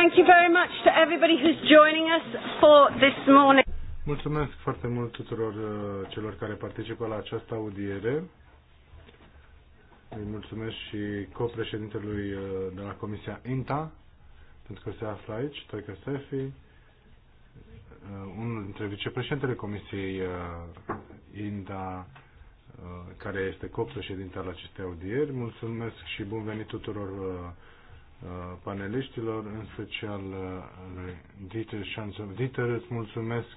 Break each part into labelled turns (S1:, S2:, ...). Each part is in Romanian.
S1: Thank you very much to everybody who's joining us for this morning.
S2: Mulțumesc foarte mult tuturor uh, celor care participă la această audiere. Îi mulțumesc și copreședintelui uh, de la Comisia INTA, pentru că se află aici, Toica Sefi, uh, unul dintre vicepreședintele Comisiei INTA, care este copreședinte al acestei audieri. Mulțumesc și bun venit tuturor paneliștilor, în special lui Dieter Șanțov. Dieter, îți mulțumesc,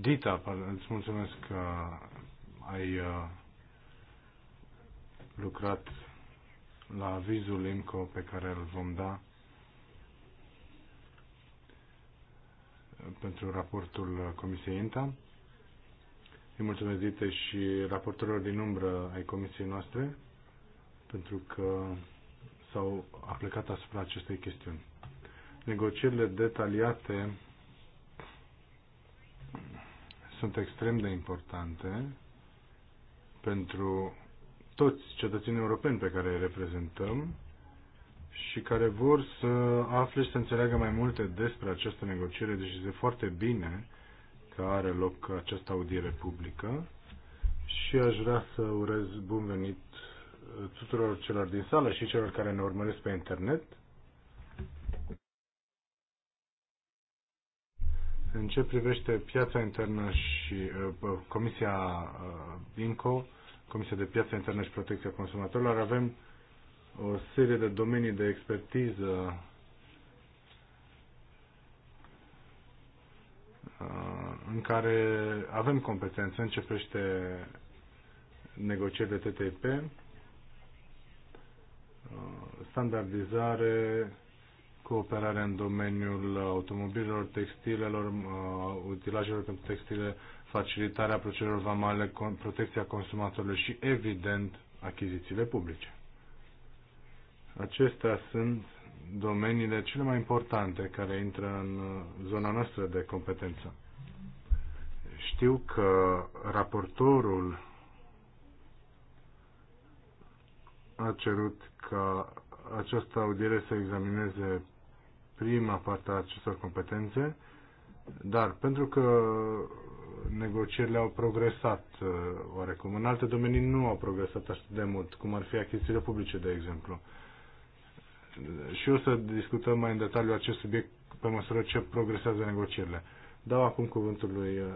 S2: Dita, îți mulțumesc că ai uh, lucrat la avizul INCO pe care îl vom da pentru raportul Comisiei INTA. Îi mulțumesc Dite și raportorilor din umbră ai comisiei noastre pentru că s-au aplicat asupra acestei chestiuni. Negocierile detaliate sunt extrem de importante pentru toți cetățenii europeni pe care îi reprezentăm și care vor să afle și să înțeleagă mai multe despre această negociere, deși este foarte bine că are loc această audiere publică și aș vrea să urez bun venit tuturor celor din sală și celor care ne urmăresc pe internet. În ce privește piața internă și uh, Comisia uh, INCO, Comisia de Piață Internă și Protecția Consumatorilor, avem o serie de domenii de expertiză uh, în care avem competență, începește negocierile TTIP, Uh, standardizare, cooperare în domeniul automobilelor, textilelor, uh, utilajelor pentru textile, facilitarea procedurilor vamale, protecția consumatorilor și, evident, achizițiile publice. Acestea sunt domeniile cele mai importante care intră în uh, zona noastră de competență. Știu că raportorul a cerut ca această audiere să examineze prima parte a acestor competențe, dar pentru că negocierile au progresat uh, oarecum, în alte domenii nu au progresat așa de mult, cum ar fi achizițiile publice, de exemplu. Și o să discutăm mai în detaliu acest subiect pe măsură ce progresează negocierile. Dau acum cuvântul lui uh,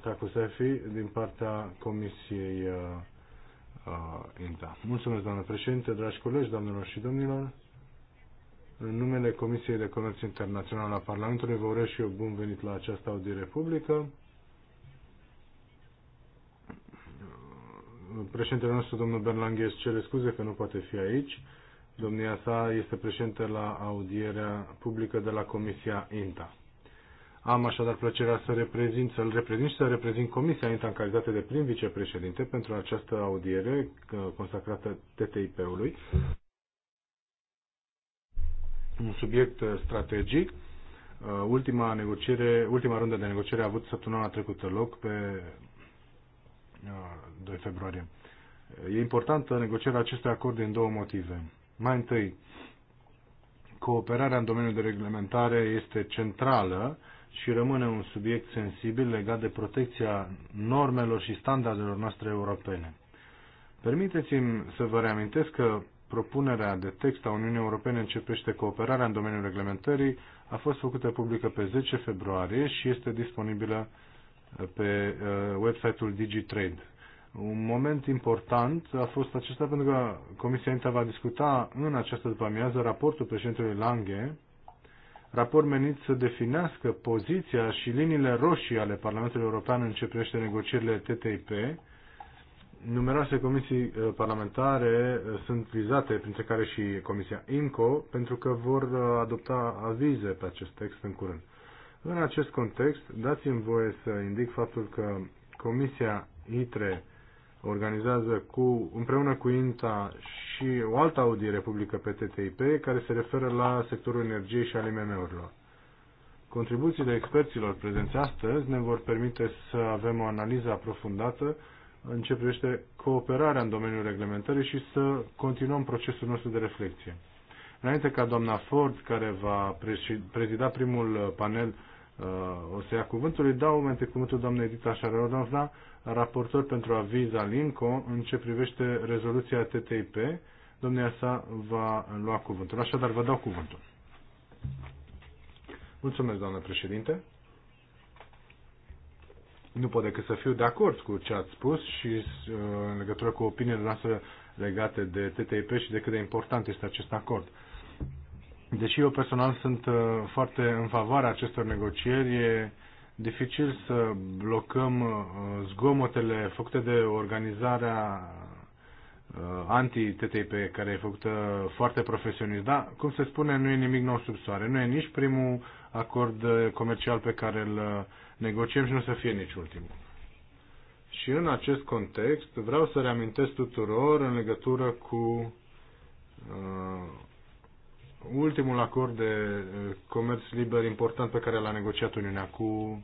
S2: Taku Sefi din partea Comisiei uh, uh, INTA. Mulțumesc, doamnă președinte, dragi colegi, doamnelor și domnilor. În numele Comisiei de Comerț Internațional a Parlamentului vă urez și eu bun venit la această audiere publică. Președintele nostru, domnul Berlanghez, cere scuze că nu poate fi aici. Domnia sa este președinte la audierea publică de la Comisia INTA. Am așadar plăcerea să reprezint, să-l reprezint și să reprezint Comisia Intra în calitate de prim vicepreședinte pentru această audiere uh, consacrată TTIP-ului. Un subiect uh, strategic. Uh, ultima, negociere, ultima rundă de negociere a avut săptămâna trecută loc pe 2 februarie. E importantă negocierea acestui acord din două motive. Mai întâi, cooperarea în domeniul de reglementare este centrală și rămâne un subiect sensibil legat de protecția normelor și standardelor noastre europene. Permiteți-mi să vă reamintesc că propunerea de text a Uniunii Europene începește cooperarea în domeniul reglementării a fost făcută publică pe 10 februarie și este disponibilă uh, pe uh, website-ul DigiTrade. Un moment important a fost acesta pentru că Comisia INTA va discuta în această după amiază raportul președintelui Lange raport menit să definească poziția și liniile roșii ale Parlamentului European în ce privește negocierile TTIP. Numeroase comisii eh, parlamentare eh, sunt vizate, printre care și Comisia IMCO, pentru că vor eh, adopta avize pe acest text în curând. în acest context, dați-mi voie să indic faptul că Comisia ITRE organizează cu, împreună cu INTA și o altă audiere publică pe TTIP care se referă la sectorul energiei și al IMM-urilor. Contribuțiile experților prezenți astăzi ne vor permite să avem o analiză aprofundată în ce privește cooperarea în domeniul reglementării și să continuăm procesul nostru de reflexie. Înainte ca doamna Ford, care va prezida primul panel, uh, o să ia cuvântul, îi dau momente cuvântul doamnei Edita Șarerodovna, raportor pentru aviz al INCO în ce privește rezoluția TTIP. Domnia sa va lua cuvântul. Așadar, vă dau cuvântul. Mulțumesc, doamnă președinte. Nu pot decât să fiu de acord cu ce ați spus și uh, în legătură cu opiniile noastre legate de TTIP și de cât de important este acest acord. Deși eu personal sunt uh, foarte în favoarea acestor negocieri, e dificil să blocăm uh, zgomotele făcute de organizarea uh, anti-TTIP, care e făcută foarte profesionist. Da, cum se spune, nu e nimic nou sub soare. Nu e nici primul acord uh, comercial pe care îl negociem și nu să fie nici ultimul. Și în acest context vreau să reamintesc tuturor în legătură cu uh, ultimul acord de eh, comerț liber important pe care l-a negociat Uniunea cu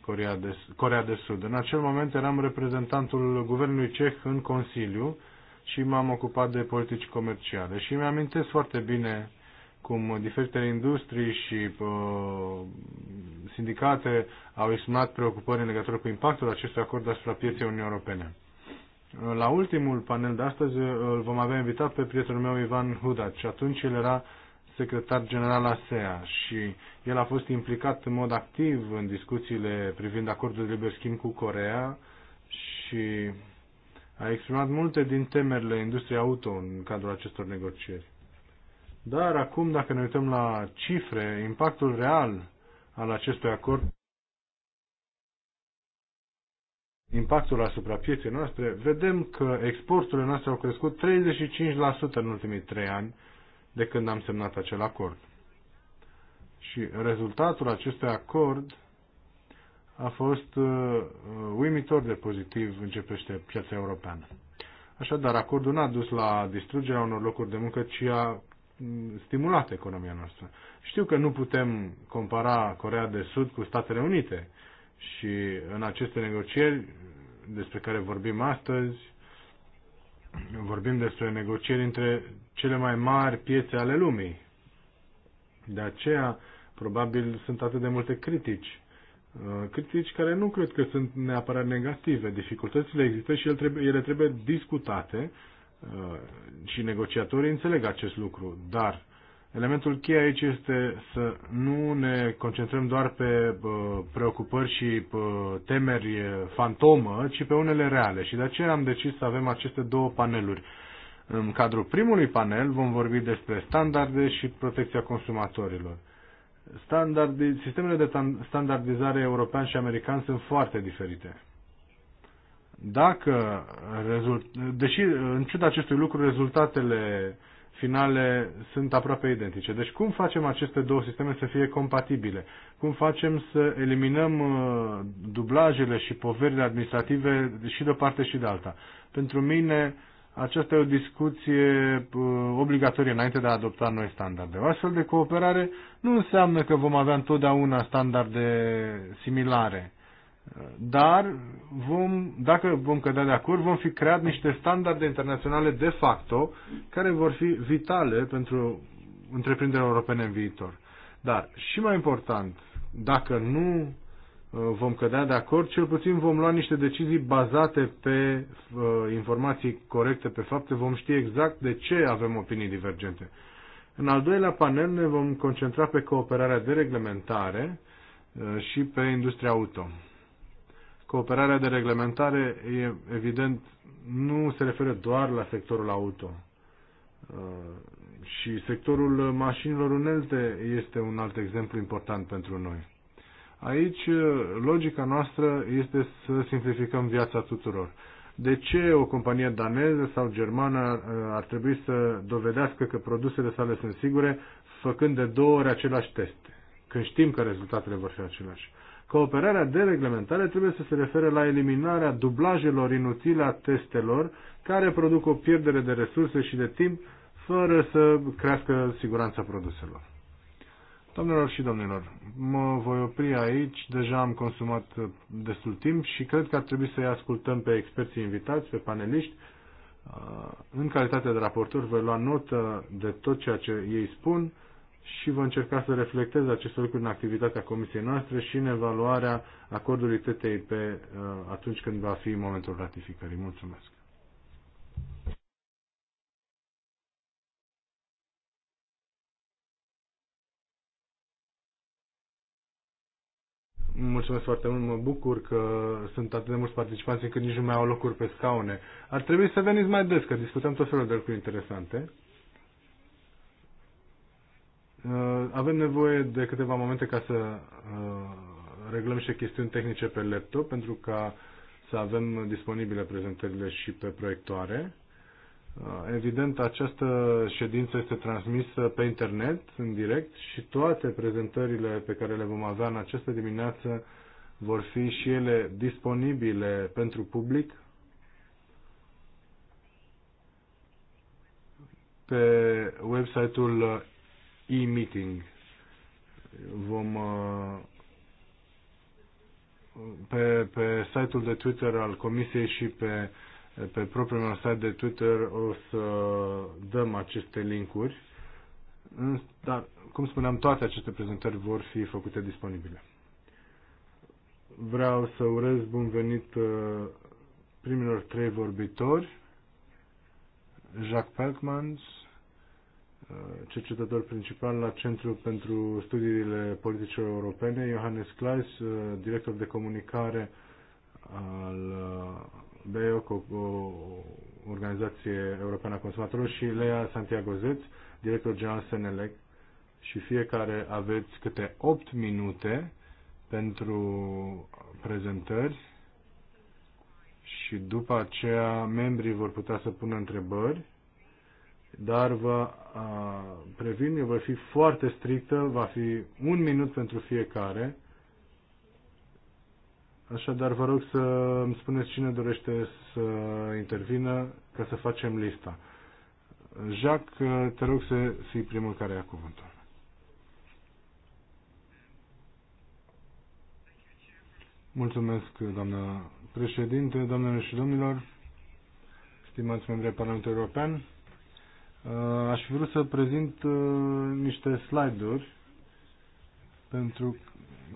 S2: Corea de, Corea de Sud. În acel moment eram reprezentantul guvernului ceh în Consiliu și m-am ocupat de politici comerciale și mi-amintesc foarte bine cum diferite industrii și uh, sindicate au exprimat preocupări în legătură cu impactul acestui acord asupra pieței Uniunii Europene. La ultimul panel de astăzi eh, îl vom avea invitat pe prietenul meu Ivan Hudac și atunci el era secretar general ASEA și el a fost implicat în mod activ în discuțiile privind acordul de liber schimb cu Corea și a exprimat multe din temerile industriei auto în cadrul acestor negocieri. Dar acum, dacă ne uităm la cifre, impactul real al acestui acord, impactul asupra pieței noastre, vedem că exporturile noastre au crescut 35% în ultimii trei ani, de când am semnat acel acord. Și rezultatul acestui acord a fost uh, uh uimitor de pozitiv în ce privește piața europeană. Așadar, acordul n-a dus la distrugerea unor locuri de muncă, ci a mm, stimulat economia noastră. Știu că nu putem compara Corea de Sud cu Statele Unite și în aceste negocieri despre care vorbim astăzi, vorbim despre negocieri între cele mai mari piețe ale lumii. De aceea, probabil, sunt atât de multe critici. Uh, critici care nu cred că sunt neapărat negative. Dificultățile există și ele trebuie, ele trebuie discutate uh, și negociatorii înțeleg acest lucru, dar Elementul cheie aici este să nu ne concentrăm doar pe uh, preocupări și pe temeri fantomă, ci pe unele reale. Și de aceea am decis să avem aceste două paneluri. În cadrul primului panel vom vorbi despre standarde și protecția consumatorilor. Standardi, sistemele de standardizare european și american sunt foarte diferite. Dacă rezult, deși în ciuda acestui lucru rezultatele finale sunt aproape identice. Deci cum facem aceste două sisteme să fie compatibile? Cum facem să eliminăm uh, dublajele și poverile administrative și de o parte și de alta? Pentru mine, aceasta e o discuție uh, obligatorie înainte de a adopta noi standarde. O astfel de cooperare nu înseamnă că vom avea întotdeauna standarde similare, dar vom, dacă vom cădea de acord, vom fi creat niște standarde internaționale de facto care vor fi vitale pentru întreprinderile europene în viitor. Dar și mai important, dacă nu Uh, vom cădea de acord, cel puțin vom lua niște decizii bazate pe uh, informații corecte, pe fapte, vom ști exact de ce avem opinii divergente. În al doilea panel ne vom concentra pe cooperarea de reglementare uh, și pe industria auto. Cooperarea de reglementare, e, evident, nu se referă doar la sectorul auto. Și sectorul mașinilor unelte este un alt exemplu important pentru noi. Aici uh, logica noastră este să simplificăm viața tuturor. De ce o companie daneză sau germană uh, ar trebui să dovedească că produsele sale sunt sigure făcând de două ori același test, când știm că rezultatele vor fi aceleași? Cooperarea de reglementare trebuie să se refere la eliminarea dublajelor inutile a testelor care produc o pierdere de resurse și de timp fără să crească siguranța produselor. Domnilor și domnilor, mă voi opri aici. Deja am consumat uh, destul timp și cred că ar trebui să-i ascultăm pe experții invitați, pe paneliști. Uh, în calitate de raportor voi lua notă de tot ceea ce ei spun și vă încerca să reflectez aceste lucruri în activitatea comisiei noastre și în evaluarea acordului TTIP uh, atunci când va fi momentul ratificării. Mulțumesc! Mulțumesc foarte mult, mă bucur că sunt atât de mulți participanți încât nici nu mai au locuri pe scaune. Ar trebui să veniți mai des, că discutăm tot felul de lucruri interesante. Uh, avem nevoie de câteva momente ca să uh, reglăm și chestiuni tehnice pe laptop, pentru ca să avem disponibile prezentările și pe proiectoare. Uh, evident, această ședință este transmisă pe internet, în direct, și toate prezentările pe care le vom avea în această dimineață vor fi și ele disponibile pentru public pe website-ul uh, e-meeting. Vom uh, pe, pe site-ul de Twitter al Comisiei și pe pe propriul meu site de Twitter o să dăm aceste linkuri, dar, cum spuneam, toate aceste prezentări vor fi făcute disponibile. Vreau să urez bun venit uh, primilor trei vorbitori, Jacques Pelkmans, uh, cercetător principal la Centrul pentru Studiile Politice Europene, Johannes Kleis, uh, director de comunicare al de o, o organizație europeană a consumatorilor, și Lea Santiago Zeț, director general SNLEC, și fiecare aveți câte 8 minute pentru prezentări și după aceea membrii vor putea să pună întrebări, dar vă a, previn, eu voi fi foarte strictă, va fi un minut pentru fiecare Așadar, vă rog să îmi spuneți cine dorește să intervină ca să facem lista. Jacques, te rog să fii primul care ia cuvântul. Mulțumesc, doamna președinte, doamnelor și domnilor, stimați membri ai Parlamentului European. Uh, aș fi vrut să prezint uh, niște slide-uri pentru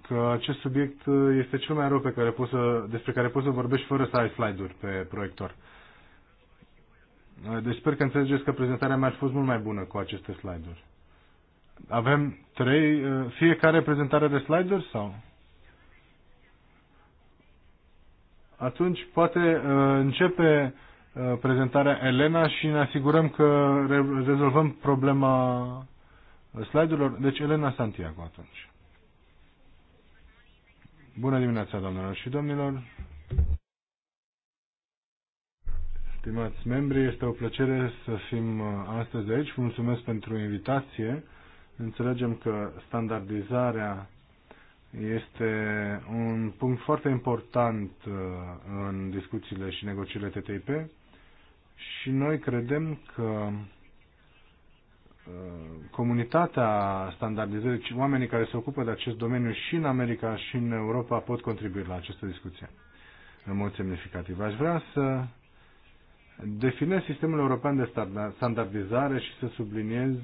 S2: că acest subiect uh, este cel mai rău pe care poți să, despre care poți să vorbești fără să ai slide-uri pe proiector. Uh, deci sper că înțelegeți că prezentarea mea a fost mult mai bună cu aceste slide-uri. Avem trei, uh, fiecare prezentare de slide-uri sau? Atunci poate începe prezentarea Elena și ne asigurăm că rezolvăm problema slide-urilor. Deci Elena Santiago atunci. Bună dimineața, doamnelor și domnilor! Stimați membri, este o plăcere să fim uh, astăzi aici. Mulțumesc pentru invitație. Înțelegem că standardizarea este un punct foarte important uh, în discuțiile și negocierile TTIP și noi credem că Uh, comunitatea standardizării, ci oamenii care se ocupă de acest domeniu și în America și în Europa pot contribui la această discuție în mod semnificativ. Aș vrea să definez sistemul european de standardizare și să subliniez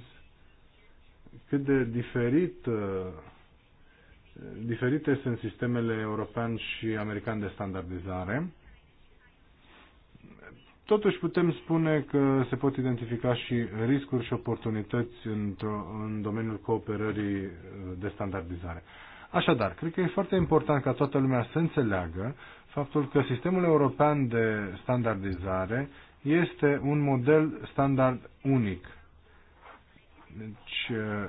S2: cât de diferit, uh, diferite sunt sistemele european și american de standardizare Totuși putem spune că se pot identifica și riscuri și oportunități în domeniul cooperării uh, de standardizare. Așadar, cred că e foarte important ca toată lumea să înțeleagă faptul că sistemul european de standardizare este un model standard unic. Deci, uh,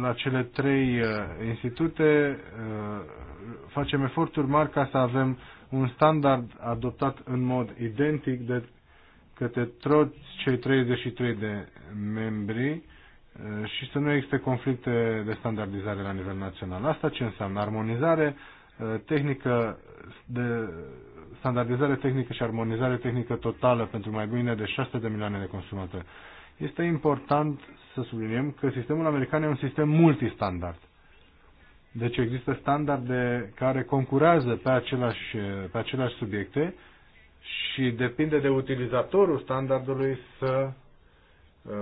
S2: la cele trei uh, institute facem eforturi mari ca să avem un standard adoptat în mod identic de către toți cei 33 de membri uh, și să nu existe conflicte de standardizare la nivel național. Asta ce înseamnă? Armonizare uh, tehnică de standardizare tehnică și armonizare tehnică totală pentru mai bine de 600 de milioane de consumatori. Este important să subliniem că sistemul american e un sistem multistandard. Deci există standarde care concurează pe aceleași, pe aceleași subiecte și depinde de utilizatorul standardului să uh,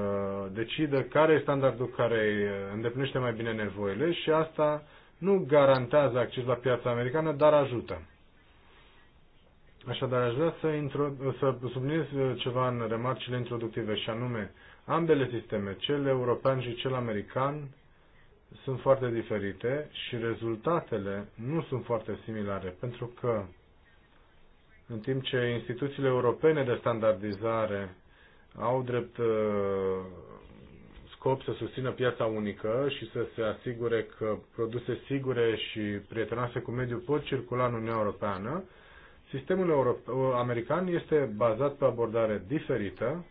S2: decidă care e standardul care uh, îndeplinește mai bine nevoile și asta nu garantează acces la piața americană, dar ajută. Așadar, aș vrea să, intro- să subliniez uh, ceva în remarcile introductive și anume, ambele sisteme, cel european și cel american, sunt foarte diferite și rezultatele nu sunt foarte similare, pentru că în timp ce instituțiile europene de standardizare au drept uh, scop să susțină piața unică și să se asigure că produse sigure și prietenoase cu mediul pot circula în Uniunea Europeană, sistemul american este bazat pe abordare diferită,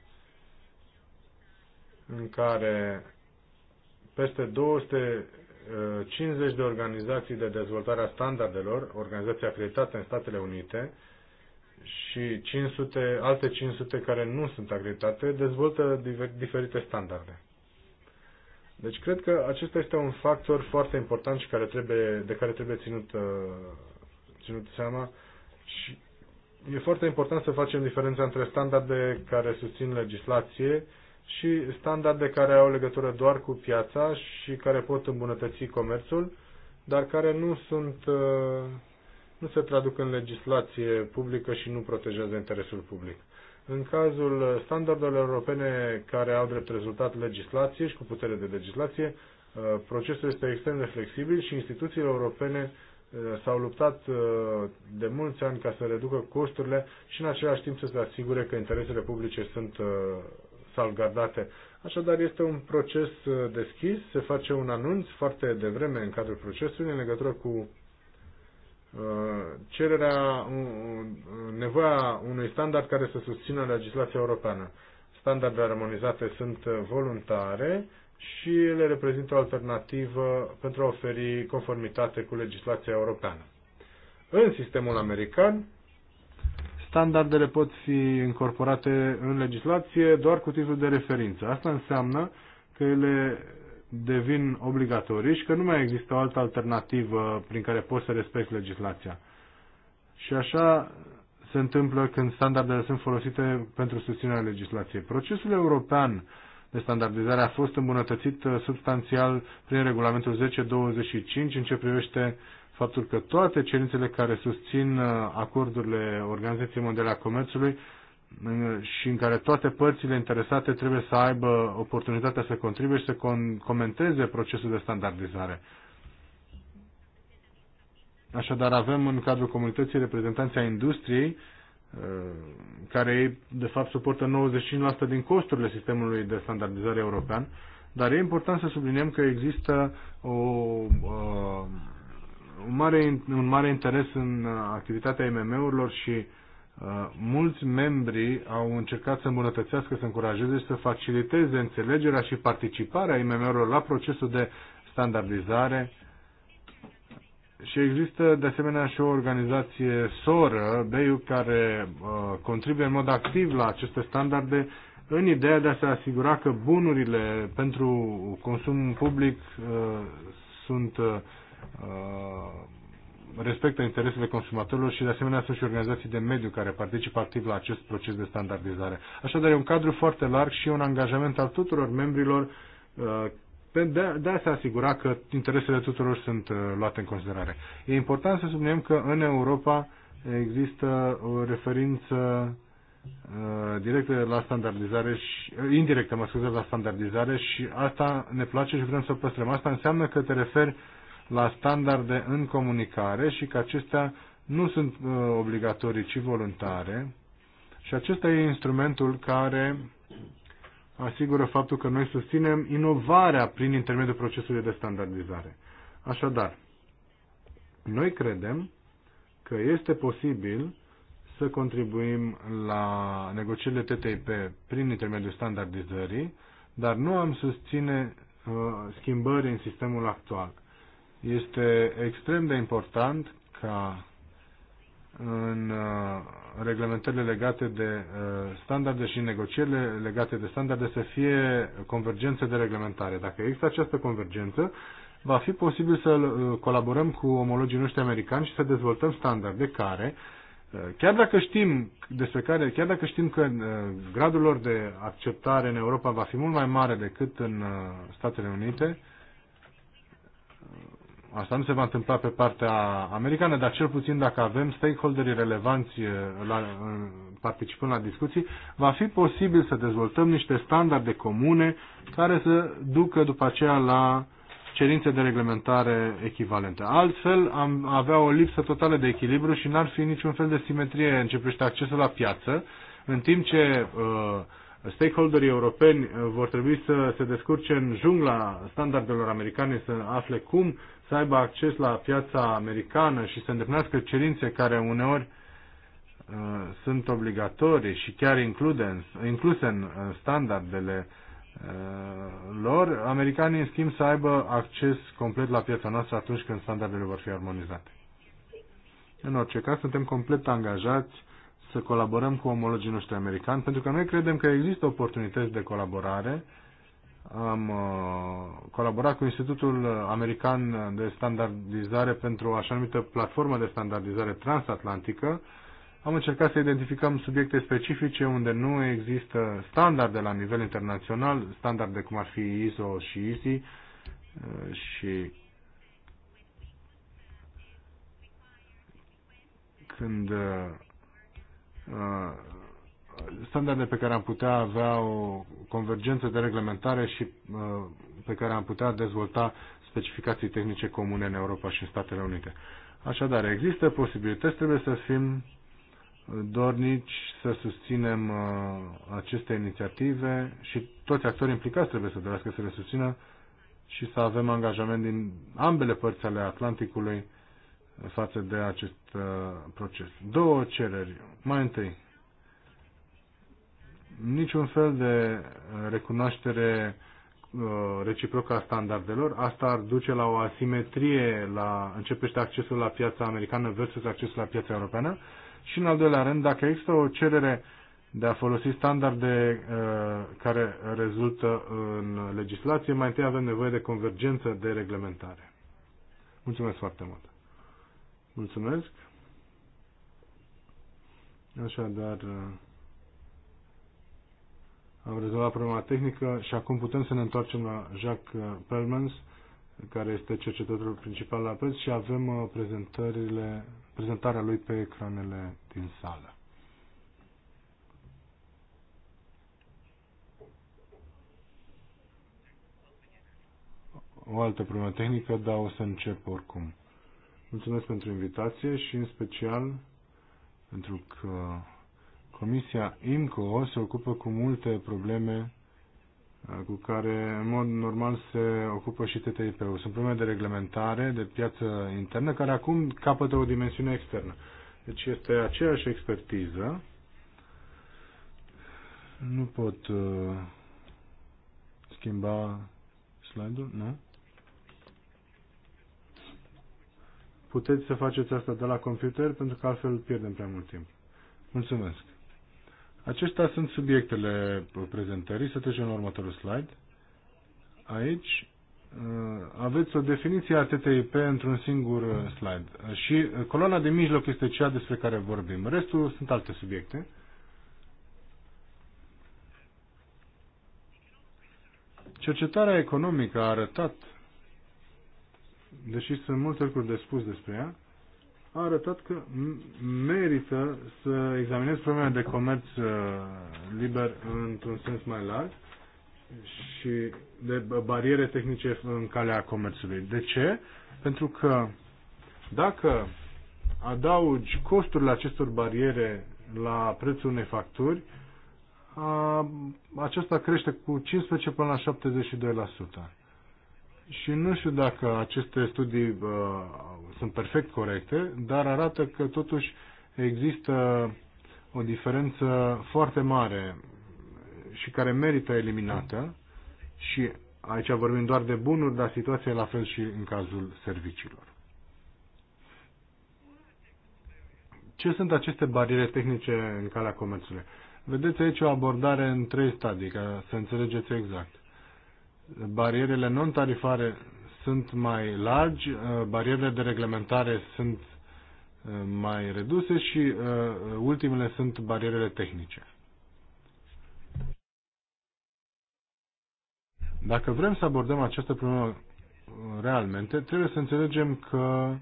S2: în care peste 250 uh, de organizații de dezvoltare a standardelor, organizații acreditate în Statele Unite, și 500, alte 500 care nu sunt acreditate dezvoltă diferite standarde. Deci cred că acesta este un factor foarte important și care trebuie, de care trebuie ținut, uh, ținut seama și e foarte important să facem diferența între standarde care susțin legislație și standarde care au legătură doar cu piața și care pot îmbunătăți comerțul, dar care nu sunt uh, nu se traduc în legislație publică și nu protejează interesul public. În cazul standardelor europene care au drept rezultat legislație și cu putere de legislație, uh, procesul este extrem de flexibil și instituțiile europene uh, s-au luptat uh, de mulți ani ca să reducă costurile și în același timp să se asigure că interesele publice sunt salvgardate. Așadar, este un proces deschis, se face un anunț foarte devreme în cadrul procesului în legătură cu Uh, cererea, uh, uh, nevoia unui standard care să susțină legislația europeană. Standardele armonizate sunt voluntare și ele reprezintă o alternativă pentru a oferi conformitate cu legislația europeană. În sistemul american, standardele pot fi incorporate în legislație doar cu titlul de referință. Asta înseamnă că ele devin obligatorii și că nu mai există o altă alternativă prin care poți să respecti legislația. Și așa se întâmplă când standardele sunt folosite pentru susținerea legislației. Procesul european de standardizare a fost îmbunătățit uh, substanțial prin regulamentul 1025 în ce privește faptul că toate cerințele care susțin uh, acordurile Organizației Mondiale a Comerțului și în care toate părțile interesate trebuie să aibă oportunitatea să contribuie și să comenteze procesul de standardizare. Așadar, avem în cadrul comunității reprezentanții industriei, uh, care ei, de fapt, suportă 95% din costurile sistemului de standardizare european, dar e important să subliniem că există o, o uh, mare, un mare interes în uh, activitatea IMM-urilor și uh, Uh, mulți membri au încercat să îmbunătățească, să încurajeze și să faciliteze înțelegerea și participarea IMM-urilor la procesul de standardizare și există de asemenea și o organizație soră, BEU, care uh, contribuie în mod activ la aceste standarde în ideea de a se asigura că bunurile pentru consum public uh, sunt uh, respectă interesele consumatorilor și de asemenea sunt și organizații de mediu care participă activ la acest proces de standardizare. Așadar e un cadru foarte larg și un angajament al tuturor membrilor uh, de, de a se asigura că interesele tuturor sunt uh, luate în considerare. E important să subliniem că în Europa există o referință uh, directă la standardizare și indirectă, mă scuze, la standardizare și asta ne place și vrem să o păstrăm. Asta înseamnă că te referi la standarde în comunicare și că acestea nu sunt uh, obligatorii, ci voluntare. Și acesta e instrumentul care asigură faptul că noi susținem inovarea prin intermediul procesului de standardizare. Așadar, noi credem că este posibil să contribuim la negocierile TTIP prin intermediul standardizării, dar nu am susține uh, schimbări în sistemul actual. Este extrem de important ca în uh, reglementările legate de uh, standarde și negocierile legate de standarde să fie convergențe de reglementare. Dacă există această convergență, va fi posibil să uh, colaborăm cu omologii noștri americani și să dezvoltăm standarde care, chiar dacă știm despre care, chiar dacă știm că gradul lor de acceptare în Europa va fi mult mai mare decât în Statele Unite, Asta nu se va întâmpla pe partea americană, dar cel puțin dacă avem stakeholderii relevanți eh, la, eh, participând la discuții, va fi posibil să dezvoltăm niște standarde comune care să ducă după aceea la cerințe de reglementare echivalente. Altfel am avea o lipsă totală de echilibru și n-ar fi niciun fel de simetrie în ce privește accesul la piață, în timp ce uh, stakeholderii europeni vor trebui să se descurce în jungla standardelor americane, să afle cum să aibă acces la piața americană și să îndeplinească cerințe care uneori uh, sunt obligatorii și chiar include incluse în standardele uh, lor, americanii în schimb să aibă acces complet la piața noastră atunci când standardele vor fi armonizate. În orice caz, suntem complet angajați să colaborăm cu omologii noștri americani, pentru că noi credem că există oportunități de colaborare uh, am uh, colaborat cu Institutul American de Standardizare pentru o așa numită platformă de standardizare transatlantică. Am încercat să identificăm subiecte specifice unde nu există standarde la nivel internațional, standarde cum ar fi ISO și ISI uh, și când uh, standarde pe care am putea avea o convergență de reglementare și uh, pe care am putea dezvolta specificații tehnice comune în Europa și în Statele Unite. Așadar, există posibilități, trebuie să fim dornici să susținem uh, aceste inițiative și toți actorii implicați trebuie să dorească să le susțină și să avem angajament din ambele părți ale Atlanticului față de acest uh, proces. Două cereri. Mai întâi, niciun fel de recunoaștere uh, reciprocă a standardelor. Asta ar duce la o asimetrie, la începește accesul la piața americană versus accesul la piața europeană. Și în al doilea rând, dacă există o cerere de a folosi standarde uh, care rezultă în legislație, mai întâi avem nevoie de convergență de reglementare. Mulțumesc foarte mult! Mulțumesc! Așadar... Uh am rezolvat problema tehnică și acum putem să ne întoarcem la Jacques Perlmans, care este cercetătorul principal la preț și avem uh, prezentările, prezentarea lui pe ecranele din sală. O altă problemă tehnică, dar o să încep oricum. Mulțumesc pentru invitație și în special pentru că Comisia IMCO se ocupă cu multe probleme uh, cu care în mod normal se ocupă și TTIP-ul. Sunt probleme de reglementare, de piață internă, care acum capătă o dimensiune externă. Deci este aceeași expertiză. Nu pot uh, schimba slide-ul, nu? Puteți să faceți asta de la computer, pentru că altfel pierdem prea mult timp. Mulțumesc! Acestea sunt subiectele prezentării. Să trecem la următorul slide. Aici uh, aveți o definiție a TTIP într-un singur uh, slide. Uh, și coloana de mijloc este cea despre care vorbim. Restul sunt alte subiecte. Cercetarea economică a arătat, deși sunt multe lucruri de spus despre ea, a arătat că merită să examinez problemele de comerț uh, liber într-un sens mai larg și de bariere tehnice în calea comerțului. De ce? Pentru că dacă adaugi costurile acestor bariere la prețul unei facturi, aceasta crește cu 15 până la 72% și nu știu dacă aceste studii uh, sunt perfect corecte, dar arată că totuși există o diferență foarte mare și care merită eliminată și aici vorbim doar de bunuri, dar situația e la fel și în cazul serviciilor. Ce sunt aceste bariere tehnice în calea comerțului? Vedeți aici o abordare în trei stadii, ca să înțelegeți exact barierele non-tarifare sunt mai largi, uh, barierele de reglementare sunt uh, mai reduse și uh, ultimele sunt barierele tehnice. Dacă vrem să abordăm această problemă realmente, trebuie să înțelegem că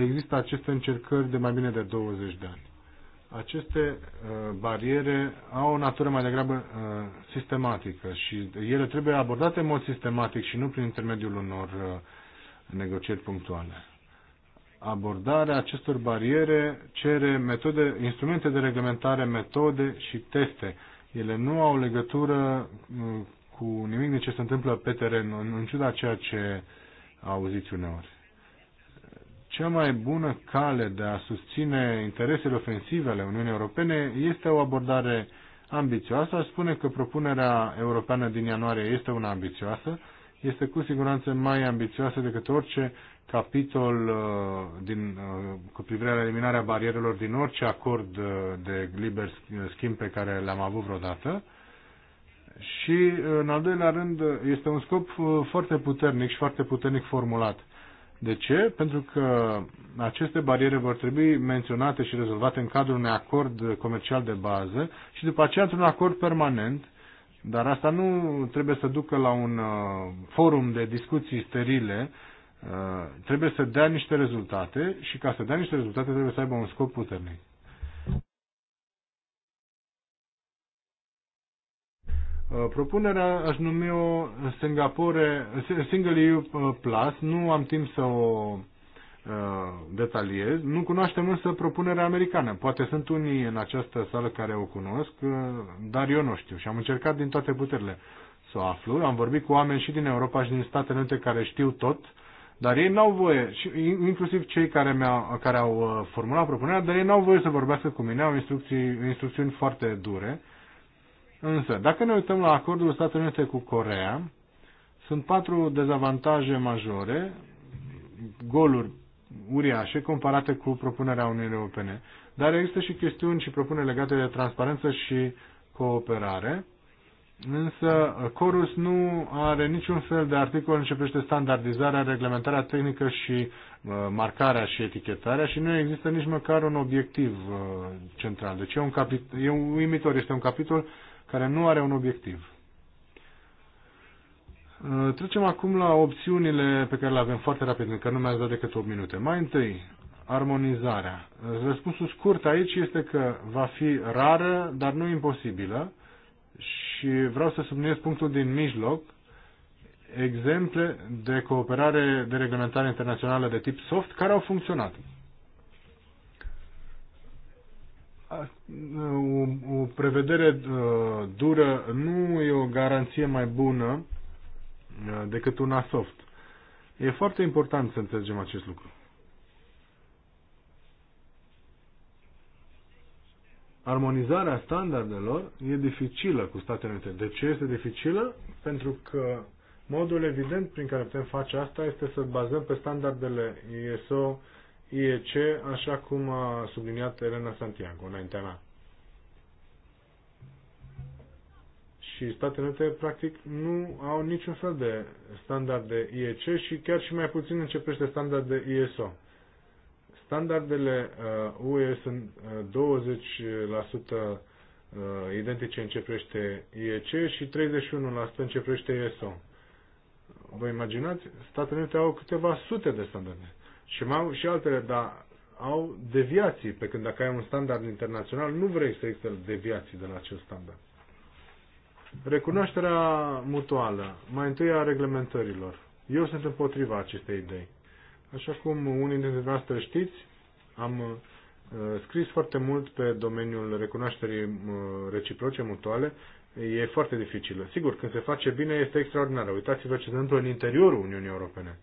S2: există aceste încercări de mai bine de 20 de ani. Aceste uh, bariere au o natură mai degrabă uh, sistematică și ele trebuie abordate în mod sistematic și nu prin intermediul unor uh, negocieri punctuale abordarea acestor bariere cere metode, instrumente de reglementare, metode și teste. Ele nu au legătură cu nimic de ce se întâmplă pe teren, în, în ciuda ceea ce auziți uneori cea mai bună cale de a susține interesele ofensive ale Uniunii Europene este o abordare ambițioasă. Aș spune că propunerea europeană din ianuarie este una ambițioasă, este cu siguranță mai ambițioasă decât orice capitol uh, din, uh, cu privire la eliminarea barierelor din orice acord uh, de liber schimb pe care le-am avut vreodată. Și, în al doilea rând, este un scop foarte puternic și foarte puternic formulat de ce? Pentru că aceste bariere vor trebui menționate și rezolvate în cadrul unui acord comercial de bază și după aceea într-un acord permanent, dar asta nu trebuie să ducă la un uh, forum de discuții sterile, uh, trebuie să dea niște rezultate și ca să dea niște rezultate trebuie să aibă un scop puternic. Uh, propunerea aș numi-o uh, Singapore, uh, Single EU Plus, nu am timp să o detaliez. Nu cunoaștem însă propunerea americană. Poate sunt unii în această sală care o cunosc, dar eu nu știu și am încercat din toate puterile să o aflu. Am vorbit cu oameni și din Europa și din Statele Unite care știu tot, dar ei n-au voie, inclusiv cei care, mi-au, care au formulat propunerea, dar ei n-au voie să vorbească cu mine, au instrucții, instrucțiuni foarte dure Însă, dacă ne uităm la acordul Statelor Unite cu Corea, sunt patru dezavantaje majore, goluri uriașe comparate cu propunerea Uniunii Europene. Dar există și chestiuni și propuneri legate de transparență și cooperare. Însă Corus nu are niciun fel de articol în ce privește standardizarea, reglementarea tehnică și uh, marcarea și etichetarea și nu există nici măcar un obiectiv uh, central. Deci e un capitol, e uimitor, este un capitol care nu are un obiectiv. Uh, trecem acum la opțiunile pe care le avem foarte rapid, încă nu mi-ați dat decât 8 minute. Mai întâi, armonizarea. Răspunsul scurt aici este că va fi rară, dar nu imposibilă și vreau să subliniez punctul din mijloc, exemple de cooperare de reglementare internațională de tip soft care au funcționat. Uh, o prevedere uh, dură nu e o garanție mai bună uh, decât una soft. E foarte important să înțelegem acest lucru. Armonizarea standardelor e dificilă cu Statele Unite. De ce este dificilă? Pentru că modul evident prin care putem face asta este să bazăm pe standardele ISO IEC, așa cum a subliniat Elena Santiago înaintea mea. Și Statele Unite, practic, nu au niciun fel de standarde IEC și chiar și mai puțin începește standarde ISO. Standardele UE uh, sunt 20% uh, uh, identice începește IEC și 31% începește ISO. Vă imaginați? Statele Unite au câteva sute de standarde. Și mai au și altele, dar au deviații, pe când dacă ai un standard internațional, nu vrei să există deviații de la acest standard. Recunoașterea mutuală, mai întâi a reglementărilor. Eu sunt împotriva acestei idei. Așa cum unii dintre noastre știți, am uh, scris foarte mult pe domeniul recunoașterii uh, reciproce mutuale. E foarte dificilă. Sigur, când se face bine, este extraordinară. Uitați-vă ce se întâmplă în interiorul Uniunii Europene.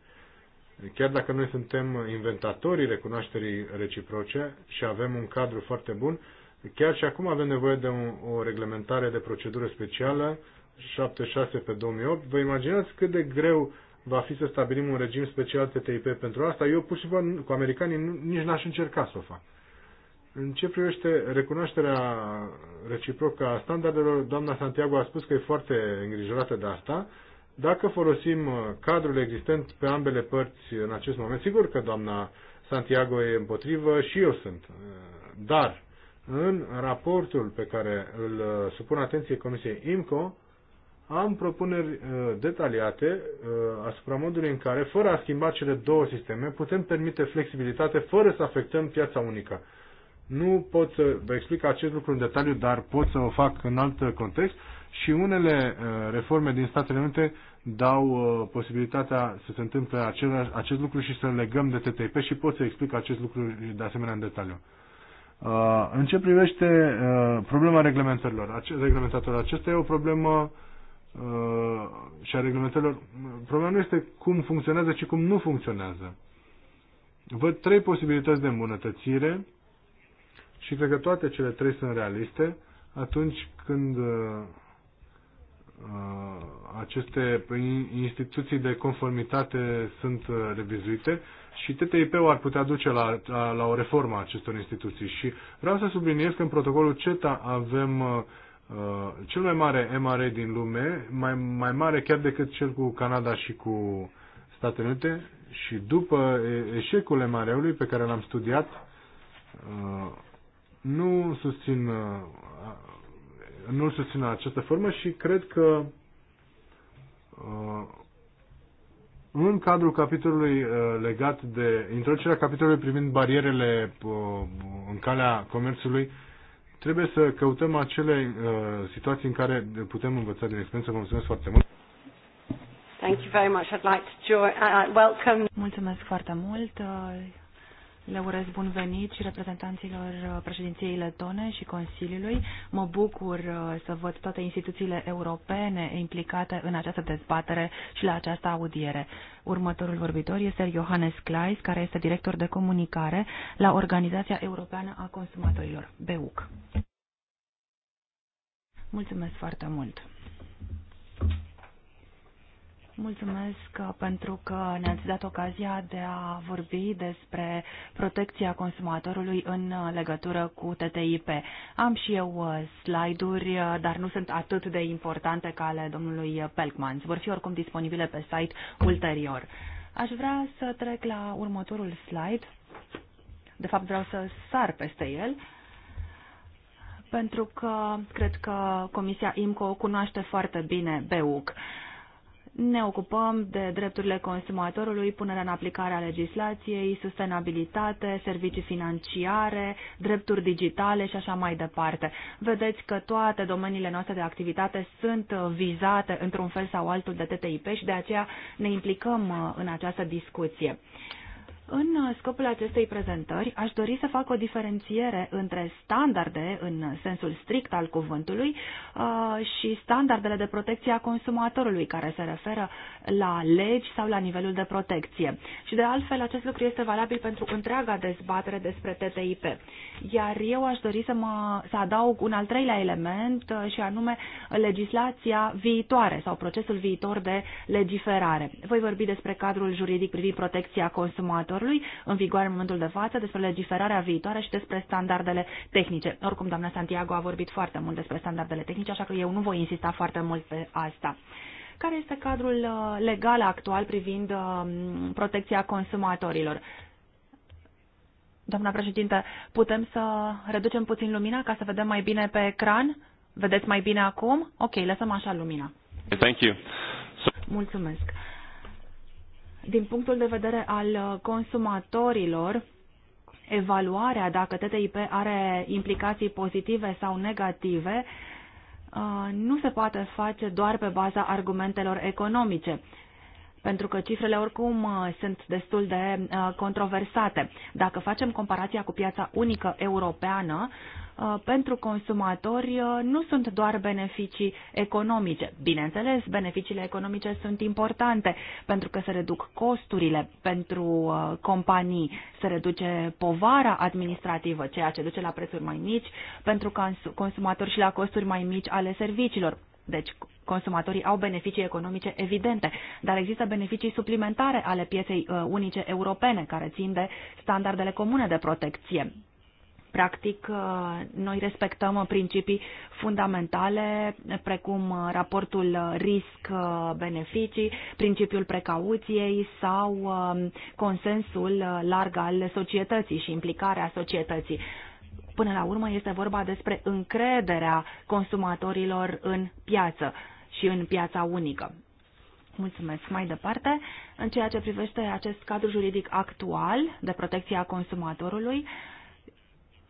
S2: Chiar dacă noi suntem inventatorii recunoașterii reciproce și avem un cadru foarte bun, chiar și acum avem nevoie de un, o reglementare de procedură specială 76 pe 2008. Vă imaginați cât de greu va fi să stabilim un regim special TTIP pentru asta? Eu pur și simplu cu americanii nici n-aș încerca să o fac. În ce privește recunoașterea reciprocă a standardelor, doamna Santiago a spus că e foarte îngrijorată de asta dacă folosim uh, cadrul existent pe ambele părți în acest moment, sigur că doamna Santiago e împotrivă și eu sunt. Uh, dar în raportul pe care îl uh, supun atenție Comisiei IMCO, am propuneri detaliate asupra modului în care, fără a schimba cele două sisteme, putem permite flexibilitate fără să afectăm piața unică. Nu pot să vă explic acest lucru în detaliu, dar pot să o fac în alt context și unele reforme din Statele Unite dau uh, posibilitatea să se întâmple același, acest lucru și să legăm de TTIP și pot să explic acest lucru de asemenea în detaliu. Uh, în ce privește uh, problema reglementărilor, reglementatorilor, acesta e o problemă și a reglementărilor. Problema nu este cum funcționează, ci cum nu funcționează. Văd trei posibilități de îmbunătățire și cred că toate cele trei sunt realiste atunci când Uh, aceste instituții de conformitate sunt uh, revizuite și TTIP-ul ar putea duce la, la, la o reformă a acestor instituții. Și vreau să subliniez că în protocolul CETA avem uh, uh cel mai mare MRE din lume, mai, mai mare chiar decât cel cu Canada și cu Statele Unite și după eșecul MRE-ului pe care l-am studiat, uh, nu susțin uh, nu susțin această formă și cred că uh, în cadrul capitolului uh, legat de introducerea capitolului privind barierele uh, în calea comerțului, trebuie să căutăm acele situații în care putem învăța din experiență. Vă mulțumesc foarte mult!
S1: Thank you very much. I'd like to join, uh, welcome.
S3: Mulțumesc foarte mult. Le urez bun venit și reprezentanților președinției letone și Consiliului. Mă bucur uh, să văd toate instituțiile europene implicate în această dezbatere și la această audiere. Următorul vorbitor este Johannes Kleis, care este director de comunicare la Organizația Europeană a Consumatorilor, BEUC. Mulțumesc foarte mult! Mulțumesc uh, pentru că ne-ați dat ocazia de a vorbi despre protecția consumatorului în uh, legătură cu TTIP. Am și eu uh, slide-uri, dar nu sunt atât de importante ca ale domnului Pelkmans. Vor fi oricum disponibile pe site ulterior. Aș vrea să trec la următorul slide. De fapt, vreau să sar peste el pentru că cred că Comisia IMCO cunoaște foarte bine BEUC. Uh, ne ocupăm de drepturile consumatorului, punerea în aplicare a legislației, sustenabilitate, servicii financiare, drepturi digitale și așa mai departe. Vedeți că toate domeniile noastre de activitate sunt vizate într-un fel sau altul de TTIP și de aceea ne implicăm uh, în această discuție. În uh, scopul acestei prezentări, aș dori să fac o diferențiere între standarde, în sensul strict al cuvântului, uh, și standardele de protecție a consumatorului, care se referă la legi sau la nivelul de protecție. Și de altfel, acest lucru este valabil pentru întreaga dezbatere despre TTIP. Iar eu aș dori să, mă, să adaug un al treilea element, uh, și anume legislația viitoare sau procesul viitor de legiferare. Voi vorbi despre cadrul juridic privind protecția consumatorului viitorului, în vigoare în momentul de față, despre legiferarea viitoare și despre standardele tehnice. Oricum, doamna Santiago a vorbit foarte mult despre standardele tehnice, așa că eu nu voi insista foarte mult pe asta care este cadrul uh, legal actual privind um, protecția consumatorilor. Doamna președinte, putem să reducem puțin lumina ca să vedem mai bine pe ecran? Vedeți mai bine acum? Ok, lăsăm așa lumina. Thank you. So... Mulțumesc din punctul de vedere al uh, consumatorilor, evaluarea dacă TTIP are implicații pozitive sau negative uh, nu se poate face doar pe baza argumentelor economice pentru că cifrele oricum uh, sunt destul de uh, controversate. Dacă facem comparația cu piața unică europeană, uh, pentru consumatori nu sunt doar beneficii economice. Bineînțeles, beneficiile economice sunt importante pentru că se reduc costurile pentru companii, se reduce povara administrativă, ceea ce duce la prețuri mai mici pentru consumatori și la costuri mai mici ale serviciilor. Deci consumatorii au beneficii economice evidente, dar există beneficii suplimentare ale pieței uh, unice europene care țin de standardele comune de protecție. Practic, uh, noi respectăm uh, principii fundamentale precum raportul risc-beneficii, principiul precauției sau um, consensul larg al societății și implicarea societății. Până la urmă este vorba despre încrederea consumatorilor în piață și în piața unică. Mulțumesc. Mai departe, în ceea ce privește acest cadru juridic actual de protecție a consumatorului,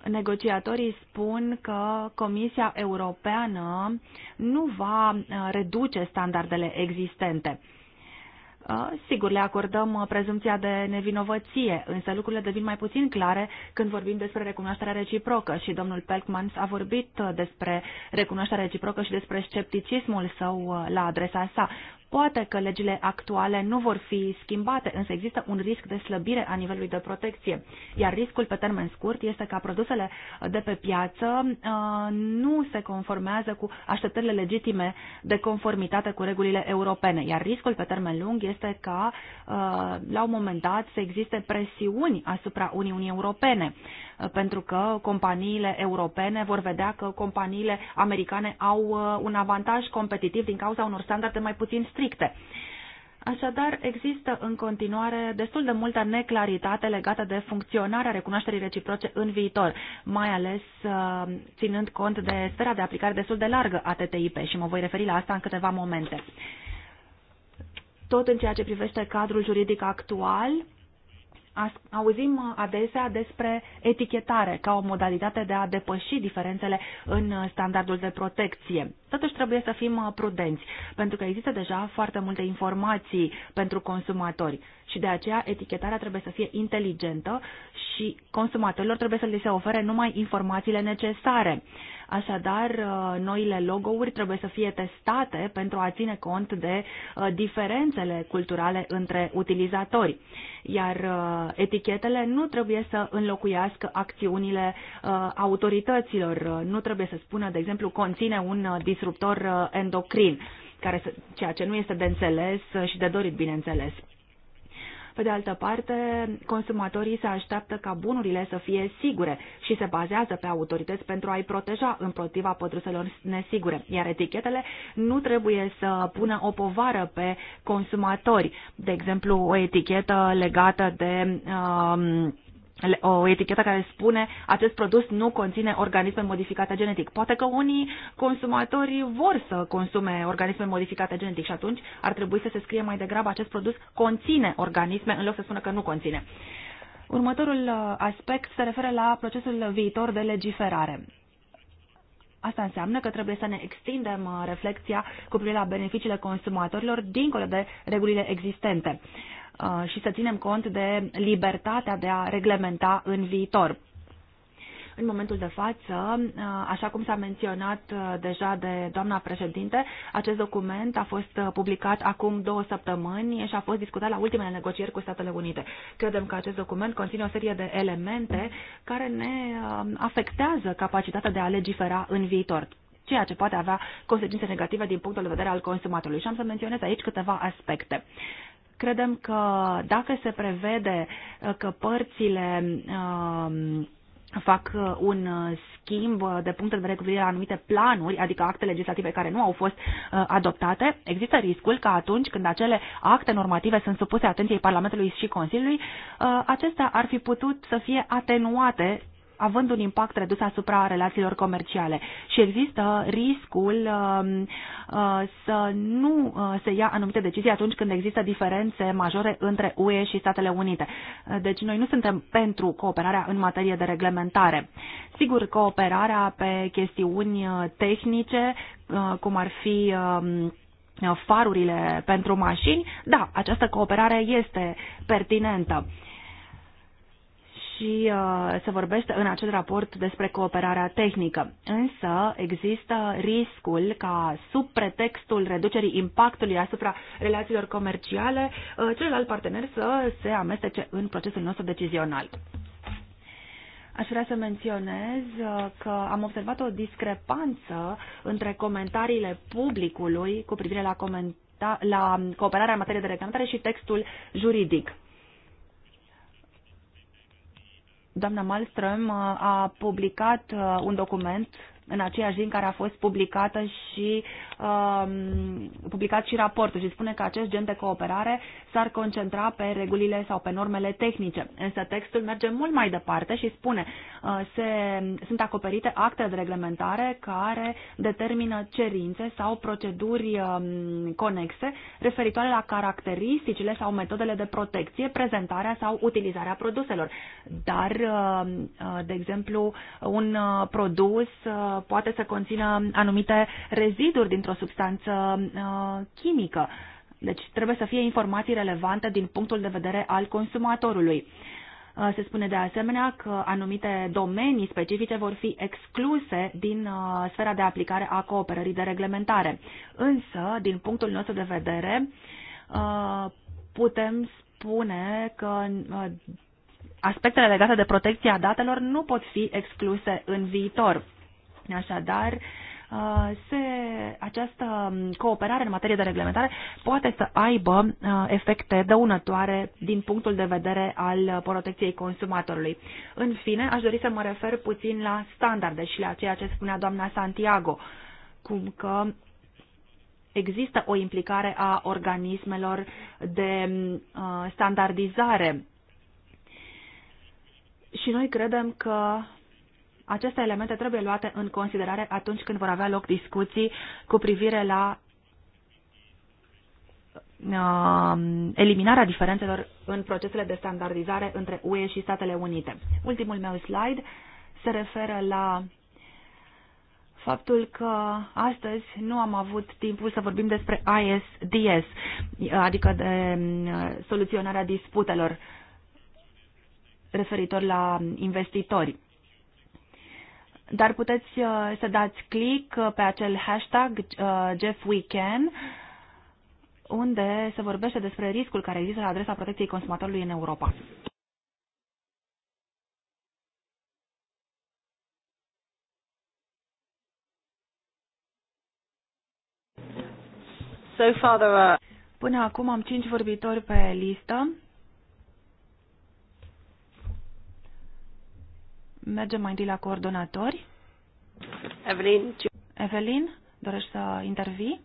S3: negociatorii spun că Comisia Europeană nu va uh, reduce standardele existente Sigur, le acordăm uh, prezumția de nevinovăție, însă lucrurile devin mai puțin clare când vorbim despre recunoașterea reciprocă și domnul Pelkmans a vorbit uh, despre recunoașterea reciprocă și despre scepticismul său uh, la adresa sa. Poate că legile actuale nu vor fi schimbate, însă există un risc de slăbire a nivelului de protecție, iar riscul pe termen scurt este ca produsele de pe piață uh, nu se conformează cu așteptările legitime de conformitate cu regulile europene, iar riscul pe termen lung este ca uh, la un moment dat să existe presiuni asupra Uniunii Europene, uh, pentru că companiile europene vor vedea că companiile americane au un avantaj competitiv din cauza unor standarde mai puțin stricte. Așadar, există în continuare destul de multă neclaritate legată de funcționarea recunoașterii reciproce în viitor, mai ales uh, ținând cont de sfera de aplicare destul de largă a TTIP și mă voi referi la asta în câteva momente. Tot în ceea ce privește cadrul juridic actual, auzim uh, adesea despre etichetare ca o modalitate de a depăși diferențele în uh, standardul de protecție. Totuși trebuie să fim uh, prudenți, pentru că există deja foarte multe informații pentru consumatori și de aceea etichetarea trebuie să fie inteligentă și consumatorilor trebuie să li se ofere numai informațiile necesare. Așadar, uh, noile logo-uri trebuie să fie testate pentru a ține cont de uh, diferențele culturale între utilizatori. Iar uh, etichetele nu trebuie să înlocuiască acțiunile autorităților. Nu trebuie să spună, de exemplu, conține un disruptor endocrin, care, ceea ce nu este de înțeles și de dorit, bineînțeles. Pe de altă parte, consumatorii se așteaptă ca bunurile să fie sigure și se bazează pe autorități pentru a-i proteja împotriva produselor nesigure, iar etichetele nu trebuie să pună o povară pe consumatori. De exemplu, o etichetă legată de um, o etichetă care spune acest produs nu conține organisme modificate genetic. Poate că unii consumatori vor să consume organisme modificate genetic și atunci ar trebui să se scrie mai degrabă acest produs conține organisme în loc să spună că nu conține. Următorul uh, aspect se referă la procesul viitor de legiferare. Asta înseamnă că trebuie să ne extindem uh, reflexia cu privire la beneficiile consumatorilor dincolo de regulile existente. Uh, Uh, și să ținem cont de libertatea de a reglementa în viitor. În momentul de față, uh, așa cum s-a menționat uh, deja de doamna președinte, acest document a fost publicat acum două săptămâni și a fost discutat la ultimele negocieri cu Statele Unite. Credem că acest document conține o serie de elemente care ne afectează capacitatea de a legifera în viitor ceea ce poate avea consecințe negative din punctul de vedere al consumatorului. Și am să menționez aici câteva aspecte. Credem că dacă se prevede uh, că părțile um, fac uh, un uh, schimb de punct de vedere cu privire la anumite planuri, adică acte legislative care nu au fost adoptate, există riscul că atunci când acele acte normative sunt supuse atenției Parlamentului și Consiliului, acestea ar fi putut să fie atenuate având un impact redus asupra relațiilor comerciale și există riscul um, uh, să nu uh, se ia anumite decizii atunci când există diferențe majore între UE și Statele Unite. Uh, deci noi nu suntem pentru cooperarea în materie de reglementare. Sigur, cooperarea pe chestiuni tehnice, cum ar fi um, farurile pentru mașini, da, această cooperare este pertinentă și uh, se vorbește în acel raport despre cooperarea tehnică. Însă există riscul ca sub pretextul reducerii impactului asupra relațiilor comerciale, uh, celălalt partener să se amestece în procesul nostru decizional. Aș vrea să menționez uh, că am observat o discrepanță între comentariile publicului cu privire la, comenta- la cooperarea în materie de reglementare și textul juridic. doamna Malström uh, a publicat uh, un document în aceeași zi în care a fost publicată și Um, publicat și raportul și spune că acest gen de cooperare s-ar concentra pe regulile sau pe normele tehnice. Însă textul merge mult mai departe și spune uh, se, sunt acoperite acte de reglementare care determină cerințe sau proceduri um, conexe referitoare la caracteristicile sau metodele de protecție, prezentarea sau utilizarea produselor. Dar, uh, uh, de exemplu, un produs poate să conțină anumite reziduri dintr-o într-o substanță uh, chimică. Deci trebuie să fie informații relevante din punctul de vedere al consumatorului. Uh, se spune de asemenea că anumite domenii specifice vor fi excluse din uh, sfera de aplicare a cooperării de reglementare. Însă, din punctul nostru de vedere, putem spune că aspectele legate de protecția datelor nu pot fi excluse în viitor. Așadar, uh, Uh, se, această cooperare în materie de reglementare poate să aibă uh, efecte dăunătoare din punctul de vedere al uh, protecției consumatorului. În fine, aș dori să mă refer puțin la standarde și la ceea ce spunea doamna Santiago, cum că există o implicare a organismelor de standardizare. Și noi credem că aceste elemente trebuie luate în considerare atunci când vor avea loc discuții cu privire la uh, eliminarea diferențelor în procesele de standardizare între UE și Statele Unite. Ultimul meu slide se referă la faptul că astăzi nu am avut timpul să vorbim despre ISDS, adică de uh, soluționarea disputelor referitor la investitori. Dar puteți uh, să dați click uh, pe acel hashtag uh, Jeff Weekend, unde se vorbește despre riscul care există la adresa protecției consumatorului în Europa. So far there are... Până acum am cinci vorbitori pe listă. Mergem mai întâi la coordonatori. Evelyn. Evelyn, dorești să intervii?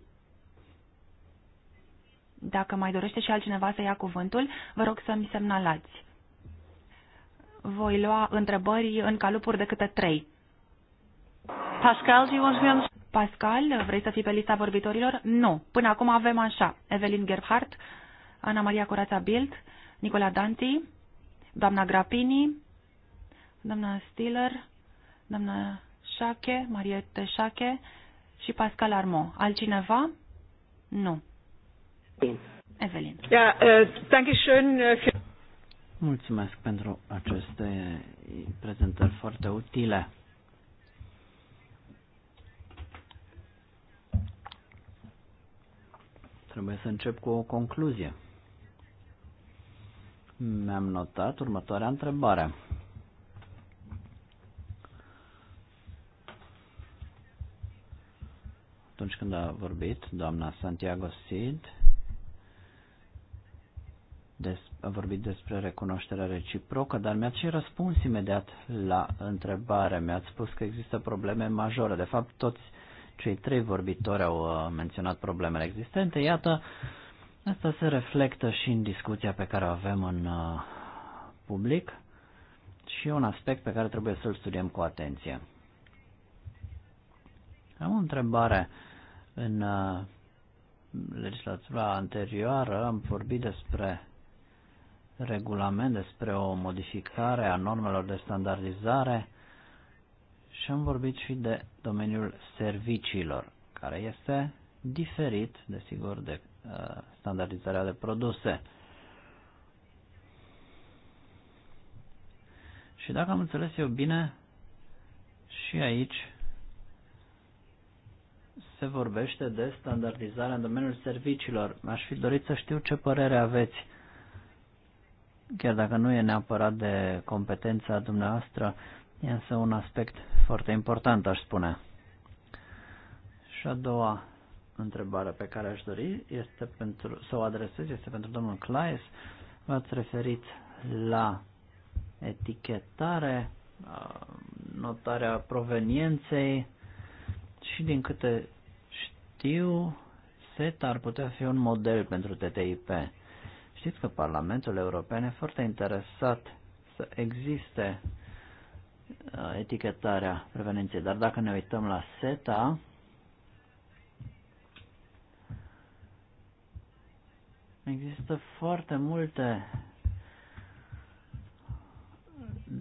S3: Dacă mai dorește și altcineva să ia cuvântul, vă rog să-mi semnalați. Voi lua întrebări în calupuri de câte trei. Pascal, do you want to Pascal, vrei să fii pe lista vorbitorilor? Nu. Până acum avem așa. Evelyn Gerhardt, Ana Maria Curața Bild, Nicola Danti, doamna Grapini, doamna Stiller, doamna Șache, Mariette Șache și Pascal Armo. Altcineva?
S1: Nu. Bine. Evelyn. Ja, uh,
S4: Mulțumesc pentru aceste prezentări foarte utile. Trebuie să încep cu o concluzie. Mi-am notat următoarea întrebare. atunci când a vorbit doamna Santiago Sid, des, a vorbit despre recunoașterea reciprocă, dar mi-ați și răspuns imediat la întrebare. Mi-ați spus că există probleme majore. De fapt, toți cei trei vorbitori au uh, menționat problemele existente. Iată, asta se reflectă și în discuția pe care o avem în uh, public și e un aspect pe care trebuie să-l studiem cu atenție. Am o întrebare. În uh, legislatura anterioară am vorbit despre regulament, despre o modificare a normelor de standardizare și am vorbit și de domeniul serviciilor, care este diferit, desigur, de uh, standardizarea de produse. Și dacă am înțeles eu bine, și aici se vorbește de standardizarea în domeniul serviciilor. Aș fi dorit să știu ce părere aveți, chiar dacă nu e neapărat de competența dumneavoastră, e însă un aspect foarte important, aș spune. Și a doua întrebare pe care aș dori este pentru, să o adresez este pentru domnul Claes. V-ați referit la etichetare, uh, notarea provenienței și din câte știu, SETA ar putea fi un model pentru TTIP. Știți că Parlamentul European e foarte interesat să existe uh, etichetarea prevenției, dar dacă ne uităm la SETA, există foarte multe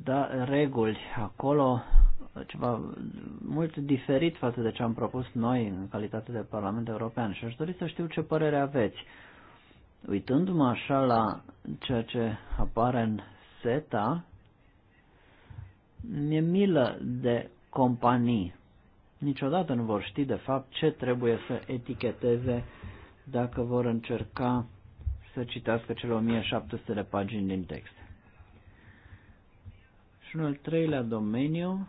S4: da, reguli acolo ceva mult diferit față de ce am propus noi în calitate de Parlament European și aș dori să știu ce părere aveți. Uitându-mă așa la ceea ce apare în SETA, mi-e milă de companii. Niciodată nu vor ști de fapt ce trebuie să eticheteze dacă vor încerca să citească cele 1700 de pagini din text. Și în al treilea domeniu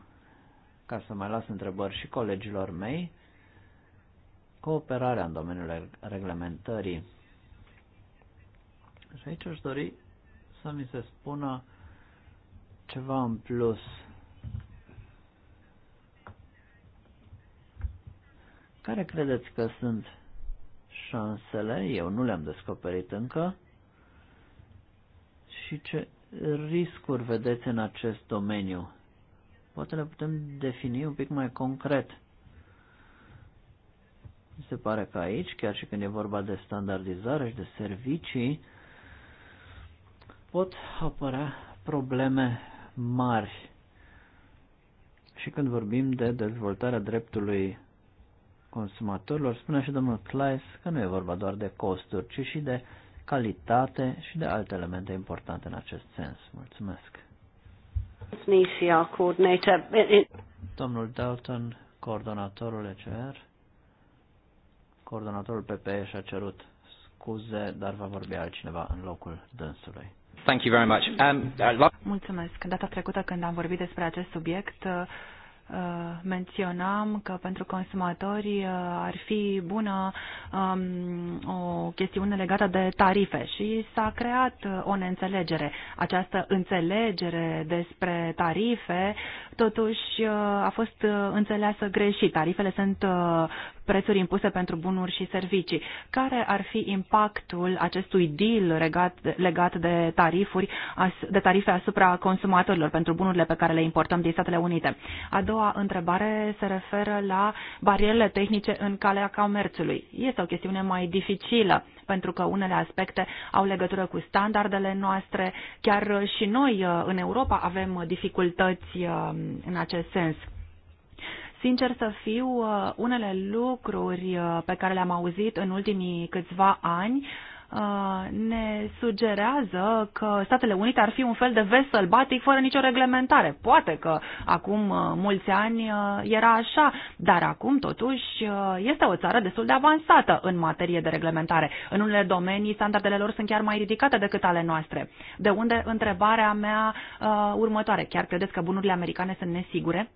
S4: ca să mai las întrebări și colegilor mei, cooperarea în domeniul reglementării. Și aici aș dori să mi se spună ceva în plus. Care credeți că sunt șansele? Eu nu le-am descoperit încă. Și ce riscuri vedeți în acest domeniu? poate le putem defini un pic mai concret. Mi se pare că aici, chiar și când e vorba de standardizare și de servicii, pot apărea probleme mari. Și când vorbim de dezvoltarea dreptului consumatorilor, spune și domnul Claes că nu e vorba doar de costuri, ci și de calitate și de alte elemente importante în acest sens. Mulțumesc! Domnul Dalton, coordonatorul ECR, coordonatorul PPE și-a cerut scuze, dar va vorbi altcineva în locul dânsului. Thank you very much. Um, uh,
S3: Mulțumesc. Data trecută când am vorbit despre acest subiect, uh, Uh, menționam că pentru consumatori uh, ar fi bună um, o chestiune legată de tarife și s-a creat uh, o neînțelegere. Această înțelegere despre tarife totuși a fost înțeleasă greșit. Tarifele sunt prețuri impuse pentru bunuri și servicii. Care ar fi impactul acestui deal legat, legat de, tarifuri, de tarife asupra consumatorilor pentru bunurile pe care le importăm din Statele Unite? A doua întrebare se referă la barierele tehnice în calea comerțului. Este o chestiune mai dificilă pentru că unele aspecte au legătură cu standardele noastre. Chiar și noi în Europa avem dificultăți um, în acest sens. Sincer să fiu, uh, unele lucruri uh, pe care le-am auzit în ultimii câțiva ani uh, ne sugerează că Statele Unite ar fi un fel de vest sălbatic fără nicio reglementare. Poate că acum mulți ani era așa, dar acum totuși este o țară destul de avansată în materie de reglementare. În unele domenii standardele lor sunt chiar mai ridicate decât ale noastre. De unde întrebarea mea următoare. Chiar credeți că bunurile americane sunt nesigure?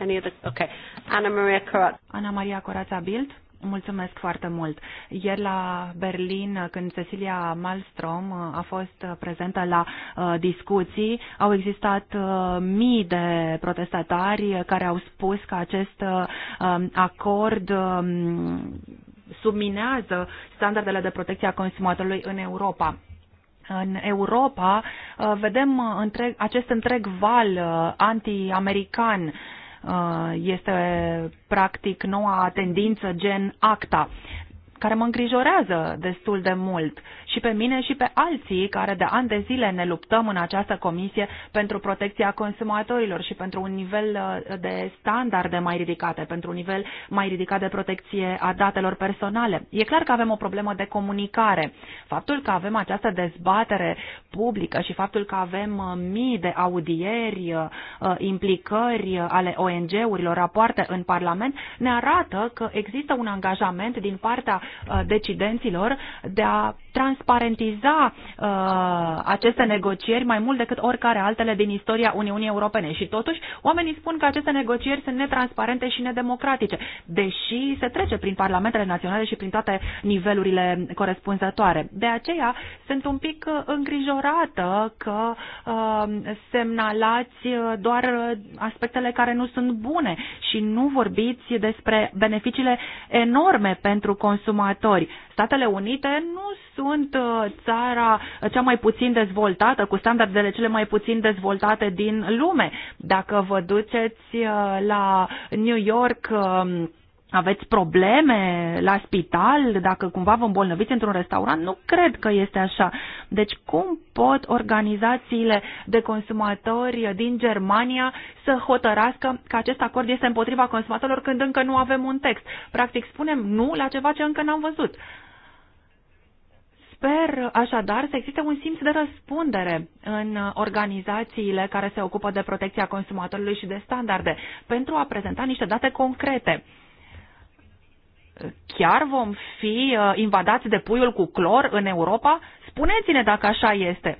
S1: Any other? Okay. Ana Maria Corazza.
S3: Ana Maria Corazza Bild. Mulțumesc foarte mult. Ieri la Berlin, când Cecilia Malmström uh, a fost prezentă la uh, discuții, au existat uh, mii de protestatari care au spus că acest um, acord um, subminează standardele de protecție a consumatorului în Europa în Europa vedem acest întreg val anti-american Uh, este practic noua tendință gen acta, care mă îngrijorează destul de mult și pe mine și pe alții care de ani de zile ne luptăm în această comisie pentru protecția consumatorilor și pentru un nivel uh, de standarde mai ridicate, pentru un nivel mai ridicat de protecție a datelor personale. E clar că avem o problemă de comunicare. Faptul că avem această dezbatere publică și faptul că avem uh, mii de audieri, uh, implicări ale ONG-urilor, rapoarte în Parlament, ne arată că există un angajament din partea decidenților de a transparentiza uh, aceste negocieri mai mult decât oricare altele din istoria Uniunii Europene. Și totuși, oamenii spun că aceste negocieri sunt netransparente și nedemocratice, deși se trece prin parlamentele naționale și prin toate nivelurile corespunzătoare. De aceea, sunt un pic uh, îngrijorată că uh, semnalați uh, doar uh, aspectele care nu sunt bune și nu vorbiți despre beneficiile enorme pentru consumatori. Statele Unite nu sunt sunt uh, țara cea mai puțin dezvoltată, cu standardele cele mai puțin dezvoltate din lume. Dacă vă duceți uh, la New York, um, aveți probleme la spital, dacă cumva vă îmbolnăviți într-un restaurant, nu cred că este așa. Deci cum pot organizațiile de consumatori din Germania să hotărască că acest acord este împotriva consumatorilor când încă nu avem un text? Practic spunem nu la ceva ce încă n-am văzut. Sper așadar să existe un simț de răspundere în organizațiile care se ocupă de protecția consumatorului și de standarde pentru a prezenta niște date concrete. Chiar vom fi uh, invadați de puiul cu clor în Europa? Spuneți-ne dacă așa este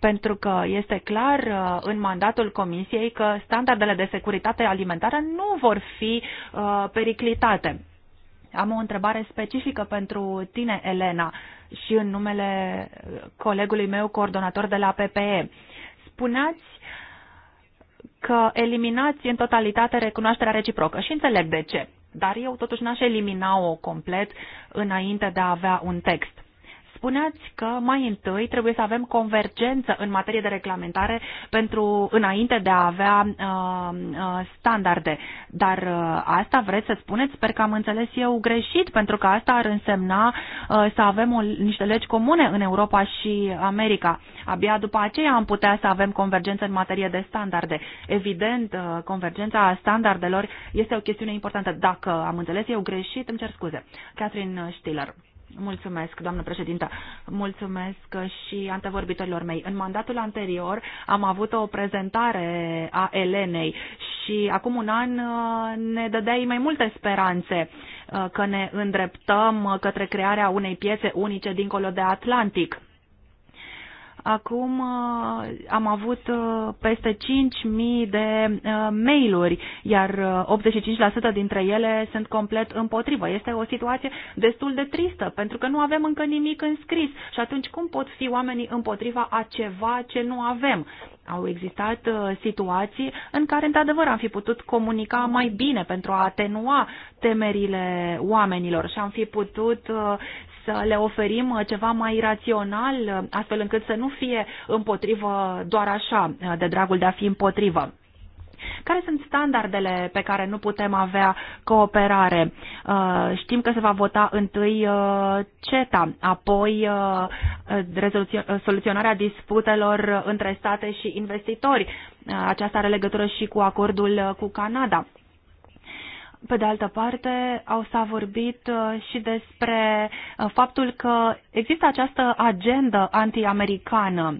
S3: pentru că este clar uh, în mandatul Comisiei că standardele de securitate alimentară nu vor fi uh, periclitate. Am o întrebare specifică pentru tine, Elena, și în numele colegului meu, coordonator de la PPE. Spuneați că eliminați în totalitate recunoașterea reciprocă și înțeleg de ce, dar eu totuși n-aș elimina-o complet înainte de a avea un text Spuneați că mai întâi trebuie să avem convergență în materie de reglementare pentru înainte de a avea uh, uh, standarde. Dar uh, asta vreți să spuneți? Sper că am înțeles eu greșit, pentru că asta ar însemna uh, să avem o, niște legi comune în Europa și America. Abia după aceea am putea să avem convergență în materie de standarde. Evident, uh, convergența standardelor este o chestiune importantă. Dacă am înțeles eu greșit, îmi cer scuze. Catherine Stiller. Mulțumesc, doamnă președintă. Mulțumesc și antevorbitorilor mei. În mandatul anterior am avut o prezentare a Elenei și acum un an uh, ne dădeai mai multe speranțe uh, că ne îndreptăm uh, către crearea unei piețe unice dincolo de Atlantic. Acum uh, am avut uh, peste 5.000 de uh, mail-uri, iar 85% dintre ele sunt complet împotrivă. Este o situație destul de tristă, pentru că nu avem încă nimic înscris. Și atunci cum pot fi oamenii împotriva a ceva ce nu avem? Au existat situații în care, într-adevăr, am fi putut comunica mai bine pentru a atenua temerile oamenilor și am fi putut să le oferim uh, ceva mai rațional, uh, astfel încât să nu fie împotrivă doar așa, uh, de dragul de a fi împotrivă. Care sunt standardele pe care nu putem avea cooperare? Știm că se va vota întâi CETA, apoi soluționarea disputelor între state și investitori. Aceasta are legătură și cu acordul cu Canada. Pe de altă parte, au s-a vorbit uh, și despre uh, faptul că există această agendă anti-americană.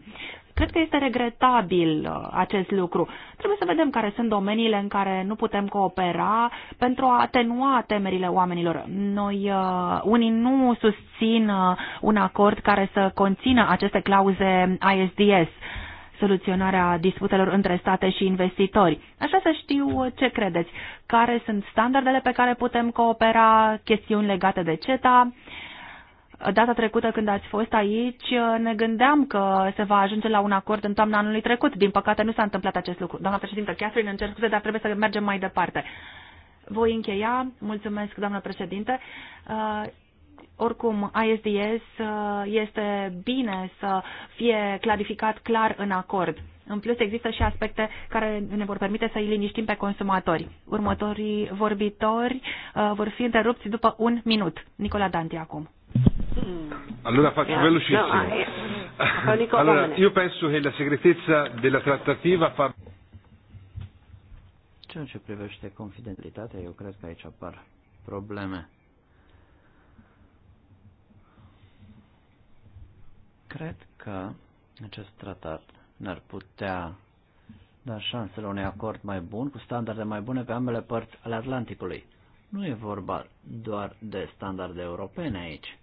S3: Cred că este regretabil uh, acest lucru. Trebuie să vedem care sunt domeniile în care nu putem coopera pentru a atenua temerile oamenilor. Noi, unii nu susțin un acord care să conțină aceste clauze ISDS soluționarea disputelor între state și investitori. Așa să știu ce credeți, care sunt standardele pe care putem coopera, chestiuni legate de CETA, Data trecută când ați fost aici, ne gândeam că se va ajunge la un acord în toamna anului trecut. Din păcate nu s-a întâmplat acest lucru. Doamna președintă Catherine, încerc scuze, dar trebuie să mergem mai departe. Voi încheia, mulțumesc, doamnă președinte, uh, oricum, ISDS uh, este bine să fie clarificat clar în acord. În plus, există și aspecte care ne vor permite să îi liniștim pe consumatori. Următorii vorbitori uh, vor fi întrerupți după un minut. Nicola Danti acum.
S2: Allora faccio velocissimo. Allora, io penso che la segretezza della
S4: trattativa fa... în ce privește confidențialitatea, eu cred că aici apar probleme. Cred că acest tratat ne-ar putea da șansele unui acord mai bun, cu standarde mai bune pe ambele părți ale Atlanticului. Nu e vorba doar de standarde europene aici.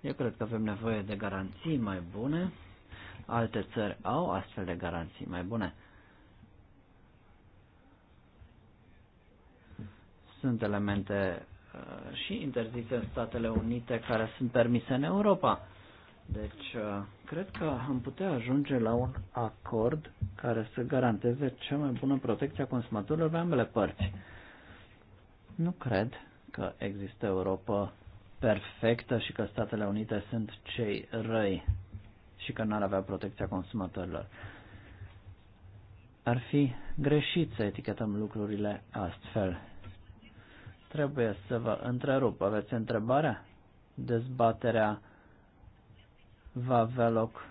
S4: Eu cred că avem nevoie de garanții mai bune. Alte țări au astfel de garanții mai bune. Sunt elemente Uh, și interzise în Statele Unite care sunt permise în Europa. Deci, uh, cred că am putea ajunge la un acord care să garanteze cea mai bună protecție a consumatorilor pe ambele părți. Nu cred că există Europa perfectă și că Statele Unite sunt cei răi și că n-ar avea protecția consumatorilor. Ar fi greșit să etichetăm lucrurile astfel. Trebuie să vă întrerup. Aveți întrebarea? Dezbaterea va avea loc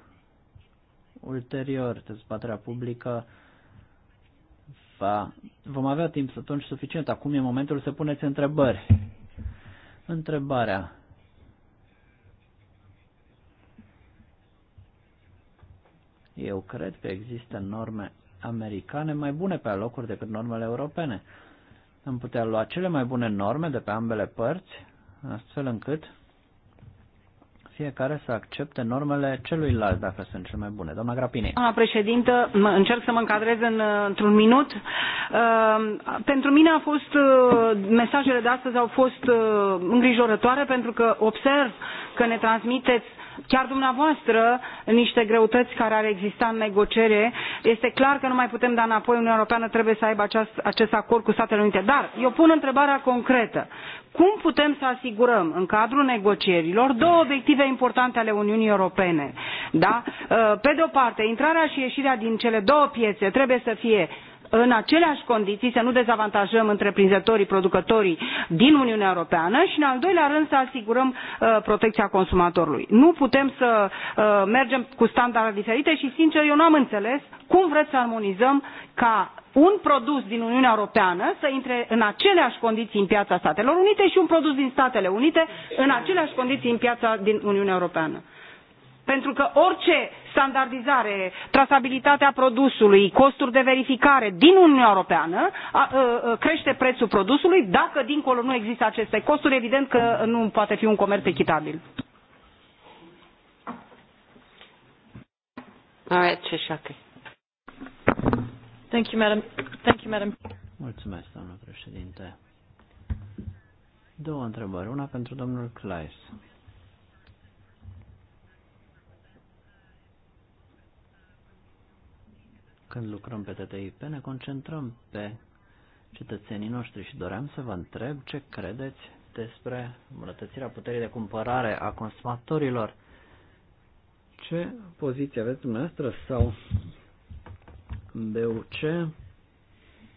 S4: ulterior, dezbaterea publică va... Vom avea timp să atunci suficient. Acum e momentul să puneți întrebări. Întrebarea. Eu cred că există norme americane mai bune pe alocuri decât normele europene. Am putea lua cele mai bune norme de pe ambele părți, astfel încât fiecare să accepte normele celuilalt, dacă sunt cele mai bune. Doamna Grapine.
S1: Doamna președintă, încerc să mă încadrez în, într-un minut. Ehm, pentru mine a fost, eh, mesajele de astăzi au fost eh, îngrijorătoare pentru că observ că ne transmiteți chiar dumneavoastră niște greutăți care ar exista în negociere. Este clar că nu mai putem da înapoi. Uniunea Europeană trebuie să aibă acest, acest acord cu Statele Unite. Dar eu pun întrebarea concretă. Cum putem să asigurăm în cadrul negocierilor două obiective importante ale Uniunii Europene? Da? Pe de o parte, intrarea și ieșirea din cele două piețe trebuie să fie în aceleași condiții, să nu dezavantajăm întreprinzătorii, producătorii din Uniunea Europeană și, în al doilea rând, să asigurăm uh, protecția consumatorului. Nu putem să uh, mergem cu standarde diferite și, sincer, eu nu am înțeles cum vreți să armonizăm ca un produs din Uniunea Europeană să intre în aceleași condiții în piața Statelor Unite și un produs din Statele Unite în aceleași condiții în piața din Uniunea Europeană pentru că orice standardizare, trasabilitatea produsului, costuri de verificare din Uniunea Europeană ă, ă, crește prețul produsului. Dacă dincolo nu există aceste costuri, evident că nu poate fi un comerț echitabil. All right, Thank you, madam. Thank you, madam.
S4: Mulțumesc, doamnă președinte. Două întrebări. Una pentru domnul Kleis. Când lucrăm pe TTIP, ne concentrăm pe cetățenii noștri și doream să vă întreb ce credeți despre îmbunătățirea puterii de cumpărare a consumatorilor. Ce poziție aveți dumneavoastră sau BUC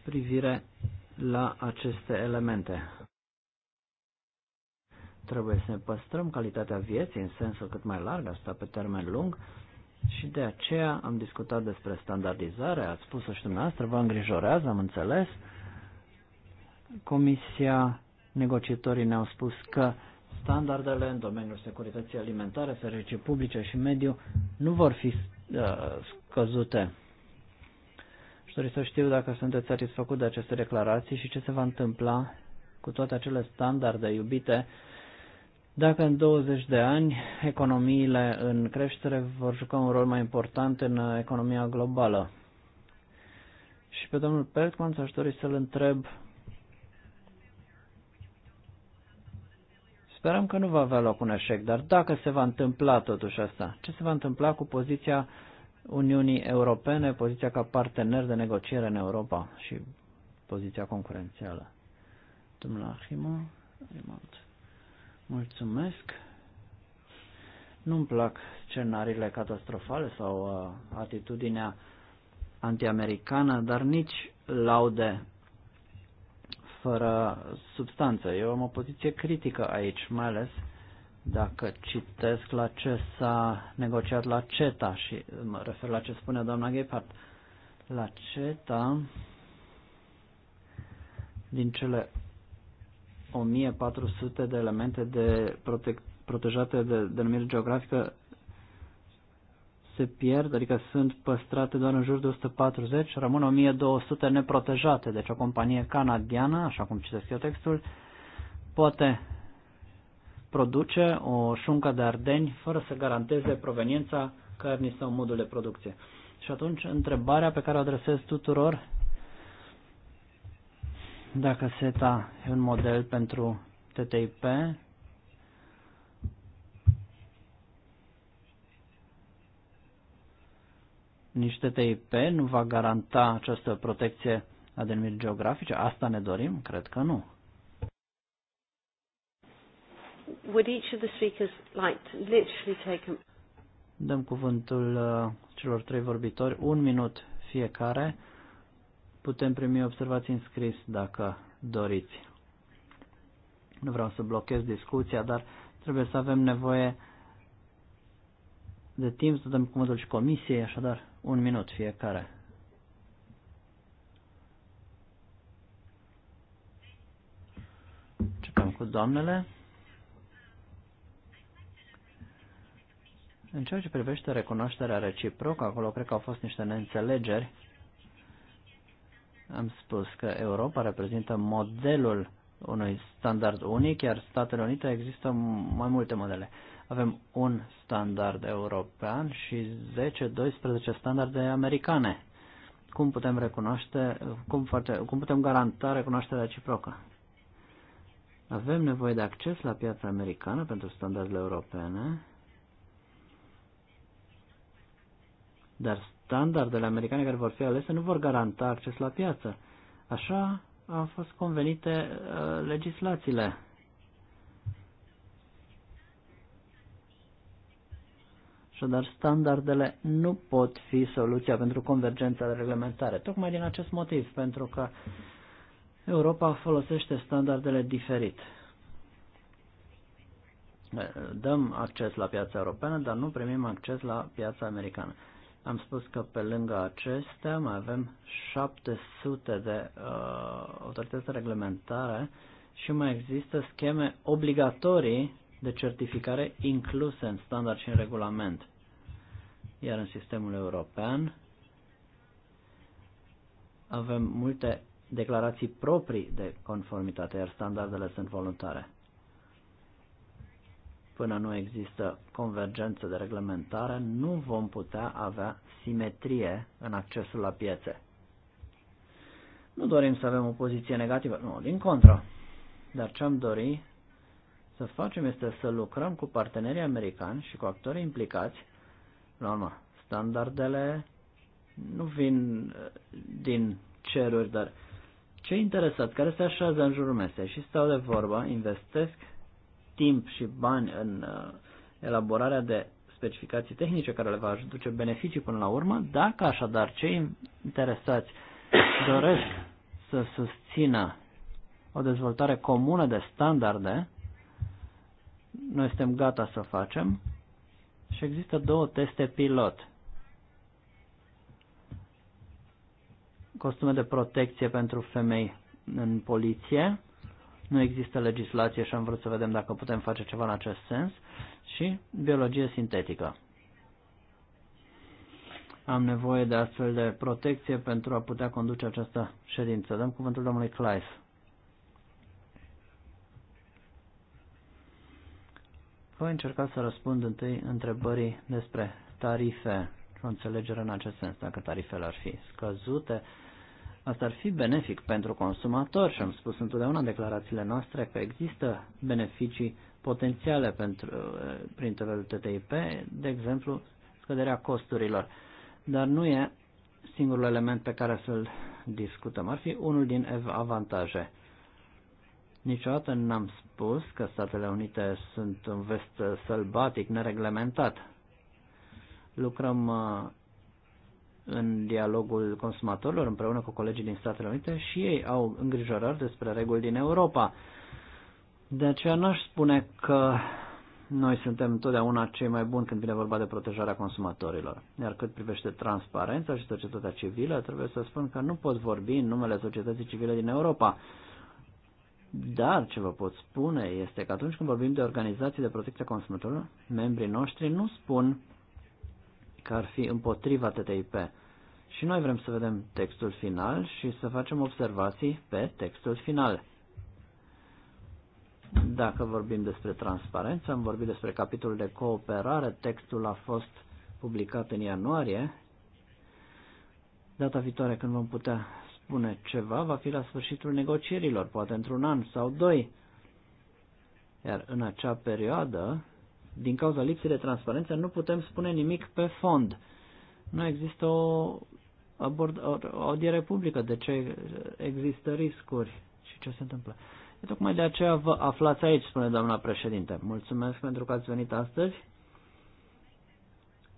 S4: privire la aceste elemente? Trebuie să ne păstrăm calitatea vieții în sensul cât mai larg, asta pe termen lung, și de aceea am discutat despre standardizare, ați spus-o și dumneavoastră, vă îngrijorează, am înțeles. Comisia, negociatorii ne-au spus că standardele în domeniul securității alimentare, servicii publice și mediu nu vor fi
S2: uh,
S4: scăzute. Și dori să știu dacă sunteți satisfăcut de aceste declarații și ce se va întâmpla cu toate acele standarde iubite uh, dacă în 20 de ani economiile în creștere vor juca un rol mai important în economia globală. Și pe domnul Peltman aș dori să-l întreb. Sperăm că nu va avea loc un eșec, dar dacă se va întâmpla totuși asta, ce se va întâmpla cu poziția Uniunii Europene, poziția ca partener de negociere în Europa și poziția concurențială? Domnul Ahimo, Rimont. Mulțumesc. Nu-mi plac scenariile catastrofale sau uh, atitudinea antiamericană, dar nici laude fără substanță. Eu am o poziție critică aici, mai ales dacă citesc la ce s-a negociat la CETA și mă refer la ce spune doamna Gephardt. La CETA, din cele 1400 de elemente de protec- protejate de denumire geografică se pierd, adică sunt păstrate doar în jur de 140, rămân 1200 neprotejate. Deci o companie canadiană, așa cum citesc eu textul, poate produce o șuncă de ardeni fără să garanteze proveniența cărnii sau modul de producție. Și atunci, întrebarea pe care o adresez tuturor dacă SETA e un model pentru TTIP. Nici TTIP nu va garanta această protecție a denumirii geografice? Asta ne dorim? Cred că nu.
S1: Would each of the speakers like to literally take a...
S4: Dăm cuvântul uh, celor trei vorbitori, un minut fiecare putem primi observații în scris dacă doriți. Nu vreau să blochez discuția, dar trebuie să avem nevoie de timp să dăm cuvântul și comisiei, așadar un minut fiecare. Începem cu doamnele. În ceea ce privește recunoașterea reciprocă, acolo cred că au fost niște neînțelegeri am spus că Europa reprezintă modelul unui standard unic, iar Statele Unite există mai multe modele. Avem un standard european și 10-12 standarde americane. Cum putem recunoaște, cum, foarte, cum putem garanta recunoașterea reciprocă? Avem nevoie de acces la piața americană pentru standardele europene, dar standardele americane care vor fi alese nu vor garanta acces la piață. Așa au fost convenite uh, legislațiile. dar standardele nu pot fi soluția pentru convergența de reglementare. Tocmai din acest motiv, pentru că Europa folosește standardele diferit. Dăm acces la piața europeană, dar nu primim acces la piața americană. Am spus că pe lângă acestea mai avem 700 de uh, autorități reglementare și mai există scheme obligatorii de certificare incluse în standard și în regulament. Iar în sistemul european avem multe declarații proprii de conformitate, iar standardele sunt voluntare până nu există convergență de reglementare, nu vom putea avea simetrie în accesul la piețe. Nu dorim să avem o poziție negativă, nu, din contră. Dar ce am dori să facem este să lucrăm cu partenerii americani și cu actorii implicați. La urmă, standardele nu vin eh, din ceruri, dar ce interesat, care se așează în jurul mesei și stau de vorbă, investesc timp și bani în uh, elaborarea de specificații tehnice care le va aduce beneficii până la urmă, dacă așadar cei interesați doresc să susțină o dezvoltare comună de standarde, noi suntem gata să o facem și există două teste pilot. Costume de protecție pentru femei în poliție nu există legislație și am vrut să vedem dacă putem face ceva în acest sens, și biologie sintetică. Am nevoie de astfel de protecție pentru a putea conduce această ședință. Dăm cuvântul domnului Clive. Voi încerca să răspund întâi întrebării despre tarife, o înțelegere în acest sens, dacă tarifele ar fi scăzute Asta ar fi benefic pentru consumator și am spus întotdeauna în declarațiile noastre că există beneficii potențiale pentru, eh, prin intervalul TTIP, de exemplu scăderea costurilor. Dar nu e singurul element pe care să-l discutăm. Ar fi unul din avantaje. Niciodată n-am spus că Statele Unite sunt un vest sălbatic, nereglementat. Lucrăm eh, în dialogul consumatorilor împreună cu colegii din Statele Unite și ei au îngrijorări despre reguli din Europa. De aceea n-aș spune că noi suntem întotdeauna cei mai buni când vine vorba de protejarea consumatorilor. Iar cât privește transparența și societatea civilă, trebuie să spun că nu pot vorbi în numele societății civile din Europa. Dar ce vă pot spune este că atunci când vorbim de organizații de protecție a consumatorilor, membrii noștri nu spun că ar fi împotriva TTIP. Și noi vrem să vedem textul final și să facem observații pe textul final. Dacă vorbim despre transparență, am vorbit despre capitolul de cooperare, textul a fost publicat în ianuarie. Data viitoare când vom putea spune ceva, va fi la sfârșitul negocierilor, poate într-un an sau doi. Iar în acea perioadă, din cauza lipsei de transparență nu putem spune nimic pe fond. Nu există o, abord, o audiere publică de ce există riscuri și ce se întâmplă. E tocmai de aceea vă aflați aici, spune doamna președinte. Mulțumesc pentru că ați venit astăzi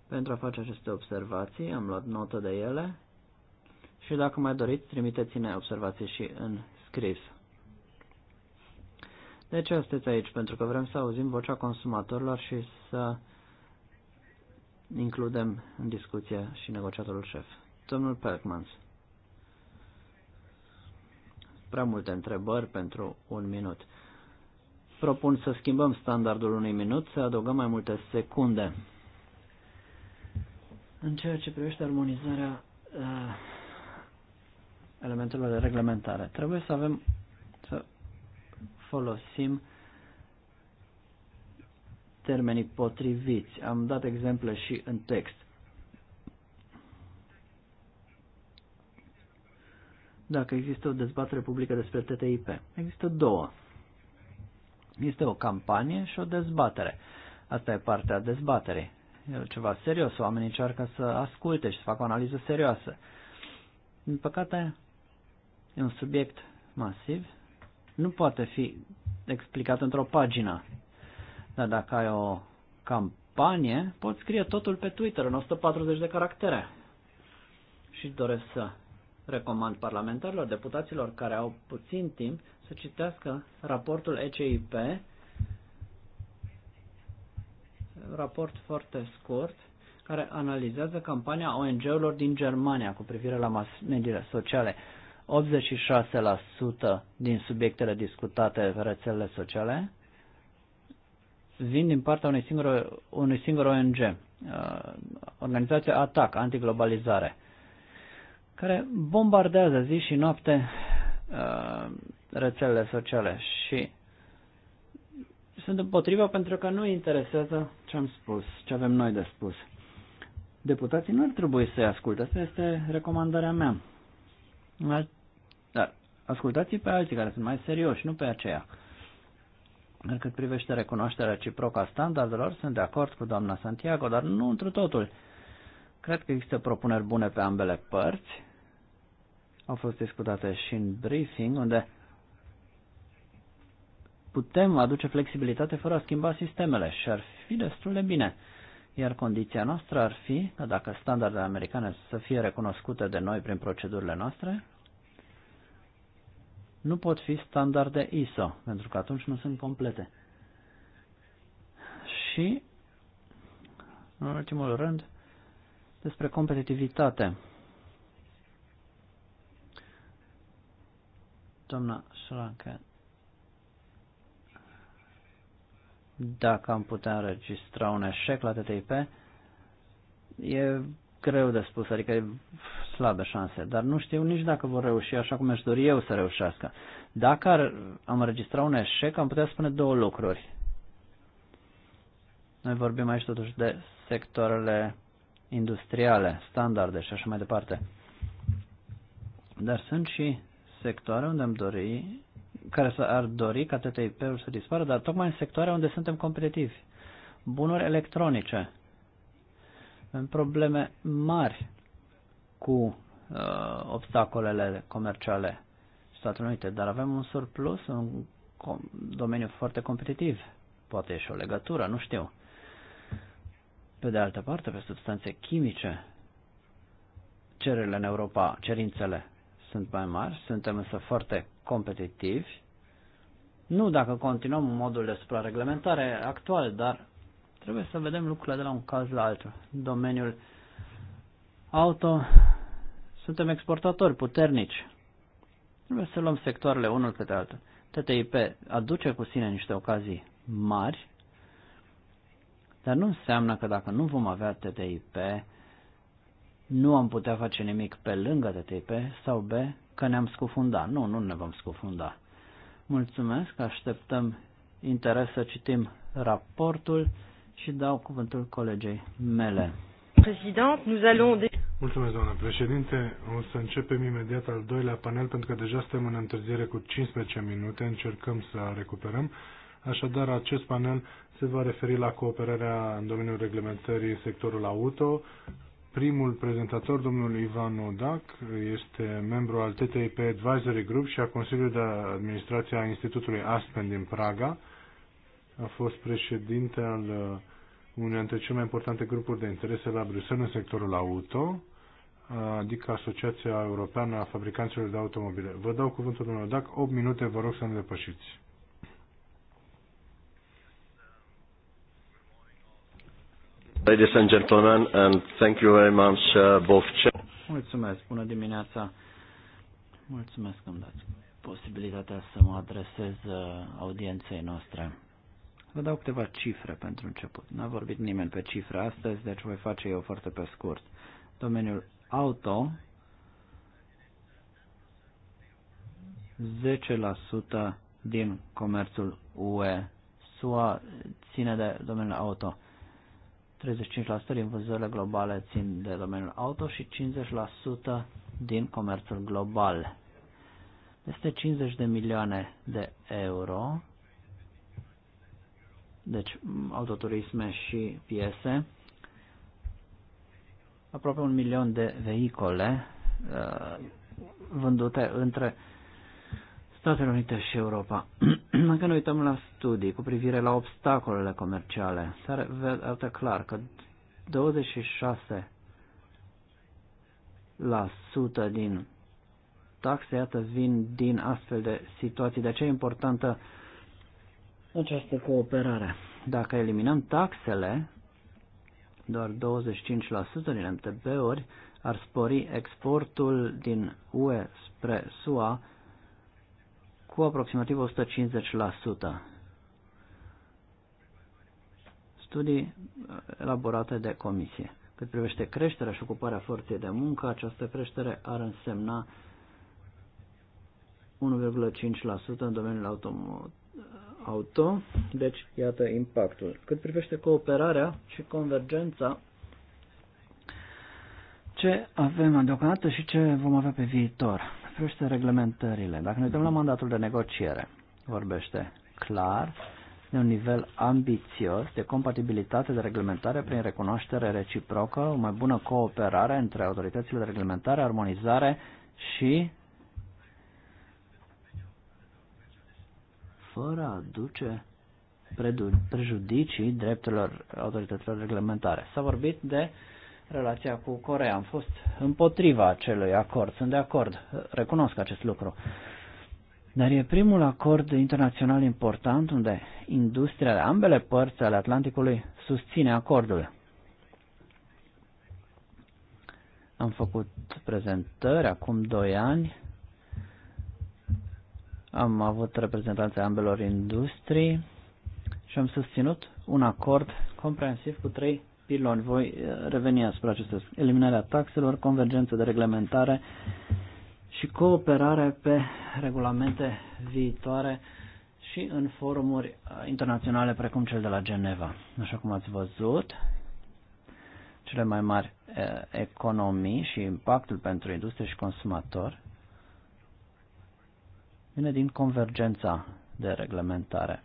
S4: pentru a face aceste observații. Am luat notă de ele și dacă mai doriți, trimiteți-ne observații și în scris. De ce sunteți aici? Pentru că vrem să auzim vocea consumatorilor și să includem în discuție și negociatorul șef. Domnul Perkmans. Prea multe întrebări pentru un minut. Propun să schimbăm standardul unui minut, să adăugăm mai multe secunde. În ceea ce privește armonizarea uh, elementelor de reglementare, trebuie să avem folosim termenii potriviți. Am dat exemple și în text. Dacă există o dezbatere publică despre TTIP, există două. Este o campanie și o dezbatere. Asta e partea dezbaterei. E ceva serios. Oamenii încearcă să asculte și să facă o analiză serioasă. Din păcate, e un subiect masiv nu poate fi explicat într-o pagină. Dar dacă ai o campanie, poți scrie totul pe Twitter în 140 de caractere. Și doresc să recomand parlamentarilor, deputaților care au puțin timp să citească raportul ECIP, raport foarte scurt, care analizează campania ONG-urilor din Germania cu privire la mass mediile sociale. 86% din subiectele discutate pe rețelele sociale vin din partea unui singur, unui singur ONG, uh, organizația ATAC, Antiglobalizare, care bombardează zi și noapte uh, rețelele sociale și sunt împotriva pentru că nu interesează ce am spus, ce avem noi de spus. Deputații nu ar trebui să-i asculte, asta este recomandarea mea. Dar ascultați pe alții care sunt mai serioși, nu pe aceea. În cât privește recunoașterea reciprocă a standardelor, sunt de acord cu doamna Santiago, dar nu întru totul. Cred că există propuneri bune pe ambele părți. Au fost discutate și în briefing, unde putem aduce flexibilitate fără a schimba sistemele și ar fi destul de bine. Iar condiția noastră ar fi că dacă standardele americane să fie recunoscute de noi prin procedurile noastre, nu pot fi standarde ISO, pentru că atunci nu sunt complete. Și, în ultimul rând, despre competitivitate. Doamna Schranke dacă am putea înregistra un eșec la TTIP, e greu de spus, adică e slabe șanse, dar nu știu nici dacă vor reuși așa cum aș dori eu să reușească. Dacă ar, am înregistra un eșec, am putea spune două lucruri. Noi vorbim aici totuși de sectoarele industriale, standarde și așa mai departe. Dar sunt și sectoare unde am dori care să ar dori ca TTIP-ul să dispară, dar tocmai în sectoare unde suntem competitivi. Bunuri electronice. Avem probleme mari cu uh, obstacolele comerciale Statele Unite, dar avem un surplus, un domeniu foarte competitiv. Poate e și o legătură, nu știu. Pe de altă parte, pe substanțe chimice, cererile în Europa, cerințele sunt mai mari, suntem însă foarte competitivi. Nu dacă continuăm modul de suprareglementare actual, dar trebuie să vedem lucrurile de la un caz la altul. Domeniul auto, suntem exportatori puternici. Trebuie să luăm sectoarele unul câte altul. TTIP aduce cu sine niște ocazii mari, dar nu înseamnă că dacă nu vom avea TTIP, nu am putea face nimic pe lângă TTIP sau B, că ne-am scufundat. Nu, nu ne vom scufunda. Mulțumesc, așteptăm interes să citim raportul
S2: și dau cuvântul colegei mele. Président, nous allons... Mulțumesc, doamnă președinte. O să începem imediat al doilea panel, pentru că deja suntem în întârziere cu 15 minute, încercăm să recuperăm. Așadar, acest panel se va referi la cooperarea în domeniul reglementării sectorul auto, Primul prezentator, domnul Ivan Odac, este membru al TTIP Advisory Group și a Consiliului de Administrație a Institutului Aspen din Praga. A fost președinte al uh, unei dintre cele mai importante grupuri de interese la Bruxelles în sectorul auto, uh, adică Asociația Europeană a Fabricanților de Automobile. Vă dau cuvântul, domnul Odac, 8 minute, vă rog să nu depășiți. Ladies and gentlemen, and thank you very much, uh, both
S4: Mulțumesc, bună dimineața. Mulțumesc că îmi dați posibilitatea să mă adresez uh, audienței noastre. Vă dau câteva cifre pentru început. N-a vorbit nimeni pe cifre astăzi, deci voi face eu foarte pe scurt. Domeniul auto, 10% din comerțul UE SUA ține de domeniul auto. 35% din vânzările globale țin de domeniul auto și 50% din comerțul global. Este 50 de milioane de euro, deci autoturisme și piese, aproape un milion de vehicole uh, vândute între Statele Unite și Europa. Dacă ne uităm la studii cu privire la obstacolele comerciale, se arată clar că 26% din taxe, iată, vin din astfel de situații. De aceea e importantă această cooperare. Dacă eliminăm taxele, doar 25% din MTB-uri ar spori exportul din UE spre SUA cu aproximativ 150%. Studii uh, elaborate de comisie. Cât privește creșterea și ocuparea forței de muncă, această creștere ar însemna 1,5% în domeniul auto, auto, deci iată impactul. Cât privește cooperarea și convergența, ce avem deocamdată și ce vom avea pe viitor privește reglementările, dacă ne uităm la mandatul de negociere, vorbește clar de un nivel ambițios de compatibilitate de reglementare prin recunoaștere reciprocă, o mai bună cooperare între autoritățile de reglementare, armonizare și fără a duce prejudicii drepturilor autorităților reglementare. S-a vorbit de uh, relația cu Corea. Am fost împotriva acelui acord, sunt de acord, recunosc acest lucru. Dar e primul acord internațional important unde industria de ambele părți ale Atlanticului susține acordul. Am făcut prezentări acum doi ani. Am avut reprezentanțe ambelor industrii și am susținut un acord comprensiv cu trei piloni. Voi uh, reveni asupra acestea. Eliminarea taxelor, convergență de reglementare și cooperare pe regulamente viitoare și în forumuri internaționale precum cel de la Geneva. Așa cum ați văzut, cele mai mari uh, economii și impactul pentru industrie și consumator vine din convergența de reglementare.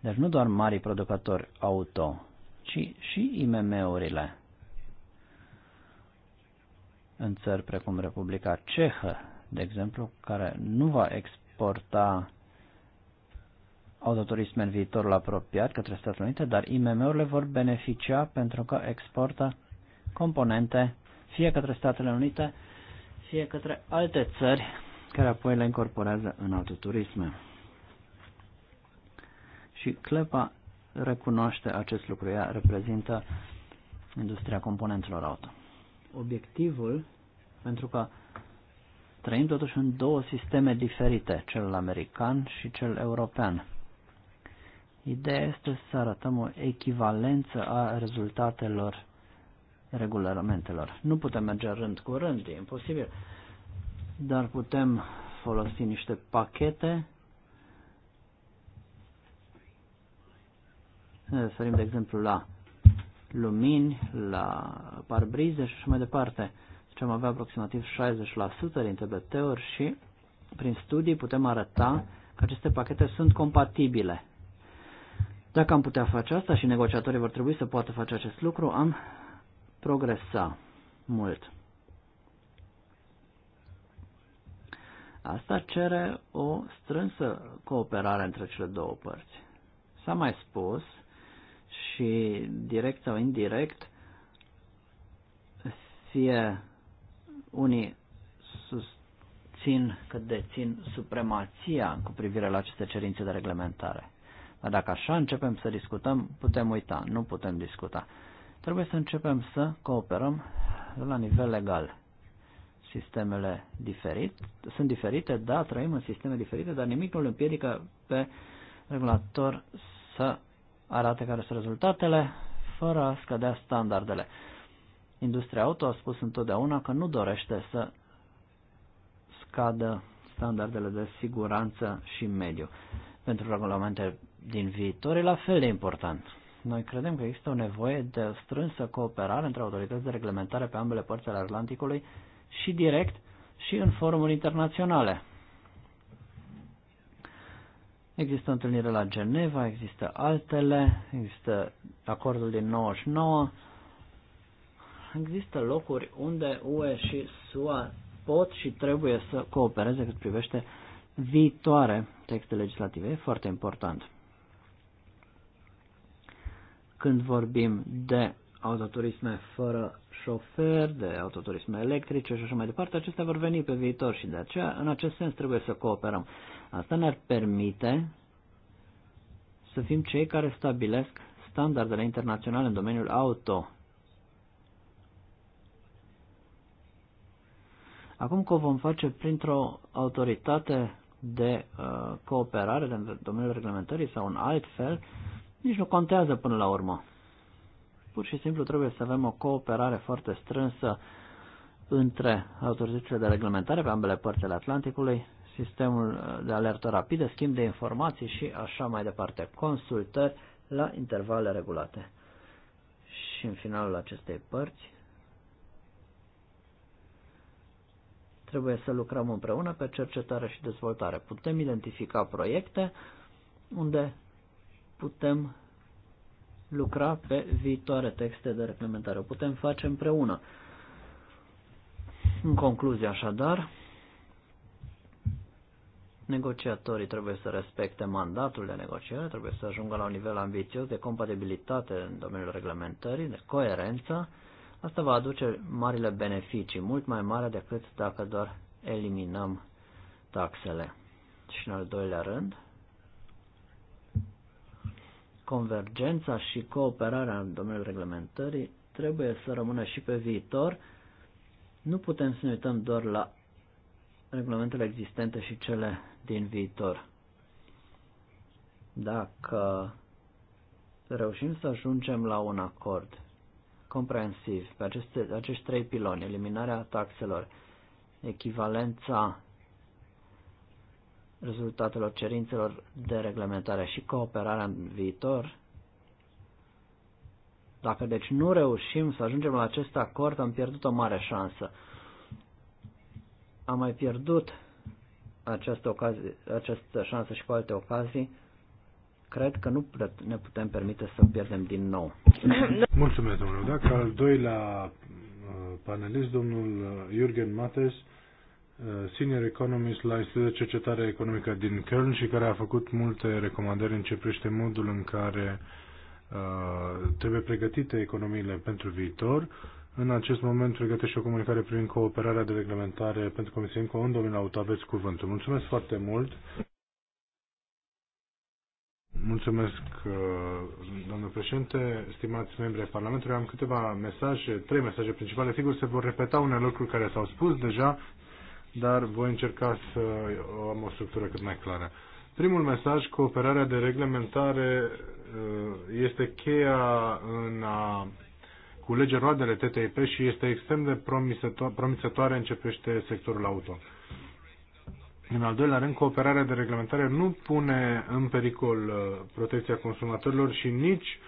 S4: Deci nu doar marii producători auto, ci și IMM-urile în țări precum Republica Cehă, de exemplu, care nu va exporta autoturisme în viitorul apropiat către Statele Unite, dar IMM-urile vor beneficia pentru că exportă componente fie către Statele Unite, fie către alte țări care apoi le incorporează în autoturisme. Și clepa recunoaște acest lucru. Ea reprezintă industria componentelor auto. Obiectivul, pentru că trăim totuși în două sisteme diferite, cel american și cel european. Ideea este să arătăm o echivalență a rezultatelor regulamentelor. Nu putem merge rând cu rând, e imposibil, dar putem folosi niște pachete ne eh, referim, de exemplu, la lumini, la parbrize și așa mai departe. Deci am avea aproximativ 60% din TBT-uri și prin studii putem arăta că aceste pachete sunt compatibile. Dacă am putea face asta și negociatorii vor trebui să poată face acest lucru, am progresa mult. Asta cere o strânsă cooperare între cele două părți. S-a mai spus și direct sau indirect, fie unii susțin că dețin supremația cu privire la aceste cerințe de reglementare. Dar dacă așa începem să discutăm, putem uita, nu putem discuta. Trebuie să începem să cooperăm la nivel legal. Sistemele diferit, sunt diferite, da, trăim în sisteme diferite, dar nimic nu îl împiedică pe regulator să arate care sunt rezultatele, fără a scădea standardele. Industria auto a spus întotdeauna că nu dorește să scadă standardele de siguranță și mediu. Pentru regulamente din viitor e la fel de important. Noi credem că există o nevoie de strânsă cooperare între autorități de reglementare pe ambele părți ale Atlanticului și direct și în forumuri internaționale. Există întâlnire la Geneva, există altele, există acordul din 99. Există locuri unde UE și SUA pot și trebuie să coopereze cât privește viitoare texte legislative. E foarte important. Când vorbim de autoturisme fără șofer, de autoturisme electrice și așa mai departe, acestea vor veni pe viitor și de aceea, în acest sens, trebuie să cooperăm. Asta ne-ar permite să fim cei care stabilesc standardele internaționale în domeniul auto. Acum că o vom face printr-o autoritate de uh, cooperare în domeniul reglementării sau în alt fel, nici nu contează până la urmă. Pur și simplu trebuie să avem o cooperare foarte strânsă între autoritățile de reglementare pe ambele părți ale Atlanticului sistemul uh, de alertă rapidă, schimb de informații și așa mai departe, consultări la intervale regulate. Și în finalul acestei părți trebuie să lucrăm împreună pe cercetare și dezvoltare. Putem identifica proiecte unde putem lucra pe viitoare texte de reglementare. O putem face împreună. În concluzie, așadar, Negociatorii trebuie să respecte mandatul de negociere, trebuie să ajungă la un nivel ambițios de compatibilitate în domeniul reglementării, de coerență. Asta va aduce marile beneficii, mult mai mare decât dacă doar eliminăm taxele. Și în al doilea rând, convergența și cooperarea în domeniul reglementării trebuie să rămână și pe viitor. Nu putem să ne uităm doar la reglementele existente și cele din viitor. Dacă reușim să ajungem la un acord comprensiv pe aceste, acești trei piloni, eliminarea taxelor, echivalența rezultatelor cerințelor de reglementare și cooperarea în viitor, dacă deci nu reușim să ajungem la acest acord, am pierdut o mare șansă. Am mai pierdut această, ocazie, această șansă și cu alte ocazii, cred că nu ne putem permite să pierdem din nou.
S2: Mulțumesc, domnule Dacă al doilea uh, panelist, domnul uh, Jürgen Mates, uh, senior economist la Institutul de Cercetare Economică din Köln și care a făcut multe recomandări în ce privește modul în care uh, trebuie pregătite economiile pentru viitor în acest moment pregătește o comunicare privind cooperarea de reglementare pentru Comisia INCO în domeniul auto. Aveți cuvântul. Mulțumesc foarte mult. Mulțumesc, uh, domnule președinte, stimați membri ai Parlamentului. Am câteva mesaje, trei mesaje principale. Sigur, se vor repeta unele lucruri care s-au spus deja, dar voi încerca să am o structură cât mai clară. Primul mesaj, cooperarea de reglementare uh, este cheia în a culege roadele TTIP și este extrem de promițătoare în ce privește sectorul auto. În al doilea rând, cooperarea de reglementare nu pune în pericol uh, protecția consumatorilor și nici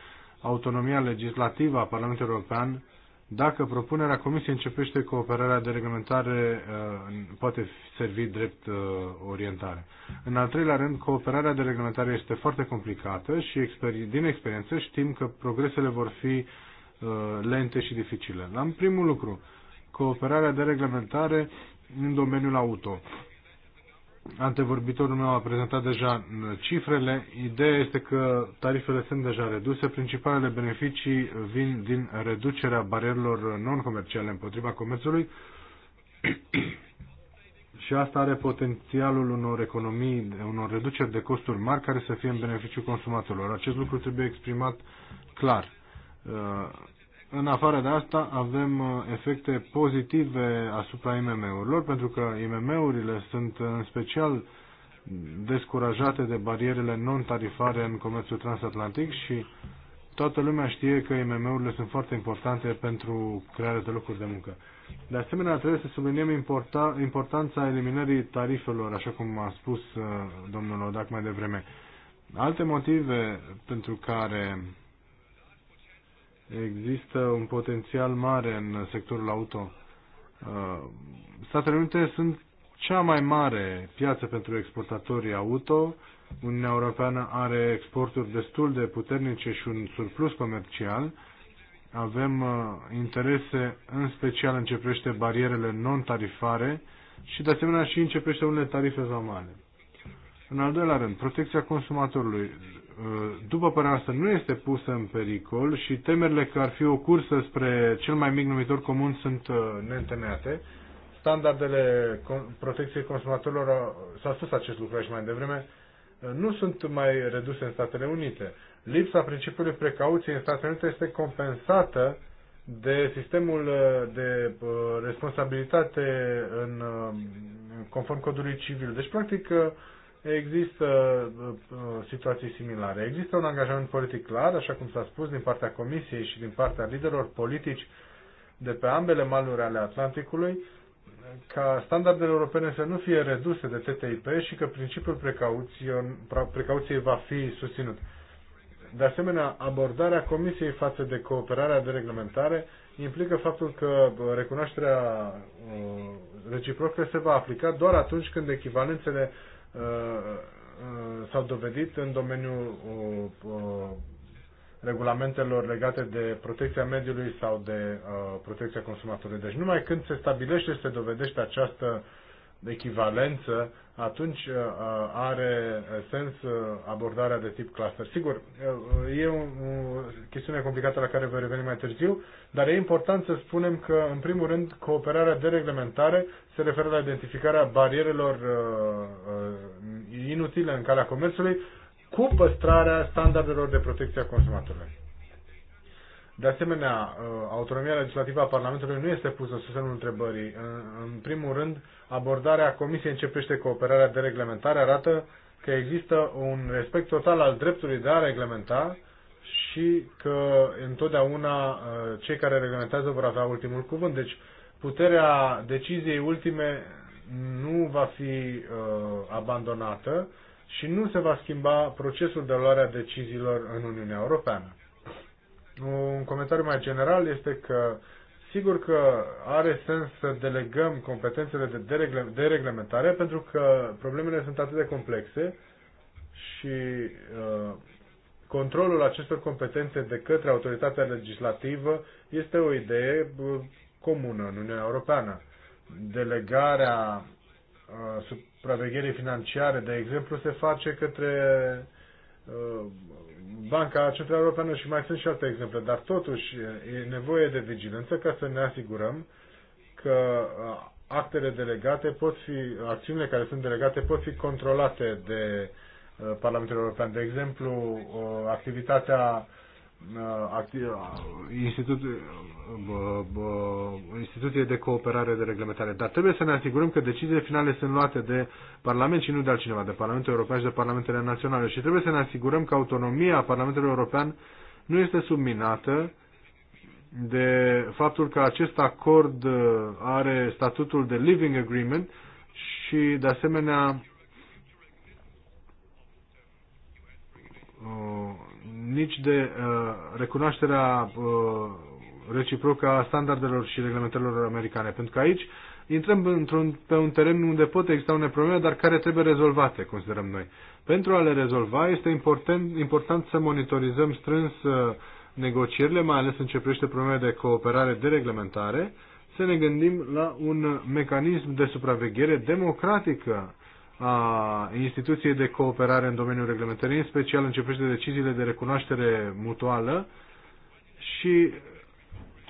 S2: autonomia legislativă a Parlamentului European dacă propunerea Comisiei începește cooperarea de reglementare uh, poate servi drept uh, orientare. În al treilea rând, cooperarea de reglementare este foarte complicată și din experiență știm că progresele vor fi Uh, lente și dificile. În primul lucru, cooperarea de reglementare în domeniul auto. Antevorbitorul meu a prezentat deja uh, cifrele. Ideea este că tarifele sunt deja reduse. Principalele beneficii vin din reducerea barierelor non-comerciale împotriva comerțului și asta are potențialul unor economii, unor reduceri de costuri mari care să fie în beneficiul consumatorilor. Acest lucru trebuie exprimat clar. Uh, în afară de asta avem uh, efecte pozitive asupra IMM-urilor, pentru că IMM-urile sunt uh, în special descurajate de barierele non-tarifare în comerțul transatlantic și toată lumea știe că IMM-urile sunt foarte importante pentru crearea de locuri de muncă. De asemenea, trebuie să subliniem importa, importanța eliminării tarifelor, așa cum a spus domnul Odac mai devreme. Alte motive pentru care Există un potențial mare în sectorul auto. Uh, Statele Unite sunt cea mai mare piață pentru exportatorii auto. Uniunea Europeană are exporturi destul de puternice și un surplus comercial. Avem uh, interese în special în ce privește barierele non-tarifare și de asemenea și în ce privește unele tarife vamale. În al doilea rând, protecția consumatorului după părerea noastră, nu este pusă în pericol și temerile că ar fi o cursă spre cel mai mic numitor comun sunt uh, neîntemeiate. Standardele protecției consumatorilor, s-a spus acest lucru și mai devreme, uh, nu sunt mai reduse în Statele Unite. Lipsa principiului precauției în Statele Unite este compensată de sistemul uh, de responsabilitate în, conform codului civil. Deci, practic, există uh, uh, situații similare. Există un angajament politic clar, așa cum s-a spus, din partea Comisiei și din partea liderilor politici de pe ambele maluri ale Atlanticului, ca standardele europene să nu fie reduse de TTIP și că principiul precauției va fi susținut. De asemenea, abordarea Comisiei față de cooperarea de reglementare implică faptul că recunoașterea uh, reciprocă se va aplica doar atunci când echivalențele Uh, uh, s-au dovedit în domeniul uh, regulamentelor legate de protecția mediului sau de protecția consumatorului. Deci numai când se stabilește se dovedește această echivalență, atunci uh, uh, are uh, sens abordarea de tip cluster. Sigur, e o chestiune complicată la care voi reveni mai târziu, dar e important să spunem că, în primul rând, cooperarea de reglementare se referă la identificarea barierelor inutile în calea comerțului cu păstrarea standardelor de protecție a consumatorului. De asemenea, uh, autonomia legislativă a Parlamentului nu este pusă sub semnul întrebării. În primul rând, abordarea Comisiei începește cooperarea de reglementare arată că există un respect total al dreptului de a reglementa și că întotdeauna uh, cei care reglementează vor avea ultimul cuvânt. Deci, puterea deciziei ultime nu va fi uh, abandonată și nu se va schimba procesul de luare a deciziilor în Uniunea Europeană. Un comentariu mai general este că sigur că are sens să delegăm competențele de, dereglementare, pentru că problemele sunt atât de complexe și uh, controlul acestor competențe de către autoritatea legislativă este o idee uh, comună în Uniunea Europeană. Delegarea uh, supravegherii financiare, de exemplu, se face către Banca Centrală Europeană și mai sunt și alte exemple, dar totuși e nevoie de vigilență ca să ne asigurăm că uh, actele delegate pot fi, acțiunile care sunt delegate pot fi controlate de uh, Parlamentul European. De exemplu, uh, activitatea Uh, uh, uh, instituție, de cooperare de reglementare. Dar trebuie să ne asigurăm că deciziile finale sunt luate de Parlament și nu de altcineva, de Parlamentul European și de Parlamentele Naționale. Și trebuie să ne asigurăm că autonomia Parlamentului European nu este subminată de faptul că acest acord are statutul de living agreement și, de asemenea, nici de uh, recunoașterea uh, reciprocă a standardelor și reglementărilor americane. Pentru că aici intrăm într-un, pe un teren unde pot exista unele probleme, dar care trebuie rezolvate, considerăm noi. Pentru a le rezolva este important, important să monitorizăm strâns uh, negocierile, mai ales în ce privește probleme de cooperare de reglementare, să ne gândim la un mecanism de supraveghere democratică a instituției de cooperare în domeniul reglementării, în special în ce privește deciziile de recunoaștere mutuală și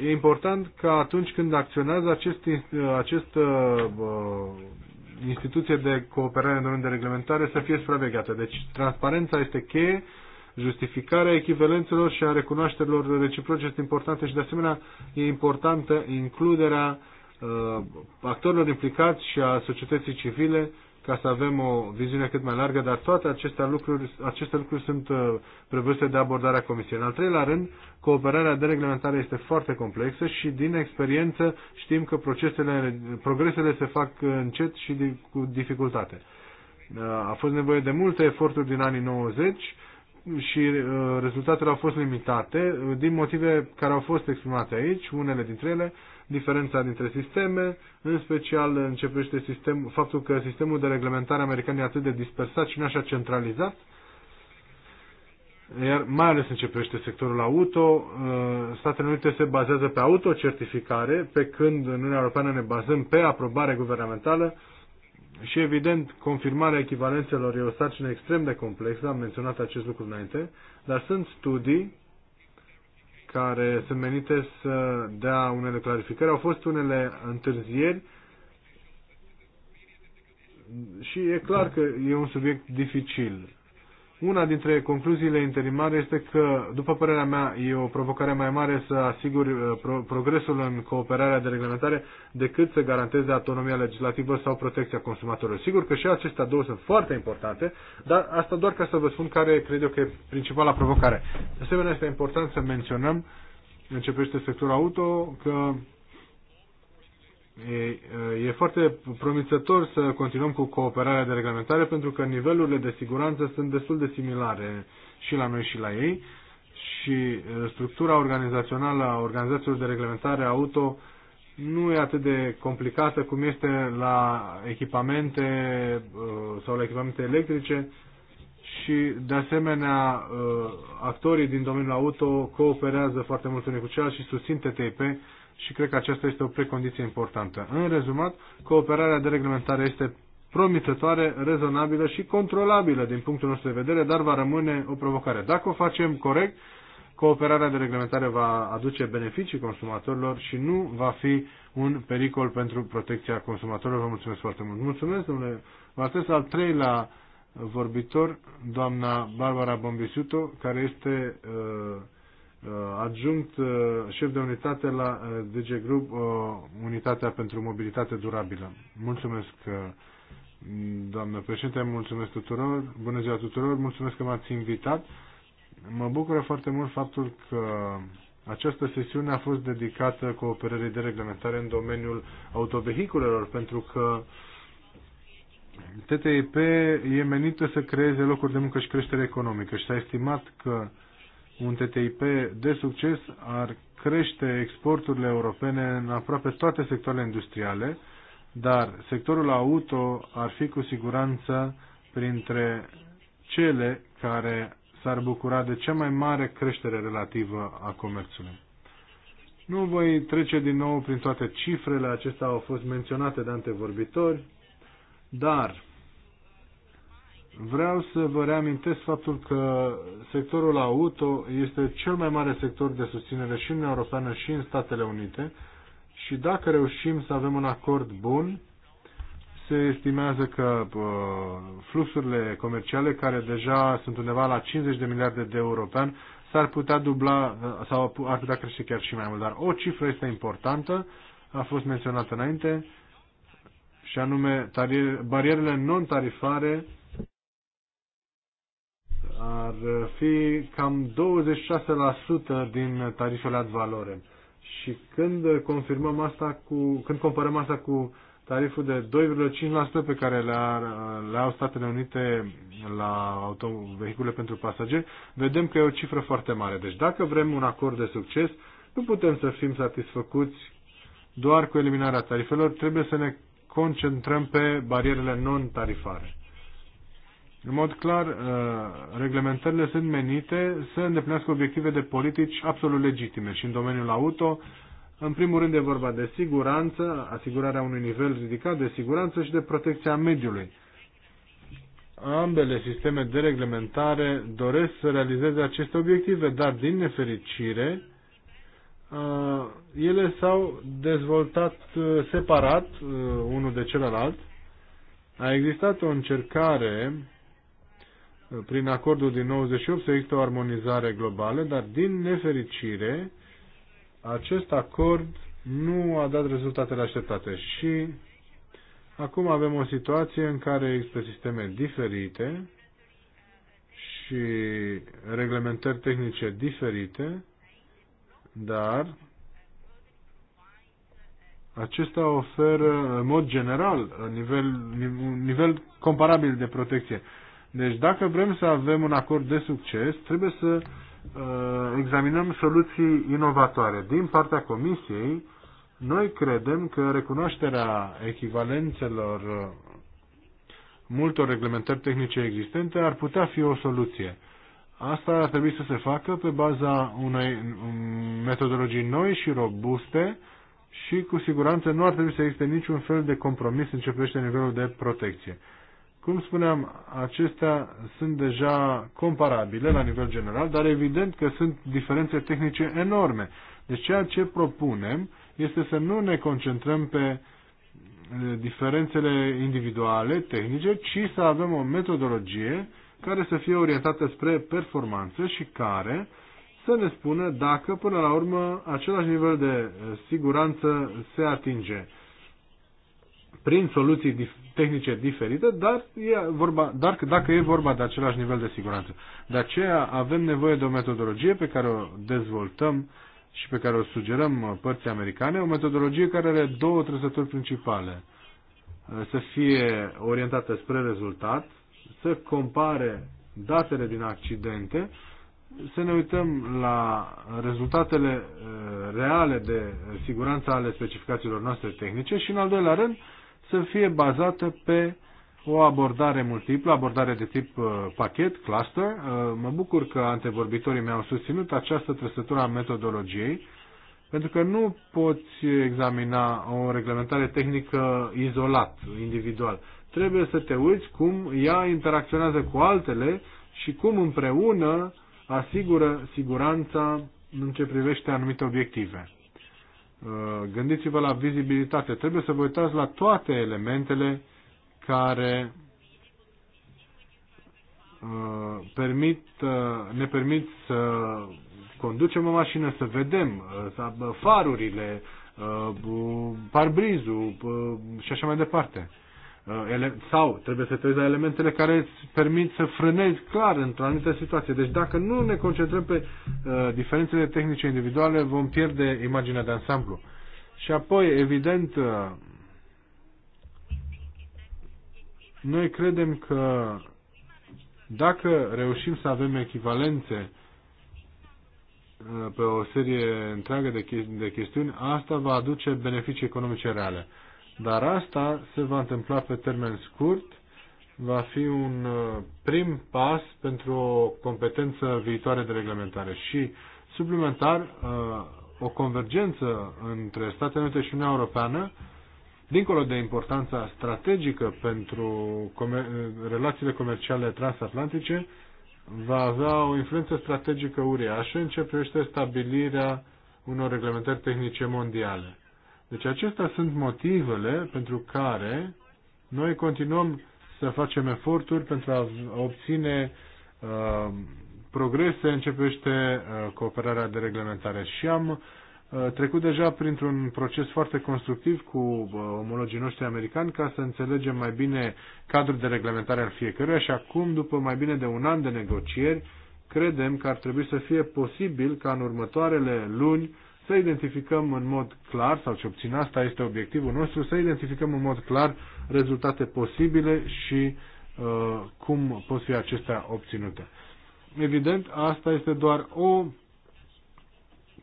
S2: e important ca atunci când acționează acest, acest uh, uh, instituție de cooperare în domeniul de reglementare să fie supravegheată. Deci transparența este cheie, justificarea echivalențelor și a recunoașterilor reciproce este importantă și de asemenea e importantă includerea uh, actorilor implicați și a societății civile ca să avem o viziune cât mai largă, dar toate aceste lucruri, aceste lucruri sunt uh, prevăzute de abordarea Comisiei. În al treilea rând, cooperarea de reglementare este foarte complexă și din experiență știm că procesele, progresele se fac uh, încet și cu dificultate. Uh, a fost nevoie de multe eforturi din anii 90 și rezultatele au fost limitate din motive care au fost exprimate aici, unele dintre ele diferența dintre sisteme, în special începește sistem, faptul că sistemul de reglementare american e atât de dispersat și nu așa centralizat, iar mai ales începește sectorul auto, uh, Statele Unite se bazează pe autocertificare, pe când în Uniunea Europeană ne bazăm pe aprobare guvernamentală, și evident, confirmarea echivalențelor e o sarcină extrem de complexă, am menționat acest lucru înainte, dar sunt studii care sunt menite să dea unele clarificări. Au fost unele întârzieri și e clar că e un subiect dificil. Una dintre concluziile interimare este că, după părerea mea, e o provocare mai mare să asiguri uh, pro- progresul în cooperarea de reglementare decât să garanteze autonomia legislativă sau protecția consumatorilor. Sigur că și acestea două sunt foarte importante, dar asta doar ca să vă spun care cred eu că e principala provocare. De asemenea, este important să menționăm, începește sectorul auto, că E, foarte promițător să continuăm cu cooperarea de reglementare pentru că nivelurile de siguranță sunt destul de similare și la noi și la ei și structura organizațională a organizațiilor de reglementare auto nu e atât de complicată cum este la echipamente sau la echipamente electrice și de asemenea actorii din domeniul auto cooperează foarte mult unii cu ceilalți și susțin TTIP și cred că aceasta este o precondiție importantă. În rezumat, cooperarea de reglementare este promițătoare, rezonabilă și controlabilă din punctul nostru de vedere, dar va rămâne o provocare. Dacă o facem corect, cooperarea de reglementare va aduce beneficii consumatorilor și nu va fi un pericol pentru protecția consumatorilor. Vă mulțumesc foarte mult. Mulțumesc, domnule Valtes, al treilea vorbitor, doamna Barbara Bombisuto, care este uh, Uh, adjunct uh, șef de unitate la uh, DG Group, Unitatea pentru Mobilitate Durabilă. Mulțumesc, doamnă președinte, mulțumesc tuturor, bună ziua tuturor, mulțumesc că m-ați invitat. Mă bucură foarte mult faptul că această sesiune a fost dedicată cooperării de reglementare în domeniul autovehiculelor, pentru că TTIP e menită să creeze locuri de muncă și creștere economică și s-a estimat că un TTIP de succes ar crește exporturile europene în aproape toate sectoarele industriale, dar sectorul auto ar fi cu siguranță printre cele care s-ar bucura de cea mai mare creștere relativă a comerțului. Nu voi trece din nou prin toate cifrele, acestea au fost menționate de antevorbitori, dar Vreau să vă reamintesc faptul că sectorul auto este cel mai mare sector de susținere și în Europeană și în Statele Unite și dacă reușim să avem un acord bun, se estimează că uh, fluxurile comerciale, care deja sunt undeva la 50 de miliarde de euro pe an, s-ar putea dubla uh, sau ar putea crește chiar și mai mult. Dar o cifră este importantă, a fost menționată înainte, și anume barierele non-tarifare ar fi cam 26% din tarifele ad valore. Și când confirmăm asta cu, când comparăm asta cu tariful de 2,5% pe care le, ar, le au Statele Unite la vehicule pentru pasageri, vedem că e o cifră foarte mare. Deci dacă vrem un acord de succes, nu putem să fim satisfăcuți doar cu eliminarea tarifelor, trebuie să ne concentrăm pe barierele non-tarifare. În mod clar, uh, reglementările sunt menite să îndeplinească obiective de politici absolut legitime și în domeniul auto, în primul rând e vorba de siguranță, asigurarea unui nivel ridicat de siguranță și de protecția mediului. Ambele sisteme de reglementare doresc să realizeze aceste obiective, dar din nefericire, uh, ele s-au dezvoltat uh, separat unul de celălalt. A existat o încercare prin acordul din 98 să există o armonizare globală, dar din nefericire acest acord nu a dat rezultatele așteptate și acum avem o situație în care există sisteme diferite și reglementări tehnice diferite, dar acesta oferă în mod general un nivel, un nivel comparabil de protecție. Deci dacă vrem să avem un acord de succes, trebuie să uh, examinăm soluții inovatoare. Din partea Comisiei, noi credem că recunoașterea echivalențelor uh, multor reglementări tehnice existente ar putea fi o soluție. Asta ar trebui să se facă pe baza unei um, metodologii noi și robuste și cu siguranță nu ar trebui să existe niciun fel de compromis în ce privește nivelul de protecție. Cum spuneam, acestea sunt deja comparabile la nivel general, dar evident că sunt diferențe tehnice enorme. Deci ceea ce propunem este să nu ne concentrăm pe eh, diferențele individuale, tehnice, ci să avem o metodologie care să fie orientată spre performanță și care să ne spună dacă până la urmă același nivel de eh, siguranță se atinge prin soluții dif- tehnice diferite, dar, e vorba, dar dacă e vorba de același nivel de siguranță. De aceea avem nevoie de o metodologie pe care o dezvoltăm și pe care o sugerăm părții americane, o metodologie care are două trăsături principale. Să fie orientată spre rezultat, să compare datele din accidente, să ne uităm la rezultatele eh, reale de siguranță ale specificațiilor noastre tehnice și, în al doilea rând, să fie bazată pe o abordare multiplă, abordare de tip uh, pachet, cluster. Uh, mă bucur că antevorbitorii mi-au susținut această trăsătură a metodologiei, pentru că nu poți examina o reglementare tehnică izolat, individual. Trebuie să te uiți cum ea interacționează cu altele și cum împreună asigură siguranța în ce privește anumite obiective. Uh, gândiți-vă la vizibilitate. Trebuie să vă uitați la toate elementele care uh, permit, uh, ne permit să conducem o mașină, să vedem farurile, parbrizul și așa mai departe. Uh, sau trebuie să trezi la elementele care îți permit să frânezi clar într-o anumită situație. Deci dacă nu ne concentrăm pe uh, diferențele tehnice individuale, vom pierde imaginea de ansamblu. Și apoi, evident, uh, noi credem că dacă reușim să avem echivalențe uh, pe o serie întreagă de, de chestiuni, asta va aduce beneficii economice reale. Dar asta se va întâmpla pe termen scurt, va fi un uh, prim pas pentru o competență viitoare de reglementare și suplimentar uh, o convergență între Statele Unite și Uniunea Europeană, dincolo de importanța strategică pentru comer relațiile comerciale transatlantice, va avea o influență strategică uriașă în ce privește stabilirea unor reglementări tehnice mondiale. Deci acestea sunt motivele pentru care noi continuăm să facem eforturi pentru a obține uh, progrese în ce privește uh, cooperarea de reglementare. Și am uh, trecut deja printr-un proces foarte constructiv cu uh, omologii noștri americani ca să înțelegem mai bine cadrul de reglementare al fiecăruia și acum, după mai bine de un an de negocieri, credem că ar trebui să fie posibil ca în următoarele luni să identificăm în mod clar, sau ce obțin asta este obiectivul nostru, să identificăm în mod clar rezultate posibile și uh, cum pot fi acestea obținute. Evident, asta este doar o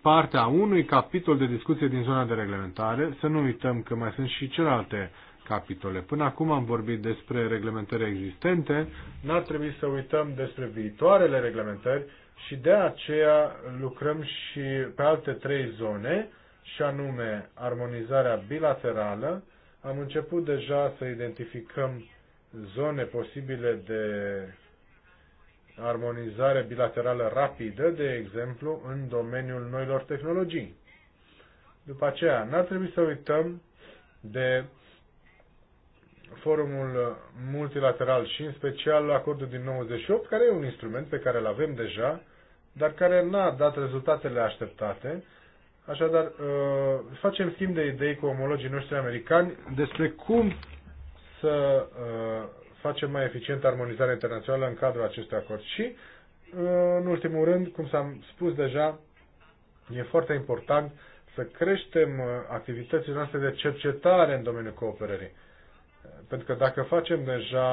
S2: parte a unui capitol de discuție din zona de reglementare. Să nu uităm că mai sunt și celelalte capitole. Până acum am vorbit despre reglementări existente, n-ar trebui să uităm despre viitoarele reglementări și de aceea lucrăm și pe alte trei zone, și anume armonizarea bilaterală. Am început deja să identificăm zone posibile de armonizare bilaterală rapidă, de exemplu, în domeniul noilor tehnologii. După aceea, n-ar trebui să uităm de forumul multilateral și în special acordul din 98, care e un instrument pe care îl avem deja, dar care n-a dat rezultatele așteptate. Așadar, uh, facem schimb de idei cu omologii noștri americani despre cum să uh, facem mai eficient armonizarea internațională în cadrul acestui acord. Și, uh, în ultimul rând, cum s-am spus deja, e foarte important să creștem activitățile noastre de cercetare în domeniul cooperării. Pentru că dacă facem deja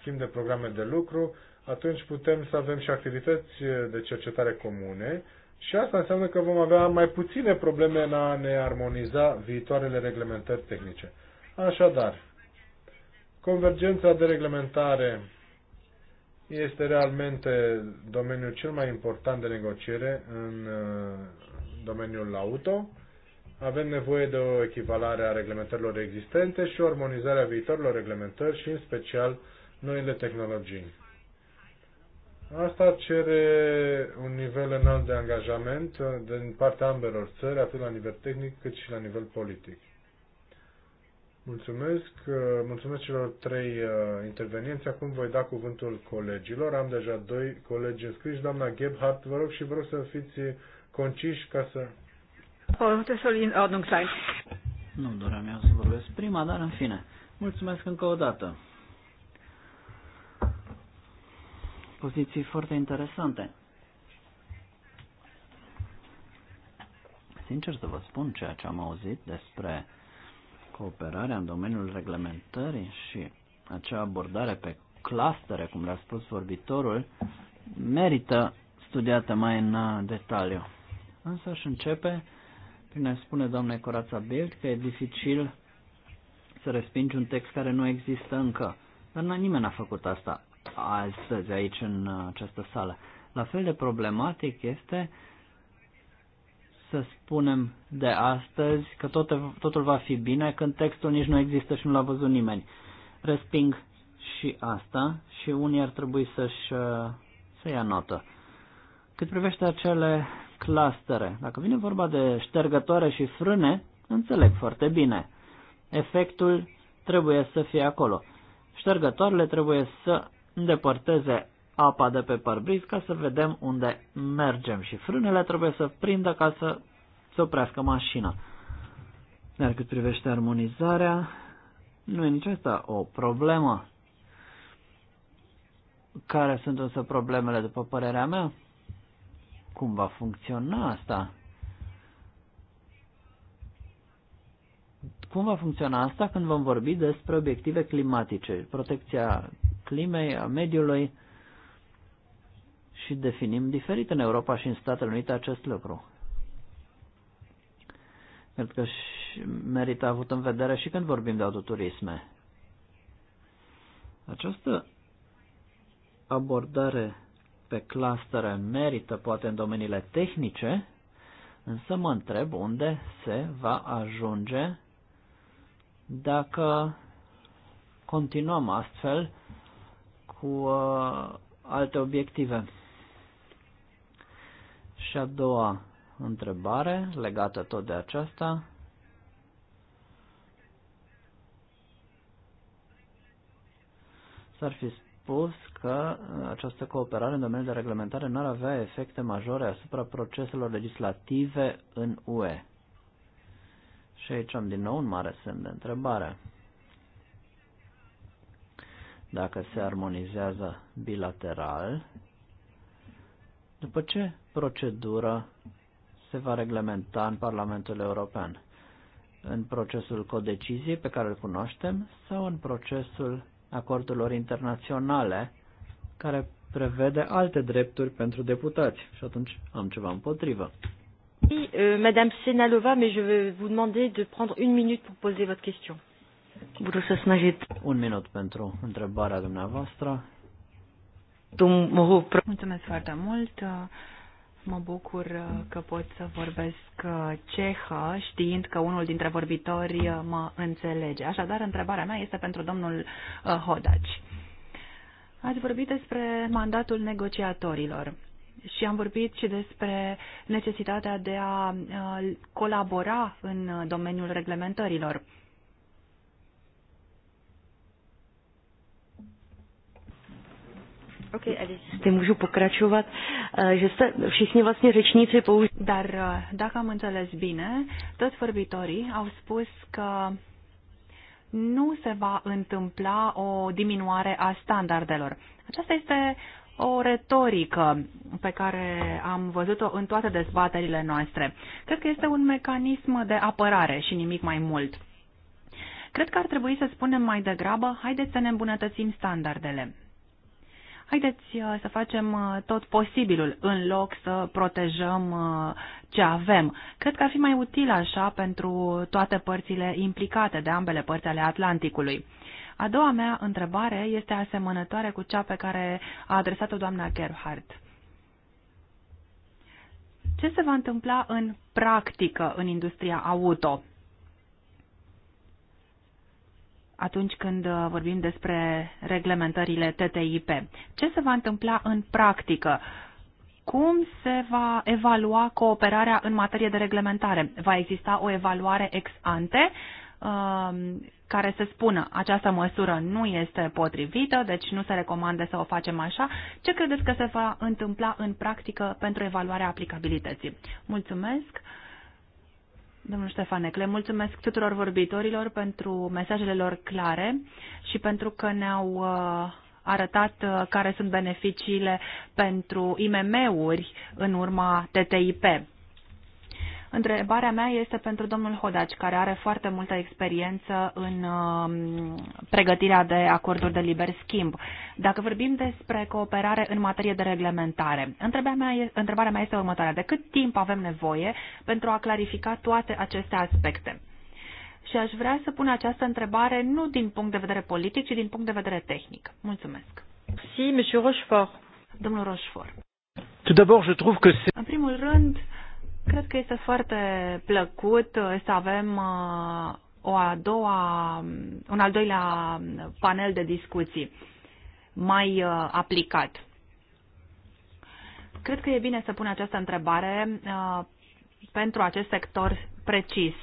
S2: schimb de programe de lucru, atunci putem să avem și activități de cercetare comune și asta înseamnă că vom avea mai puține probleme în a ne armoniza viitoarele reglementări tehnice. Așadar, convergența de reglementare este realmente domeniul cel mai important de negociere în uh, domeniul auto avem nevoie de o echivalare a reglementărilor existente și o armonizare a viitorilor reglementări și, în special, noile tehnologii. Asta cere un nivel înalt de angajament uh, din partea ambelor țări, atât la nivel tehnic cât și la nivel politic. Mulțumesc, uh, mulțumesc celor trei uh, intervenienți. Acum voi da cuvântul colegilor. Am deja doi colegi înscriși. Doamna Gebhardt, vă rog și vă rog să fiți conciși ca să
S1: Oh, das soll in Ordnung sein.
S2: Nu doream eu să vorbesc
S4: prima, dar în fine. Mulțumesc încă o dată. Poziții foarte interesante. Sincer să vă spun ceea ce am auzit despre cooperarea în domeniul reglementării și acea abordare pe clustere, cum le-a spus vorbitorul, merită studiată mai în detaliu. Însă aș începe prin a spune doamnei Corața Bild că e dificil să respingi un text care nu există încă. Dar nimeni n-a făcut asta astăzi aici în uh, această sală. La fel de problematic este să spunem de astăzi că tot, totul va fi bine când textul nici nu există și nu l-a văzut nimeni. Resping și asta și unii ar trebui să-și uh, să ia notă. Cât privește acele clustere. Dacă vine vorba de ștergătoare și frâne, înțeleg foarte bine. Efectul trebuie să fie acolo. Ștergătoarele trebuie să îndepărteze apa de pe parbriz ca să vedem unde mergem și frânele trebuie să prindă ca să se oprească mașina. Iar cât privește armonizarea, nu e nici asta o problemă. Care sunt însă problemele, după părerea mea? cum va funcționa asta? Cum va funcționa asta când vom vorbi despre obiective climatice, protecția climei, a mediului și definim diferit în Europa și în Statele Unite acest lucru? Cred că și merită avut în vedere și când vorbim de autoturisme. Această abordare pe clustere merită poate în domeniile tehnice, însă mă întreb unde se va ajunge dacă continuăm astfel cu uh, alte obiective. Și a doua întrebare legată tot de aceasta. S-ar fi spus că uh, această cooperare în domeniul de reglementare n-ar avea efecte majore asupra proceselor legislative în UE. Și aici am din nou un mare semn de întrebare. Dacă se armonizează bilateral, după ce procedură se va reglementa în Parlamentul European? În procesul codeciziei pe care îl cunoaștem sau în procesul acordurilor internaționale care prevede alte drepturi pentru deputați și atunci am ceva împotrivă.
S3: Euh, Madame Senalova, mais je vais vous demander de prendre une minute pour poser votre question.
S4: Un minut pentru întrebarea dumneavoastră. Mulțumesc foarte mult. Mă bucur uh, că pot
S3: să vorbesc uh, cehă, știind că unul dintre vorbitori uh, mă înțelege. Așadar, întrebarea mea este pentru domnul Hodaci. Ați vorbit despre mandatul negociatorilor și am vorbit și despre necesitatea de a colabora în domeniul reglementărilor. Okay, můžu pokračovat, eh, že jste všichni vlastně řečníci použili. Dar eh, dacă am înțeles bine, toți vorbitorii au spus că nu se va întâmpla o diminuare a standardelor. Aceasta este o retorică pe care am văzut-o în toate dezbaterile noastre. Cred că este un mecanism de apărare și nimic mai mult. Cred că ar trebui să spunem mai degrabă, haideți să ne îmbunătățim standardele. Haideți uh, să facem uh, tot posibilul în loc să protejăm uh, ce avem. Cred că ar fi mai util așa pentru toate părțile implicate de ambele părți ale Atlanticului. A doua mea întrebare este asemănătoare cu cea pe care a adresat-o doamna Gerhardt. Ce se va întâmpla în practică în industria auto? atunci când uh, vorbim despre reglementările TTIP. Ce se va întâmpla în practică? Cum se va evalua cooperarea în materie de reglementare? Va exista o evaluare ex ante um, care să spună această măsură nu este potrivită, deci nu se recomandă să o facem așa. Ce credeți că se va întâmpla în practică pentru evaluarea aplicabilității? Mulțumesc! Domnul Ștefan Ecle, mulțumesc tuturor vorbitorilor pentru mesajele lor clare și pentru că ne-au uh, arătat uh, care sunt beneficiile pentru IMM-uri în urma TTIP. Întrebarea mea este pentru domnul Hodaci, care are foarte multă experiență în um, pregătirea de acorduri de liber schimb. Dacă vorbim despre cooperare în materie de reglementare, întrebarea mea, este următoarea. De cât timp avem nevoie pentru a clarifica toate aceste aspecte? Și aș vrea să pun această întrebare nu din punct de vedere politic, ci din punct de vedere tehnic. Mulțumesc.
S1: Si, monsieur Rochefort.
S3: Domnul Rochefort.
S2: Tout d'abord, je trouve que În
S3: primul rând, Cred că este foarte plăcut uh, să avem uh, o a doua, un al doilea panel de discuții mai uh, aplicat. Cred că e bine să pun această întrebare pentru acest sector precis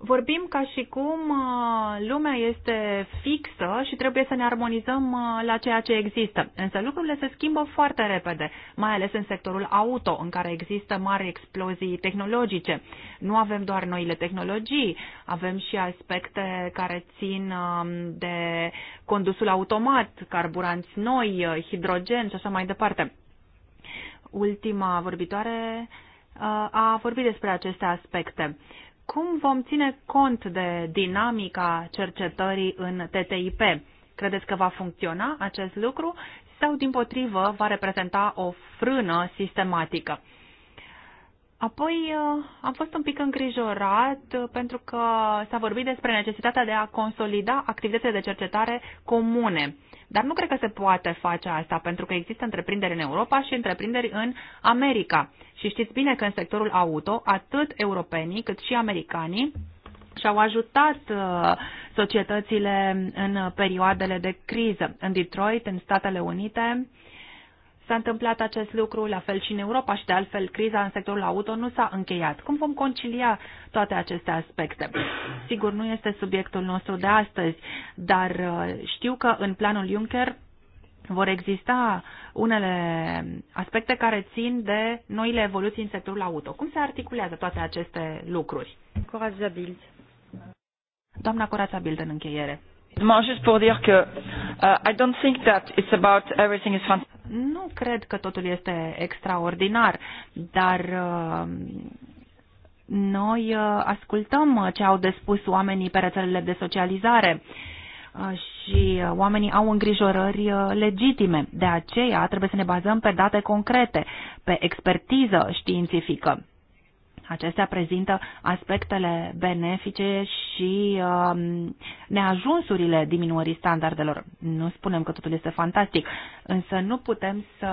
S3: vorbim ca și cum uh, lumea este fixă și trebuie să ne armonizăm uh, la ceea ce există. Însă lucrurile se schimbă foarte repede, mai ales în sectorul auto, în care există mari explozii tehnologice. Nu avem doar noile tehnologii, avem și aspecte care țin um, de condusul automat, carburanți noi, uh, hidrogen și așa mai departe. Ultima vorbitoare a vorbit despre aceste aspecte. Uh, cum vom ține cont de dinamica cercetării în TTIP? Credeți că va funcționa acest lucru sau, din potrivă, va reprezenta o frână sistematică? Apoi uh, am fost un pic îngrijorat uh, pentru că s-a vorbit despre necesitatea de a consolida activitățile de cercetare comune. Dar nu cred că se poate face asta, pentru că există întreprinderi în Europa și întreprinderi în America. Și știți bine că în sectorul auto, atât europenii cât și americanii și-au ajutat uh, societățile în perioadele de criză. În Detroit, în Statele Unite, S-a întâmplat acest lucru, la fel și în Europa și de altfel criza în sectorul auto nu s-a încheiat. Cum vom concilia toate aceste aspecte? Sigur, nu este subiectul nostru de astăzi, dar uh, știu că în planul Juncker vor exista unele aspecte care țin de noile evoluții în sectorul auto. Cum se articulează toate aceste lucruri? Corazza Bild. Doamna Corazza Bild în încheiere.
S1: Uh, I don't think that it's about everything is
S3: nu cred că totul este extraordinar, dar uh, noi uh, ascultăm uh, ce au de spus oamenii pe rețelele de socializare și oamenii au îngrijorări legitime. De aceea trebuie să ne bazăm pe date concrete, pe expertiză științifică. Acestea prezintă aspectele benefice și uh, neajunsurile diminuării standardelor. Nu spunem că totul este fantastic, însă nu putem să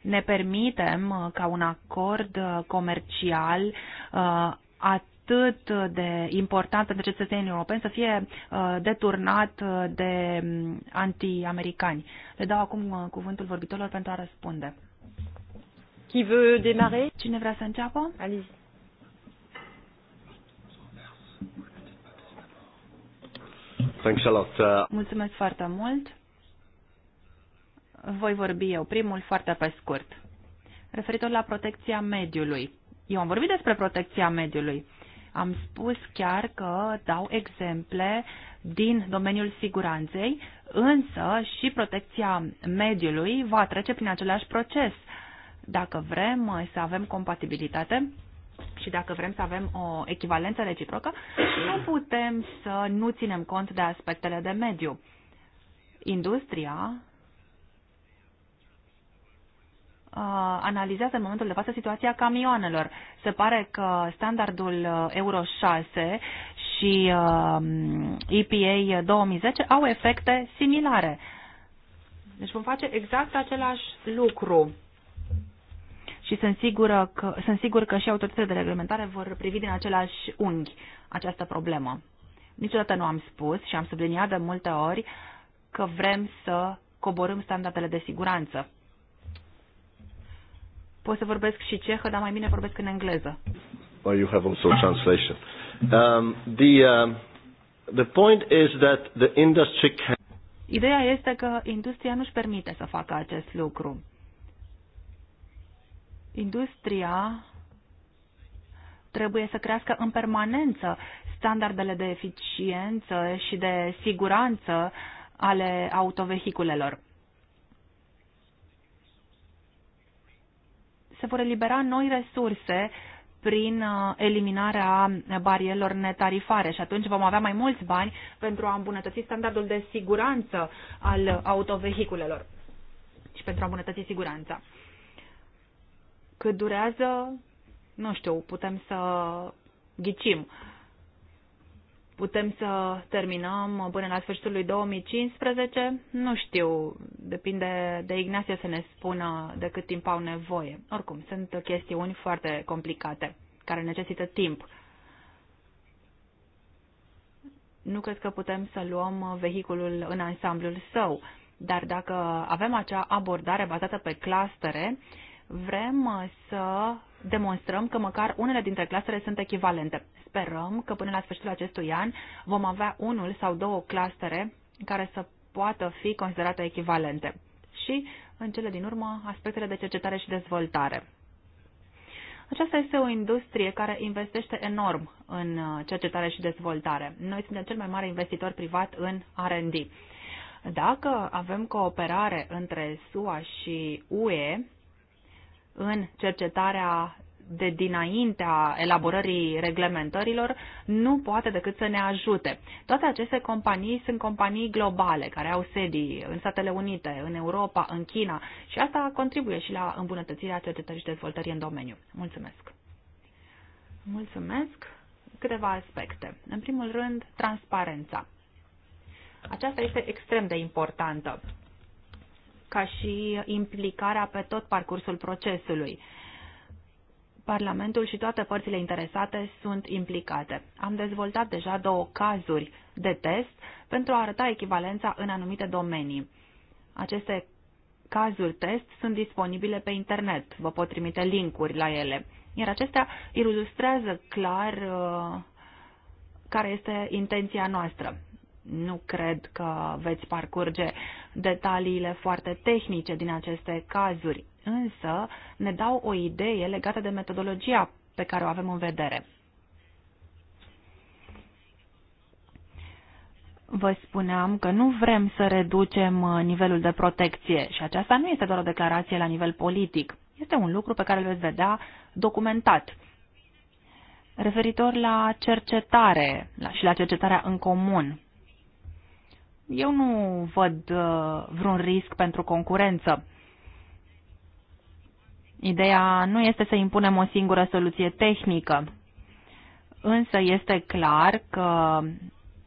S3: ne permitem uh, ca un acord uh, comercial uh, atât de important pentru cetățenii europeni să fie uh, deturnat uh, de um, anti-americani. Le dau acum cuvântul vorbitorilor pentru a răspunde. Qui veut démarrer Cine vrea să înceapă? Alice.
S2: Thanks a lot. Uh,
S3: Mulțumesc foarte mult. Voi vorbi eu primul foarte pe scurt. Referitor la protecția mediului. Eu am vorbit despre protecția mediului. Am spus chiar că dau exemple din domeniul siguranței, însă și protecția mediului va trece prin același proces. Uh, dacă vrem uh, să avem compatibilitate și dacă vrem să avem o echivalență reciprocă, nu putem să nu ținem cont de aspectele de mediu. Industria uh, analizează în momentul de față situația camioanelor. Se pare că standardul uh, Euro 6 și EPA 2010 au efecte similare. Deci vom face exact același lucru și sunt, sigură că, sunt sigur că și autoritățile de reglementare vor privi din același unghi această problemă. Niciodată nu am spus și am subliniat de multe ori că vrem să coborâm standardele de siguranță. Pot să vorbesc și cehă, dar mai bine vorbesc în engleză.
S2: Well, you have also translation. Um, the, um,
S1: the point is that the industry can...
S3: Ideea este că industria nu-și permite să facă acest lucru. Industria trebuie să crească în permanență standardele de eficiență și de siguranță ale autovehiculelor. Se vor elibera noi resurse prin uh, eliminarea barierelor netarifare și atunci vom avea mai mulți bani pentru a îmbunătăți standardul de siguranță al autovehiculelor și pentru a îmbunătăți siguranța. Cât durează, nu știu, putem să ghicim. Putem să terminăm până la sfârșitul lui 2015? Nu știu, depinde de Ignația să ne spună de cât timp au nevoie. Oricum, sunt chestiuni foarte complicate, care necesită timp. Nu cred că putem să luăm vehiculul în ansamblul său, dar dacă avem acea abordare bazată pe clustere, uh, Vrem uh, să demonstrăm că măcar unele dintre clasele sunt echivalente. Sperăm că până la sfârșitul acestui an vom avea unul sau două clastere care să poată fi considerate echivalente. Și, în cele din urmă, aspectele de cercetare și dezvoltare. Aceasta este o industrie care investește enorm în uh, cercetare și dezvoltare. Noi suntem cel mai mare investitor privat în R&D. Dacă avem cooperare între SUA și UE, în cercetarea de dinainte a elaborării reglementărilor nu poate decât să ne ajute. Toate aceste companii sunt companii globale care au sedii în Statele Unite, în Europa, în China și asta contribuie și la îmbunătățirea cercetării și dezvoltării în domeniu. Mulțumesc! Mulțumesc! Câteva aspecte. În primul rând, transparența. Aceasta este extrem de importantă ca și implicarea pe tot parcursul procesului. Parlamentul și toate părțile interesate sunt implicate. Am dezvoltat deja două cazuri de test pentru a arăta echivalența în anumite domenii. Aceste cazuri test sunt disponibile pe internet, vă pot trimite linkuri la ele. Iar acestea ilustrează clar uh, care este intenția noastră nu cred că veți parcurge detaliile foarte tehnice din aceste cazuri, însă ne dau o idee legată de metodologia pe care o avem în vedere. Vă spuneam că nu vrem să reducem uh, nivelul de protecție și aceasta nu este doar o declarație la nivel politic. Este un lucru pe care îl veți vedea documentat. Referitor la cercetare la, și la cercetarea în comun, eu nu văd uh, vreun risc pentru concurență. Ideea nu este să impunem o singură soluție tehnică, însă este clar că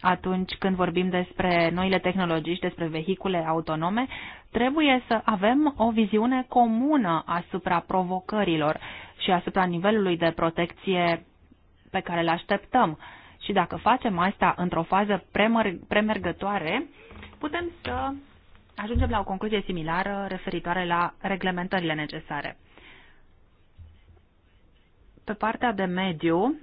S3: atunci când vorbim despre noile tehnologii și despre vehicule autonome, trebuie să avem o viziune comună asupra provocărilor și asupra nivelului de protecție pe care le așteptăm. Și dacă facem asta într-o fază premergătoare, putem să ajungem la o concluzie similară referitoare la reglementările necesare. Pe partea de mediu,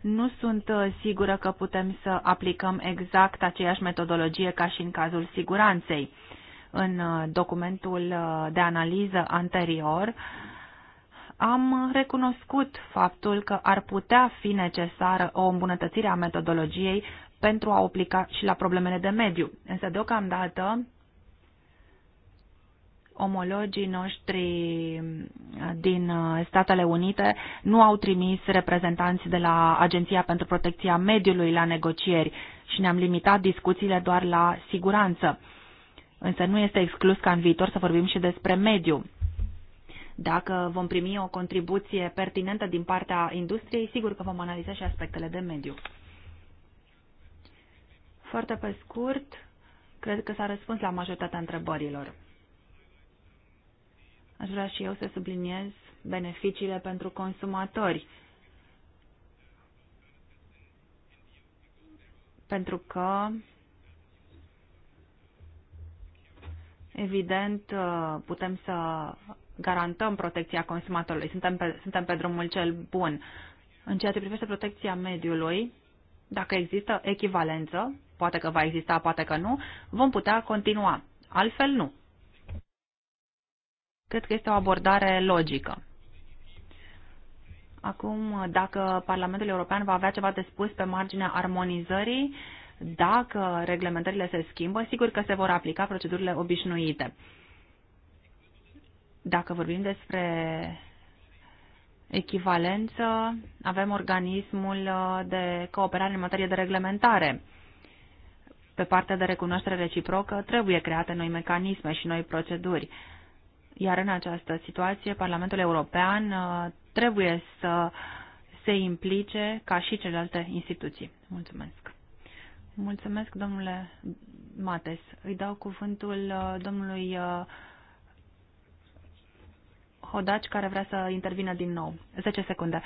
S3: nu sunt uh, sigură că putem să aplicăm exact aceeași metodologie ca și în cazul siguranței. În uh, documentul uh, de analiză anterior, uh, am recunoscut faptul că ar putea fi necesară o îmbunătățire a metodologiei pentru a aplica și la problemele de mediu. Însă, deocamdată, omologii noștri din Statele Unite nu au trimis reprezentanți de la Agenția pentru Protecția Mediului la negocieri și ne-am limitat discuțiile doar la siguranță. Însă nu este exclus ca în viitor să vorbim și despre mediu. Dacă vom primi o contribuție pertinentă din partea industriei, sigur că vom analiza și aspectele de mediu. Foarte pe scurt, cred că s-a răspuns la majoritatea întrebărilor. Aș vrea și eu să subliniez beneficiile pentru consumatori. Pentru că, evident, putem să garantăm protecția consumatorului. Suntem pe, suntem pe drumul cel bun. În ceea ce privește protecția mediului, dacă există echivalență, poate că va exista, poate că nu, vom putea continua. Altfel nu. Cred că este o abordare logică. Acum, dacă Parlamentul European va avea ceva de spus pe marginea armonizării, dacă reglementările se schimbă, sigur că se vor aplica procedurile obișnuite. Dacă vorbim despre echivalență, avem organismul uh, de cooperare în materie de reglementare. Pe partea de recunoaștere reciprocă trebuie create noi mecanisme și noi proceduri. Iar în această situație, Parlamentul European uh, trebuie să se implice ca și celelalte instituții. Mulțumesc. Mulțumesc, domnule Mates. Îi dau cuvântul uh, domnului Hodaci, care vrea să intervină din nou. 10 secunde.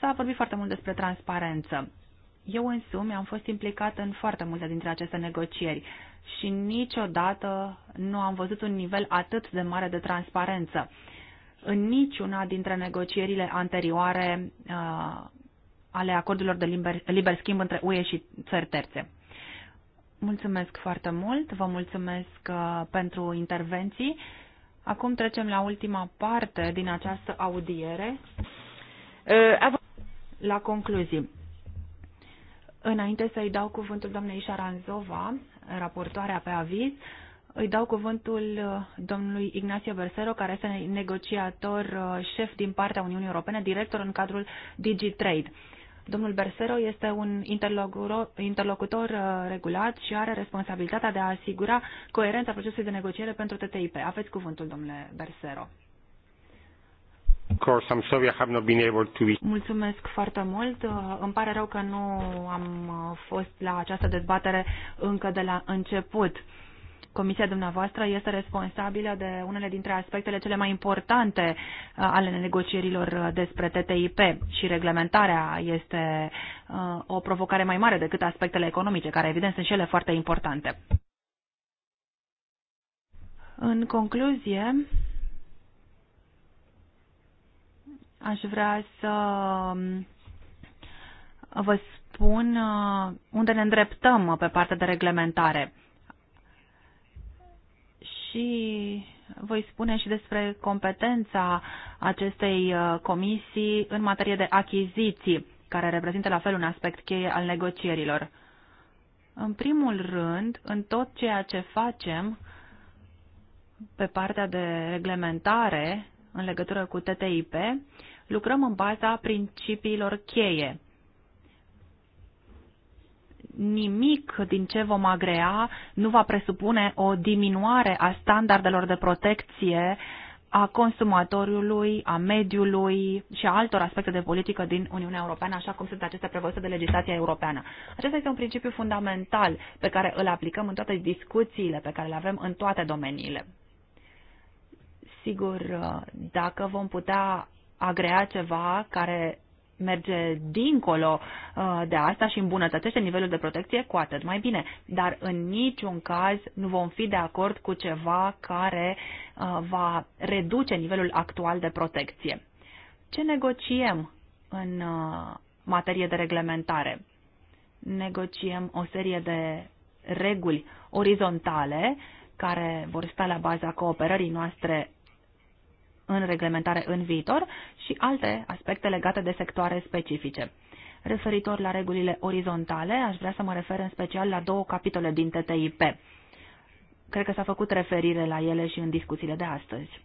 S3: S-a vorbit foarte mult despre transparență. Eu însumi am fost implicat în foarte multe dintre aceste negocieri și niciodată nu am văzut un nivel atât de mare de transparență. În niciuna dintre negocierile anterioare uh, ale acordurilor de liber, liber schimb între UE și țări terțe. Mulțumesc foarte mult, vă mulțumesc uh, pentru intervenții Acum trecem la ultima parte din această audiere, uh, la concluzii. Înainte să-i dau cuvântul doamnei Șaranzova, raportoarea pe aviz, îi dau cuvântul uh, domnului Ignacio Bersero, care este negociator uh, șef din partea Uniunii Europene, director în cadrul DigiTrade. Domnul Bersero este un interlocutor uh, regulat și are responsabilitatea de a asigura coerența procesului de negociere pentru TTIP. Aveți cuvântul, domnule Bersero. Mulțumesc foarte mult. Uh, îmi pare rău că nu am uh, fost la această dezbatere încă de la început comisia dumneavoastră este responsabilă de unele dintre aspectele cele mai importante uh, ale negocierilor uh, despre TTIP și reglementarea este uh, o provocare mai mare decât aspectele economice, care evident sunt și ele foarte importante. În concluzie, aș vrea să um, vă spun unde ne îndreptăm pe partea de reglementare și voi spune și despre competența acestei uh, comisii în materie de achiziții, care reprezintă la fel un aspect cheie al negocierilor. În primul rând, în tot ceea ce facem pe partea de reglementare în legătură cu TTIP, lucrăm în baza principiilor cheie nimic din ce vom agrea nu va presupune o diminuare a standardelor de protecție a consumatorului, a mediului și a altor aspecte de politică din Uniunea Europeană, așa cum sunt acestea prevăzute de legislația europeană. Acesta este un principiu fundamental pe care îl aplicăm în toate discuțiile pe care le avem în toate domeniile. Sigur, dacă vom putea agrea ceva care merge dincolo uh, de asta și îmbunătățește nivelul de protecție, cu atât mai bine. Dar în niciun caz nu vom fi de acord cu ceva care uh, va reduce nivelul actual de protecție. Ce negociem în uh, materie de reglementare? Negociem o serie de reguli orizontale care vor sta la baza cooperării noastre în reglementare în viitor și alte aspecte legate de sectoare specifice. Referitor la regulile orizontale, aș vrea să mă refer în special la două capitole din TTIP. Cred că s-a făcut referire la ele și în discuțiile de astăzi.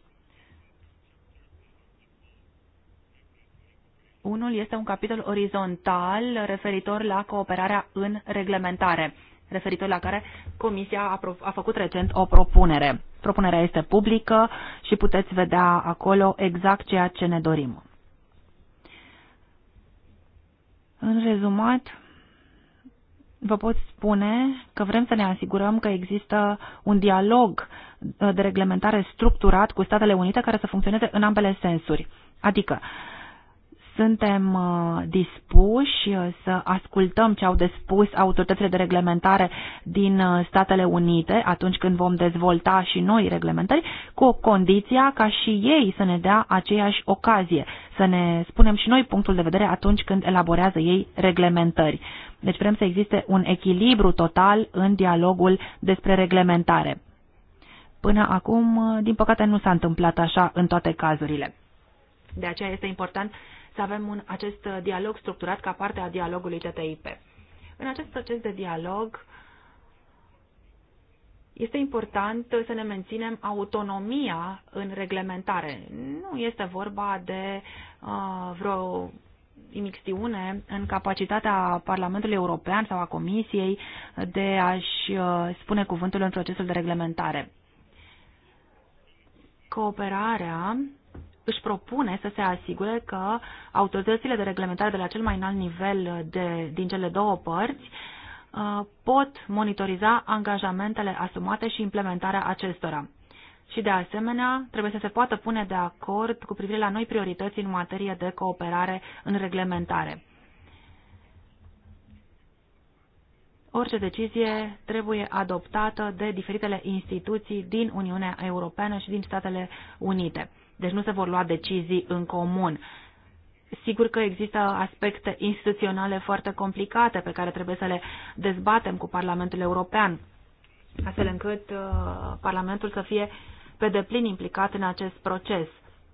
S3: Unul este un capitol orizontal referitor la cooperarea în reglementare referitor la care Comisia a, a făcut recent o propunere. Propunerea este publică și puteți vedea acolo exact ceea ce ne dorim. În rezumat, vă pot spune că vrem să ne asigurăm că există un dialog uh, de reglementare structurat cu Statele Unite care să funcționeze în ambele sensuri. Adică, uh, suntem uh, dispuși uh, să ascultăm ce au de spus autoritățile de reglementare din uh, Statele Unite atunci când vom dezvolta și noi reglementări, cu condiția ca și ei să ne dea aceeași ocazie, să ne spunem și noi punctul de vedere atunci când elaborează ei reglementări. Deci vrem să existe un echilibru total în dialogul despre reglementare. Până acum, din păcate, nu s-a întâmplat așa în toate cazurile. De aceea este important să avem un, acest uh, dialog structurat ca parte a dialogului TTIP. În acest proces de dialog este important să ne menținem autonomia în reglementare. Nu este vorba de uh, vreo imixtiune în capacitatea Parlamentului European sau a Comisiei de a-și uh, spune cuvântul în procesul de reglementare. Cooperarea își propune să se asigure că autoritățile de reglementare de la cel mai înalt nivel de, din cele două părți uh, pot monitoriza angajamentele asumate și implementarea acestora. Și de asemenea, trebuie să se poată pune de acord cu privire la noi priorități în materie de cooperare în reglementare. Orice decizie trebuie adoptată de diferitele instituții din Uniunea Europeană și din Statele Unite. Deci nu se vor lua decizii în comun. Sigur că există aspecte instituționale foarte complicate pe care trebuie să le dezbatem cu Parlamentul European, astfel încât uh, Parlamentul să fie pe deplin implicat în acest proces.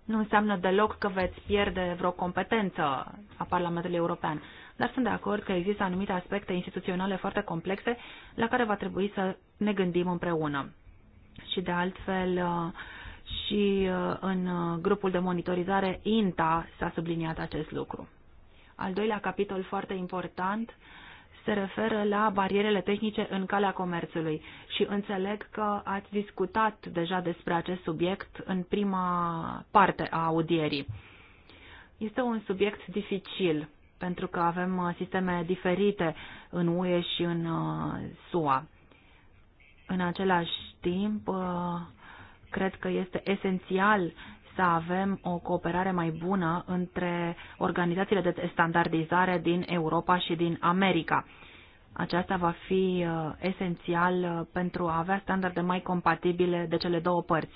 S3: Nu înseamnă deloc că veți pierde vreo competență a Parlamentului European, dar sunt de acord că există anumite aspecte instituționale foarte complexe la care va trebui să ne gândim împreună. Și de altfel, uh, și uh, în uh, grupul de monitorizare INTA s-a subliniat acest lucru. Al doilea capitol foarte important se referă la barierele tehnice în calea comerțului și înțeleg că ați discutat deja despre acest subiect în prima parte a audierii. Este un subiect dificil pentru că avem uh, sisteme diferite în UE și în SUA. În același timp, Cred că este esențial să avem o cooperare mai bună între organizațiile de standardizare din Europa și din America. Aceasta va fi uh, esențial uh, pentru a avea standarde mai compatibile de cele două părți.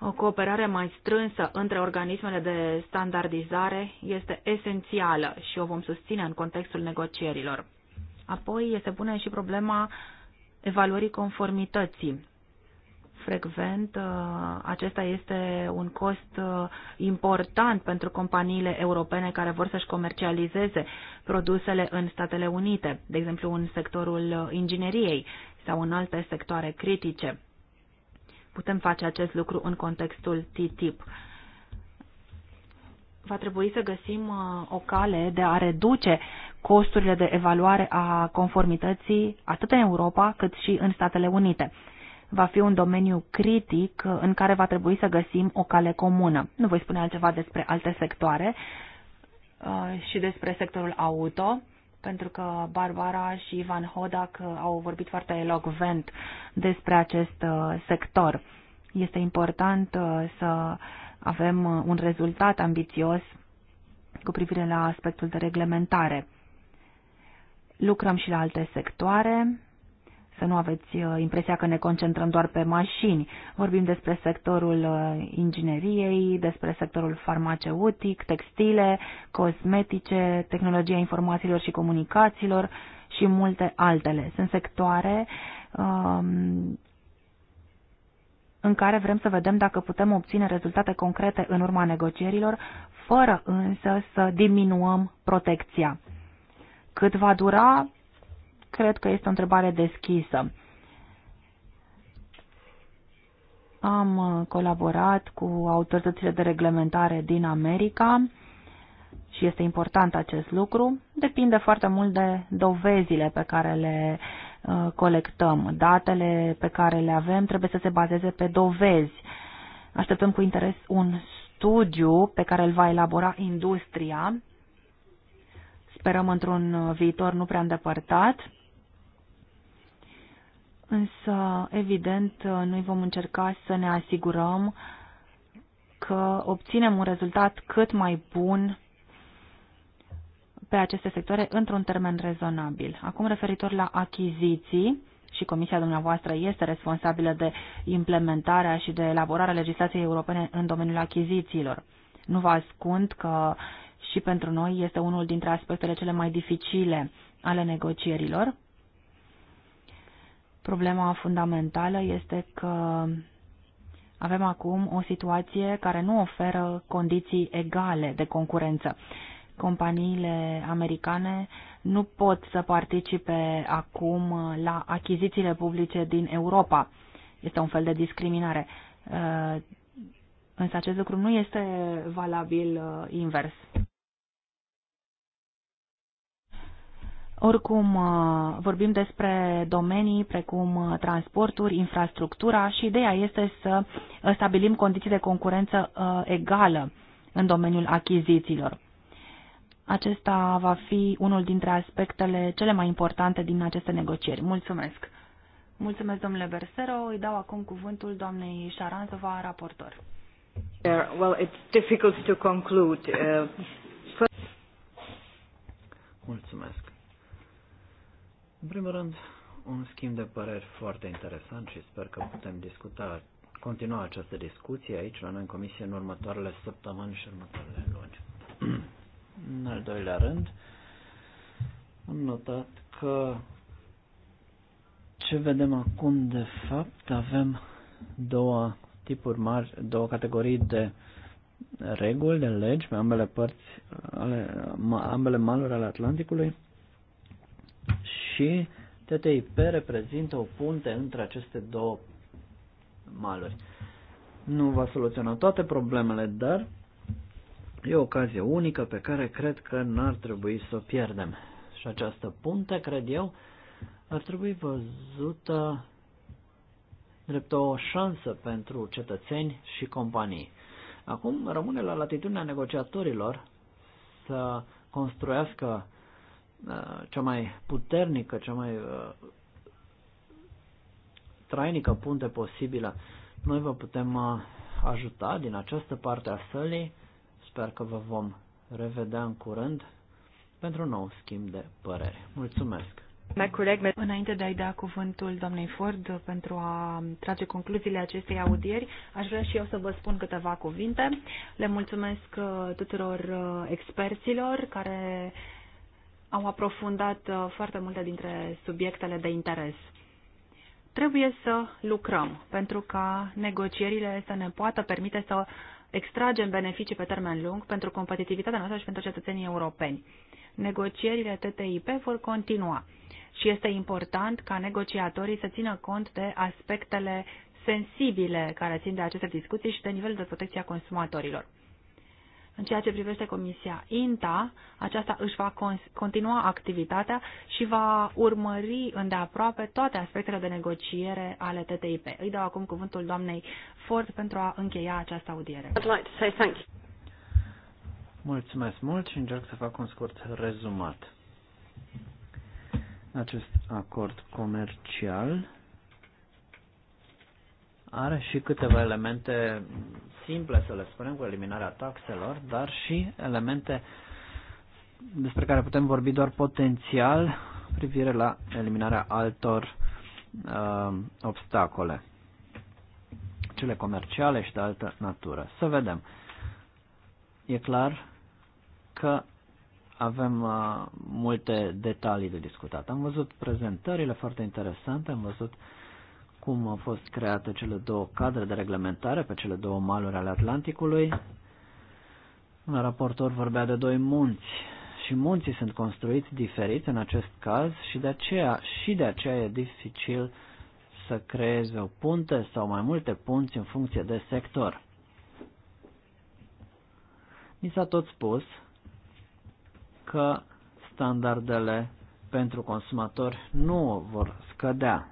S3: O cooperare mai strânsă între organismele de standardizare este esențială și o vom susține în contextul negocierilor. Apoi se pune și problema evaluării conformității frecvent, uh, acesta este un cost uh, important pentru companiile europene care vor să-și comercializeze produsele în Statele Unite, de exemplu în sectorul uh, ingineriei sau în alte sectoare critice. Putem face acest lucru în contextul TTIP va trebui să găsim o cale de a reduce costurile de evaluare a conformității atât în Europa cât și în Statele Unite va fi un domeniu critic în care va trebui să găsim o cale comună. Nu voi spune altceva despre alte sectoare uh, și despre sectorul auto, pentru că Barbara și Ivan Hodac uh, au vorbit foarte elocvent despre acest uh, sector. Este important să avem un rezultat ambițios cu privire la aspectul de reglementare. Lucrăm și la alte sectoare, să nu aveți uh, impresia că ne concentrăm doar pe mașini. Vorbim despre sectorul uh, ingineriei, despre sectorul farmaceutic, textile, cosmetice, tehnologia informațiilor și comunicațiilor și multe altele. Sunt sectoare um, în care vrem să vedem dacă putem obține rezultate concrete în urma negocierilor, fără însă să diminuăm protecția. Cât va dura, cred că este o întrebare deschisă. Am uh, colaborat cu autoritățile de reglementare din America și este important acest lucru. Depinde foarte mult de dovezile pe care le uh, colectăm. Datele pe care le avem trebuie să se bazeze pe dovezi. Așteptăm cu interes un studiu pe care îl va elabora industria. Sperăm într-un uh, viitor nu prea îndepărtat însă, evident, noi vom încerca să ne asigurăm că obținem un rezultat cât mai bun pe aceste sectoare într-un termen rezonabil. Acum, referitor la achiziții, și comisia dumneavoastră este responsabilă de implementarea și de elaborarea legislației europene în domeniul achizițiilor. Nu vă ascund că și pentru noi este unul dintre aspectele cele mai dificile ale negocierilor, Problema fundamentală este că avem acum o situație care nu oferă condiții egale de concurență. Companiile americane nu pot să participe acum la achizițiile publice din Europa. Este un fel de discriminare. Uh, însă acest lucru nu este valabil uh, invers. Oricum, uh, vorbim despre domenii precum uh, transporturi, infrastructura și ideea este să uh, stabilim condiții de concurență egală în domeniul achizițiilor. Acesta va fi unul dintre aspectele cele mai importante din aceste negocieri. Mulțumesc! Mulțumesc, domnule Bersero. Îi dau acum cuvântul doamnei Șaranzova, raportor.
S4: Well, it's difficult to conclude. Uh, Mulțumesc. În primul rând, un schimb de păreri foarte interesant și sper că putem discuta, continua această discuție aici la noi în comisie în următoarele săptămâni și următoarele luni. în al doilea rând, am notat că ce vedem acum, de fapt, avem două tipuri mari, două categorii de reguli, de legi pe ambele părți, ale, ambele maluri ale Atlanticului și TTIP reprezintă o punte între aceste două maluri. Nu va soluționa toate problemele, dar e o ocazie unică pe care cred că n-ar trebui să o pierdem. Și această punte, cred eu, ar trebui văzută drept o șansă pentru cetățeni și companii. Acum rămâne la latitudinea negociatorilor să construiască Uh, cea mai puternică, cea mai uh, trainică punte posibilă. Noi vă putem uh, ajuta din această parte a sălii. Sper că vă vom revedea în curând pentru un nou schimb de părere. Mulțumesc!
S3: coleg, înainte de a-i da cuvântul doamnei Ford pentru a trage concluziile acestei audieri, aș vrea și eu să vă spun câteva cuvinte. Le mulțumesc tuturor experților care au aprofundat uh, foarte multe dintre subiectele de interes. Trebuie să lucrăm pentru ca negocierile să ne poată permite să extragem beneficii pe termen lung pentru competitivitatea noastră și pentru cetățenii europeni. Negocierile TTIP vor continua și este important ca negociatorii să țină cont de aspectele sensibile care țin de aceste discuții și de nivelul de protecție a consumatorilor. În ceea ce privește Comisia INTA, aceasta își va continua activitatea și va urmări îndeaproape toate aspectele de negociere ale TTIP. Îi dau acum cuvântul doamnei Ford pentru a încheia această audiere.
S4: Mulțumesc mult și încerc să fac un scurt rezumat. Acest acord comercial are și câteva elemente simple, să le spunem, cu eliminarea taxelor, dar și elemente despre care putem vorbi doar potențial privire la eliminarea altor uh, obstacole, cele comerciale și de altă natură. Să vedem. E clar că avem uh, multe detalii de discutat. Am văzut prezentările foarte interesante, am văzut uh, cum au fost create cele două cadre de reglementare pe cele două maluri ale Atlanticului. Un raportor vorbea de doi munți și munții sunt construiți diferit în acest caz și de aceea, și de aceea e dificil să creeze o punte sau mai multe punți în funcție de sector. Mi s-a tot spus că standardele pentru consumatori nu vor scădea.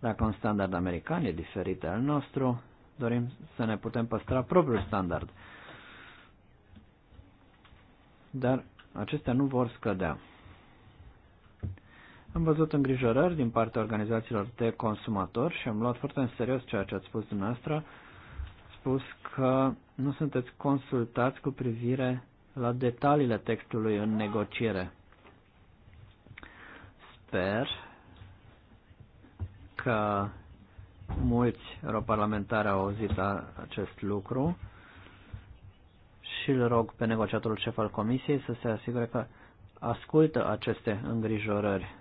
S4: Dacă un standard american e diferit al nostru, dorim să ne putem păstra propriul standard. Dar acestea nu vor scădea. Am văzut îngrijorări din partea organizațiilor de consumatori și am luat foarte în serios ceea ce ați spus dumneavoastră, spus că nu sunteți consultați cu privire la detaliile textului în negociere. Sper că mulți europarlamentari au auzit acest lucru și îl rog pe negociatorul șef al Comisiei să se asigure că ascultă aceste îngrijorări.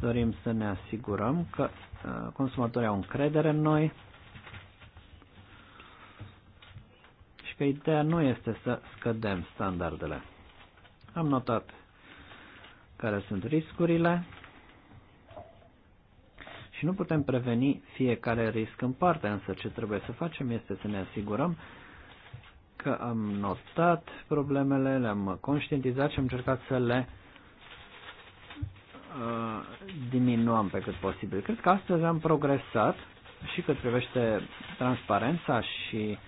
S4: Dorim să ne asigurăm că consumatorii au încredere în noi și că ideea nu este să scădem standardele. Am notat care sunt riscurile și nu putem preveni fiecare risc în parte, însă ce trebuie să facem este să ne asigurăm că am notat problemele, le-am conștientizat și am încercat să le uh, diminuăm pe cât posibil. Cred că astăzi am progresat și cât privește transparența și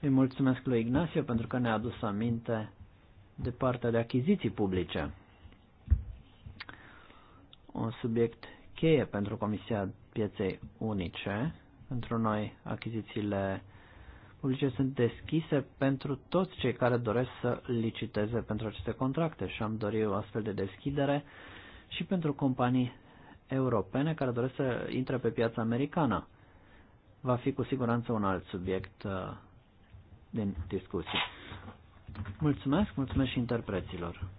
S4: îi mulțumesc lui Ignacio pentru că ne-a adus aminte de partea de achiziții publice. Un subiect cheie pentru Comisia Pieței Unice. Pentru noi, achizițiile publice sunt deschise pentru toți cei care doresc să liciteze pentru aceste contracte și am dorit o astfel de deschidere și pentru companii europene care doresc să intre pe piața americană. Va fi cu siguranță un alt subiect uh, din discuții. Mulțumesc, mulțumesc și interpreților.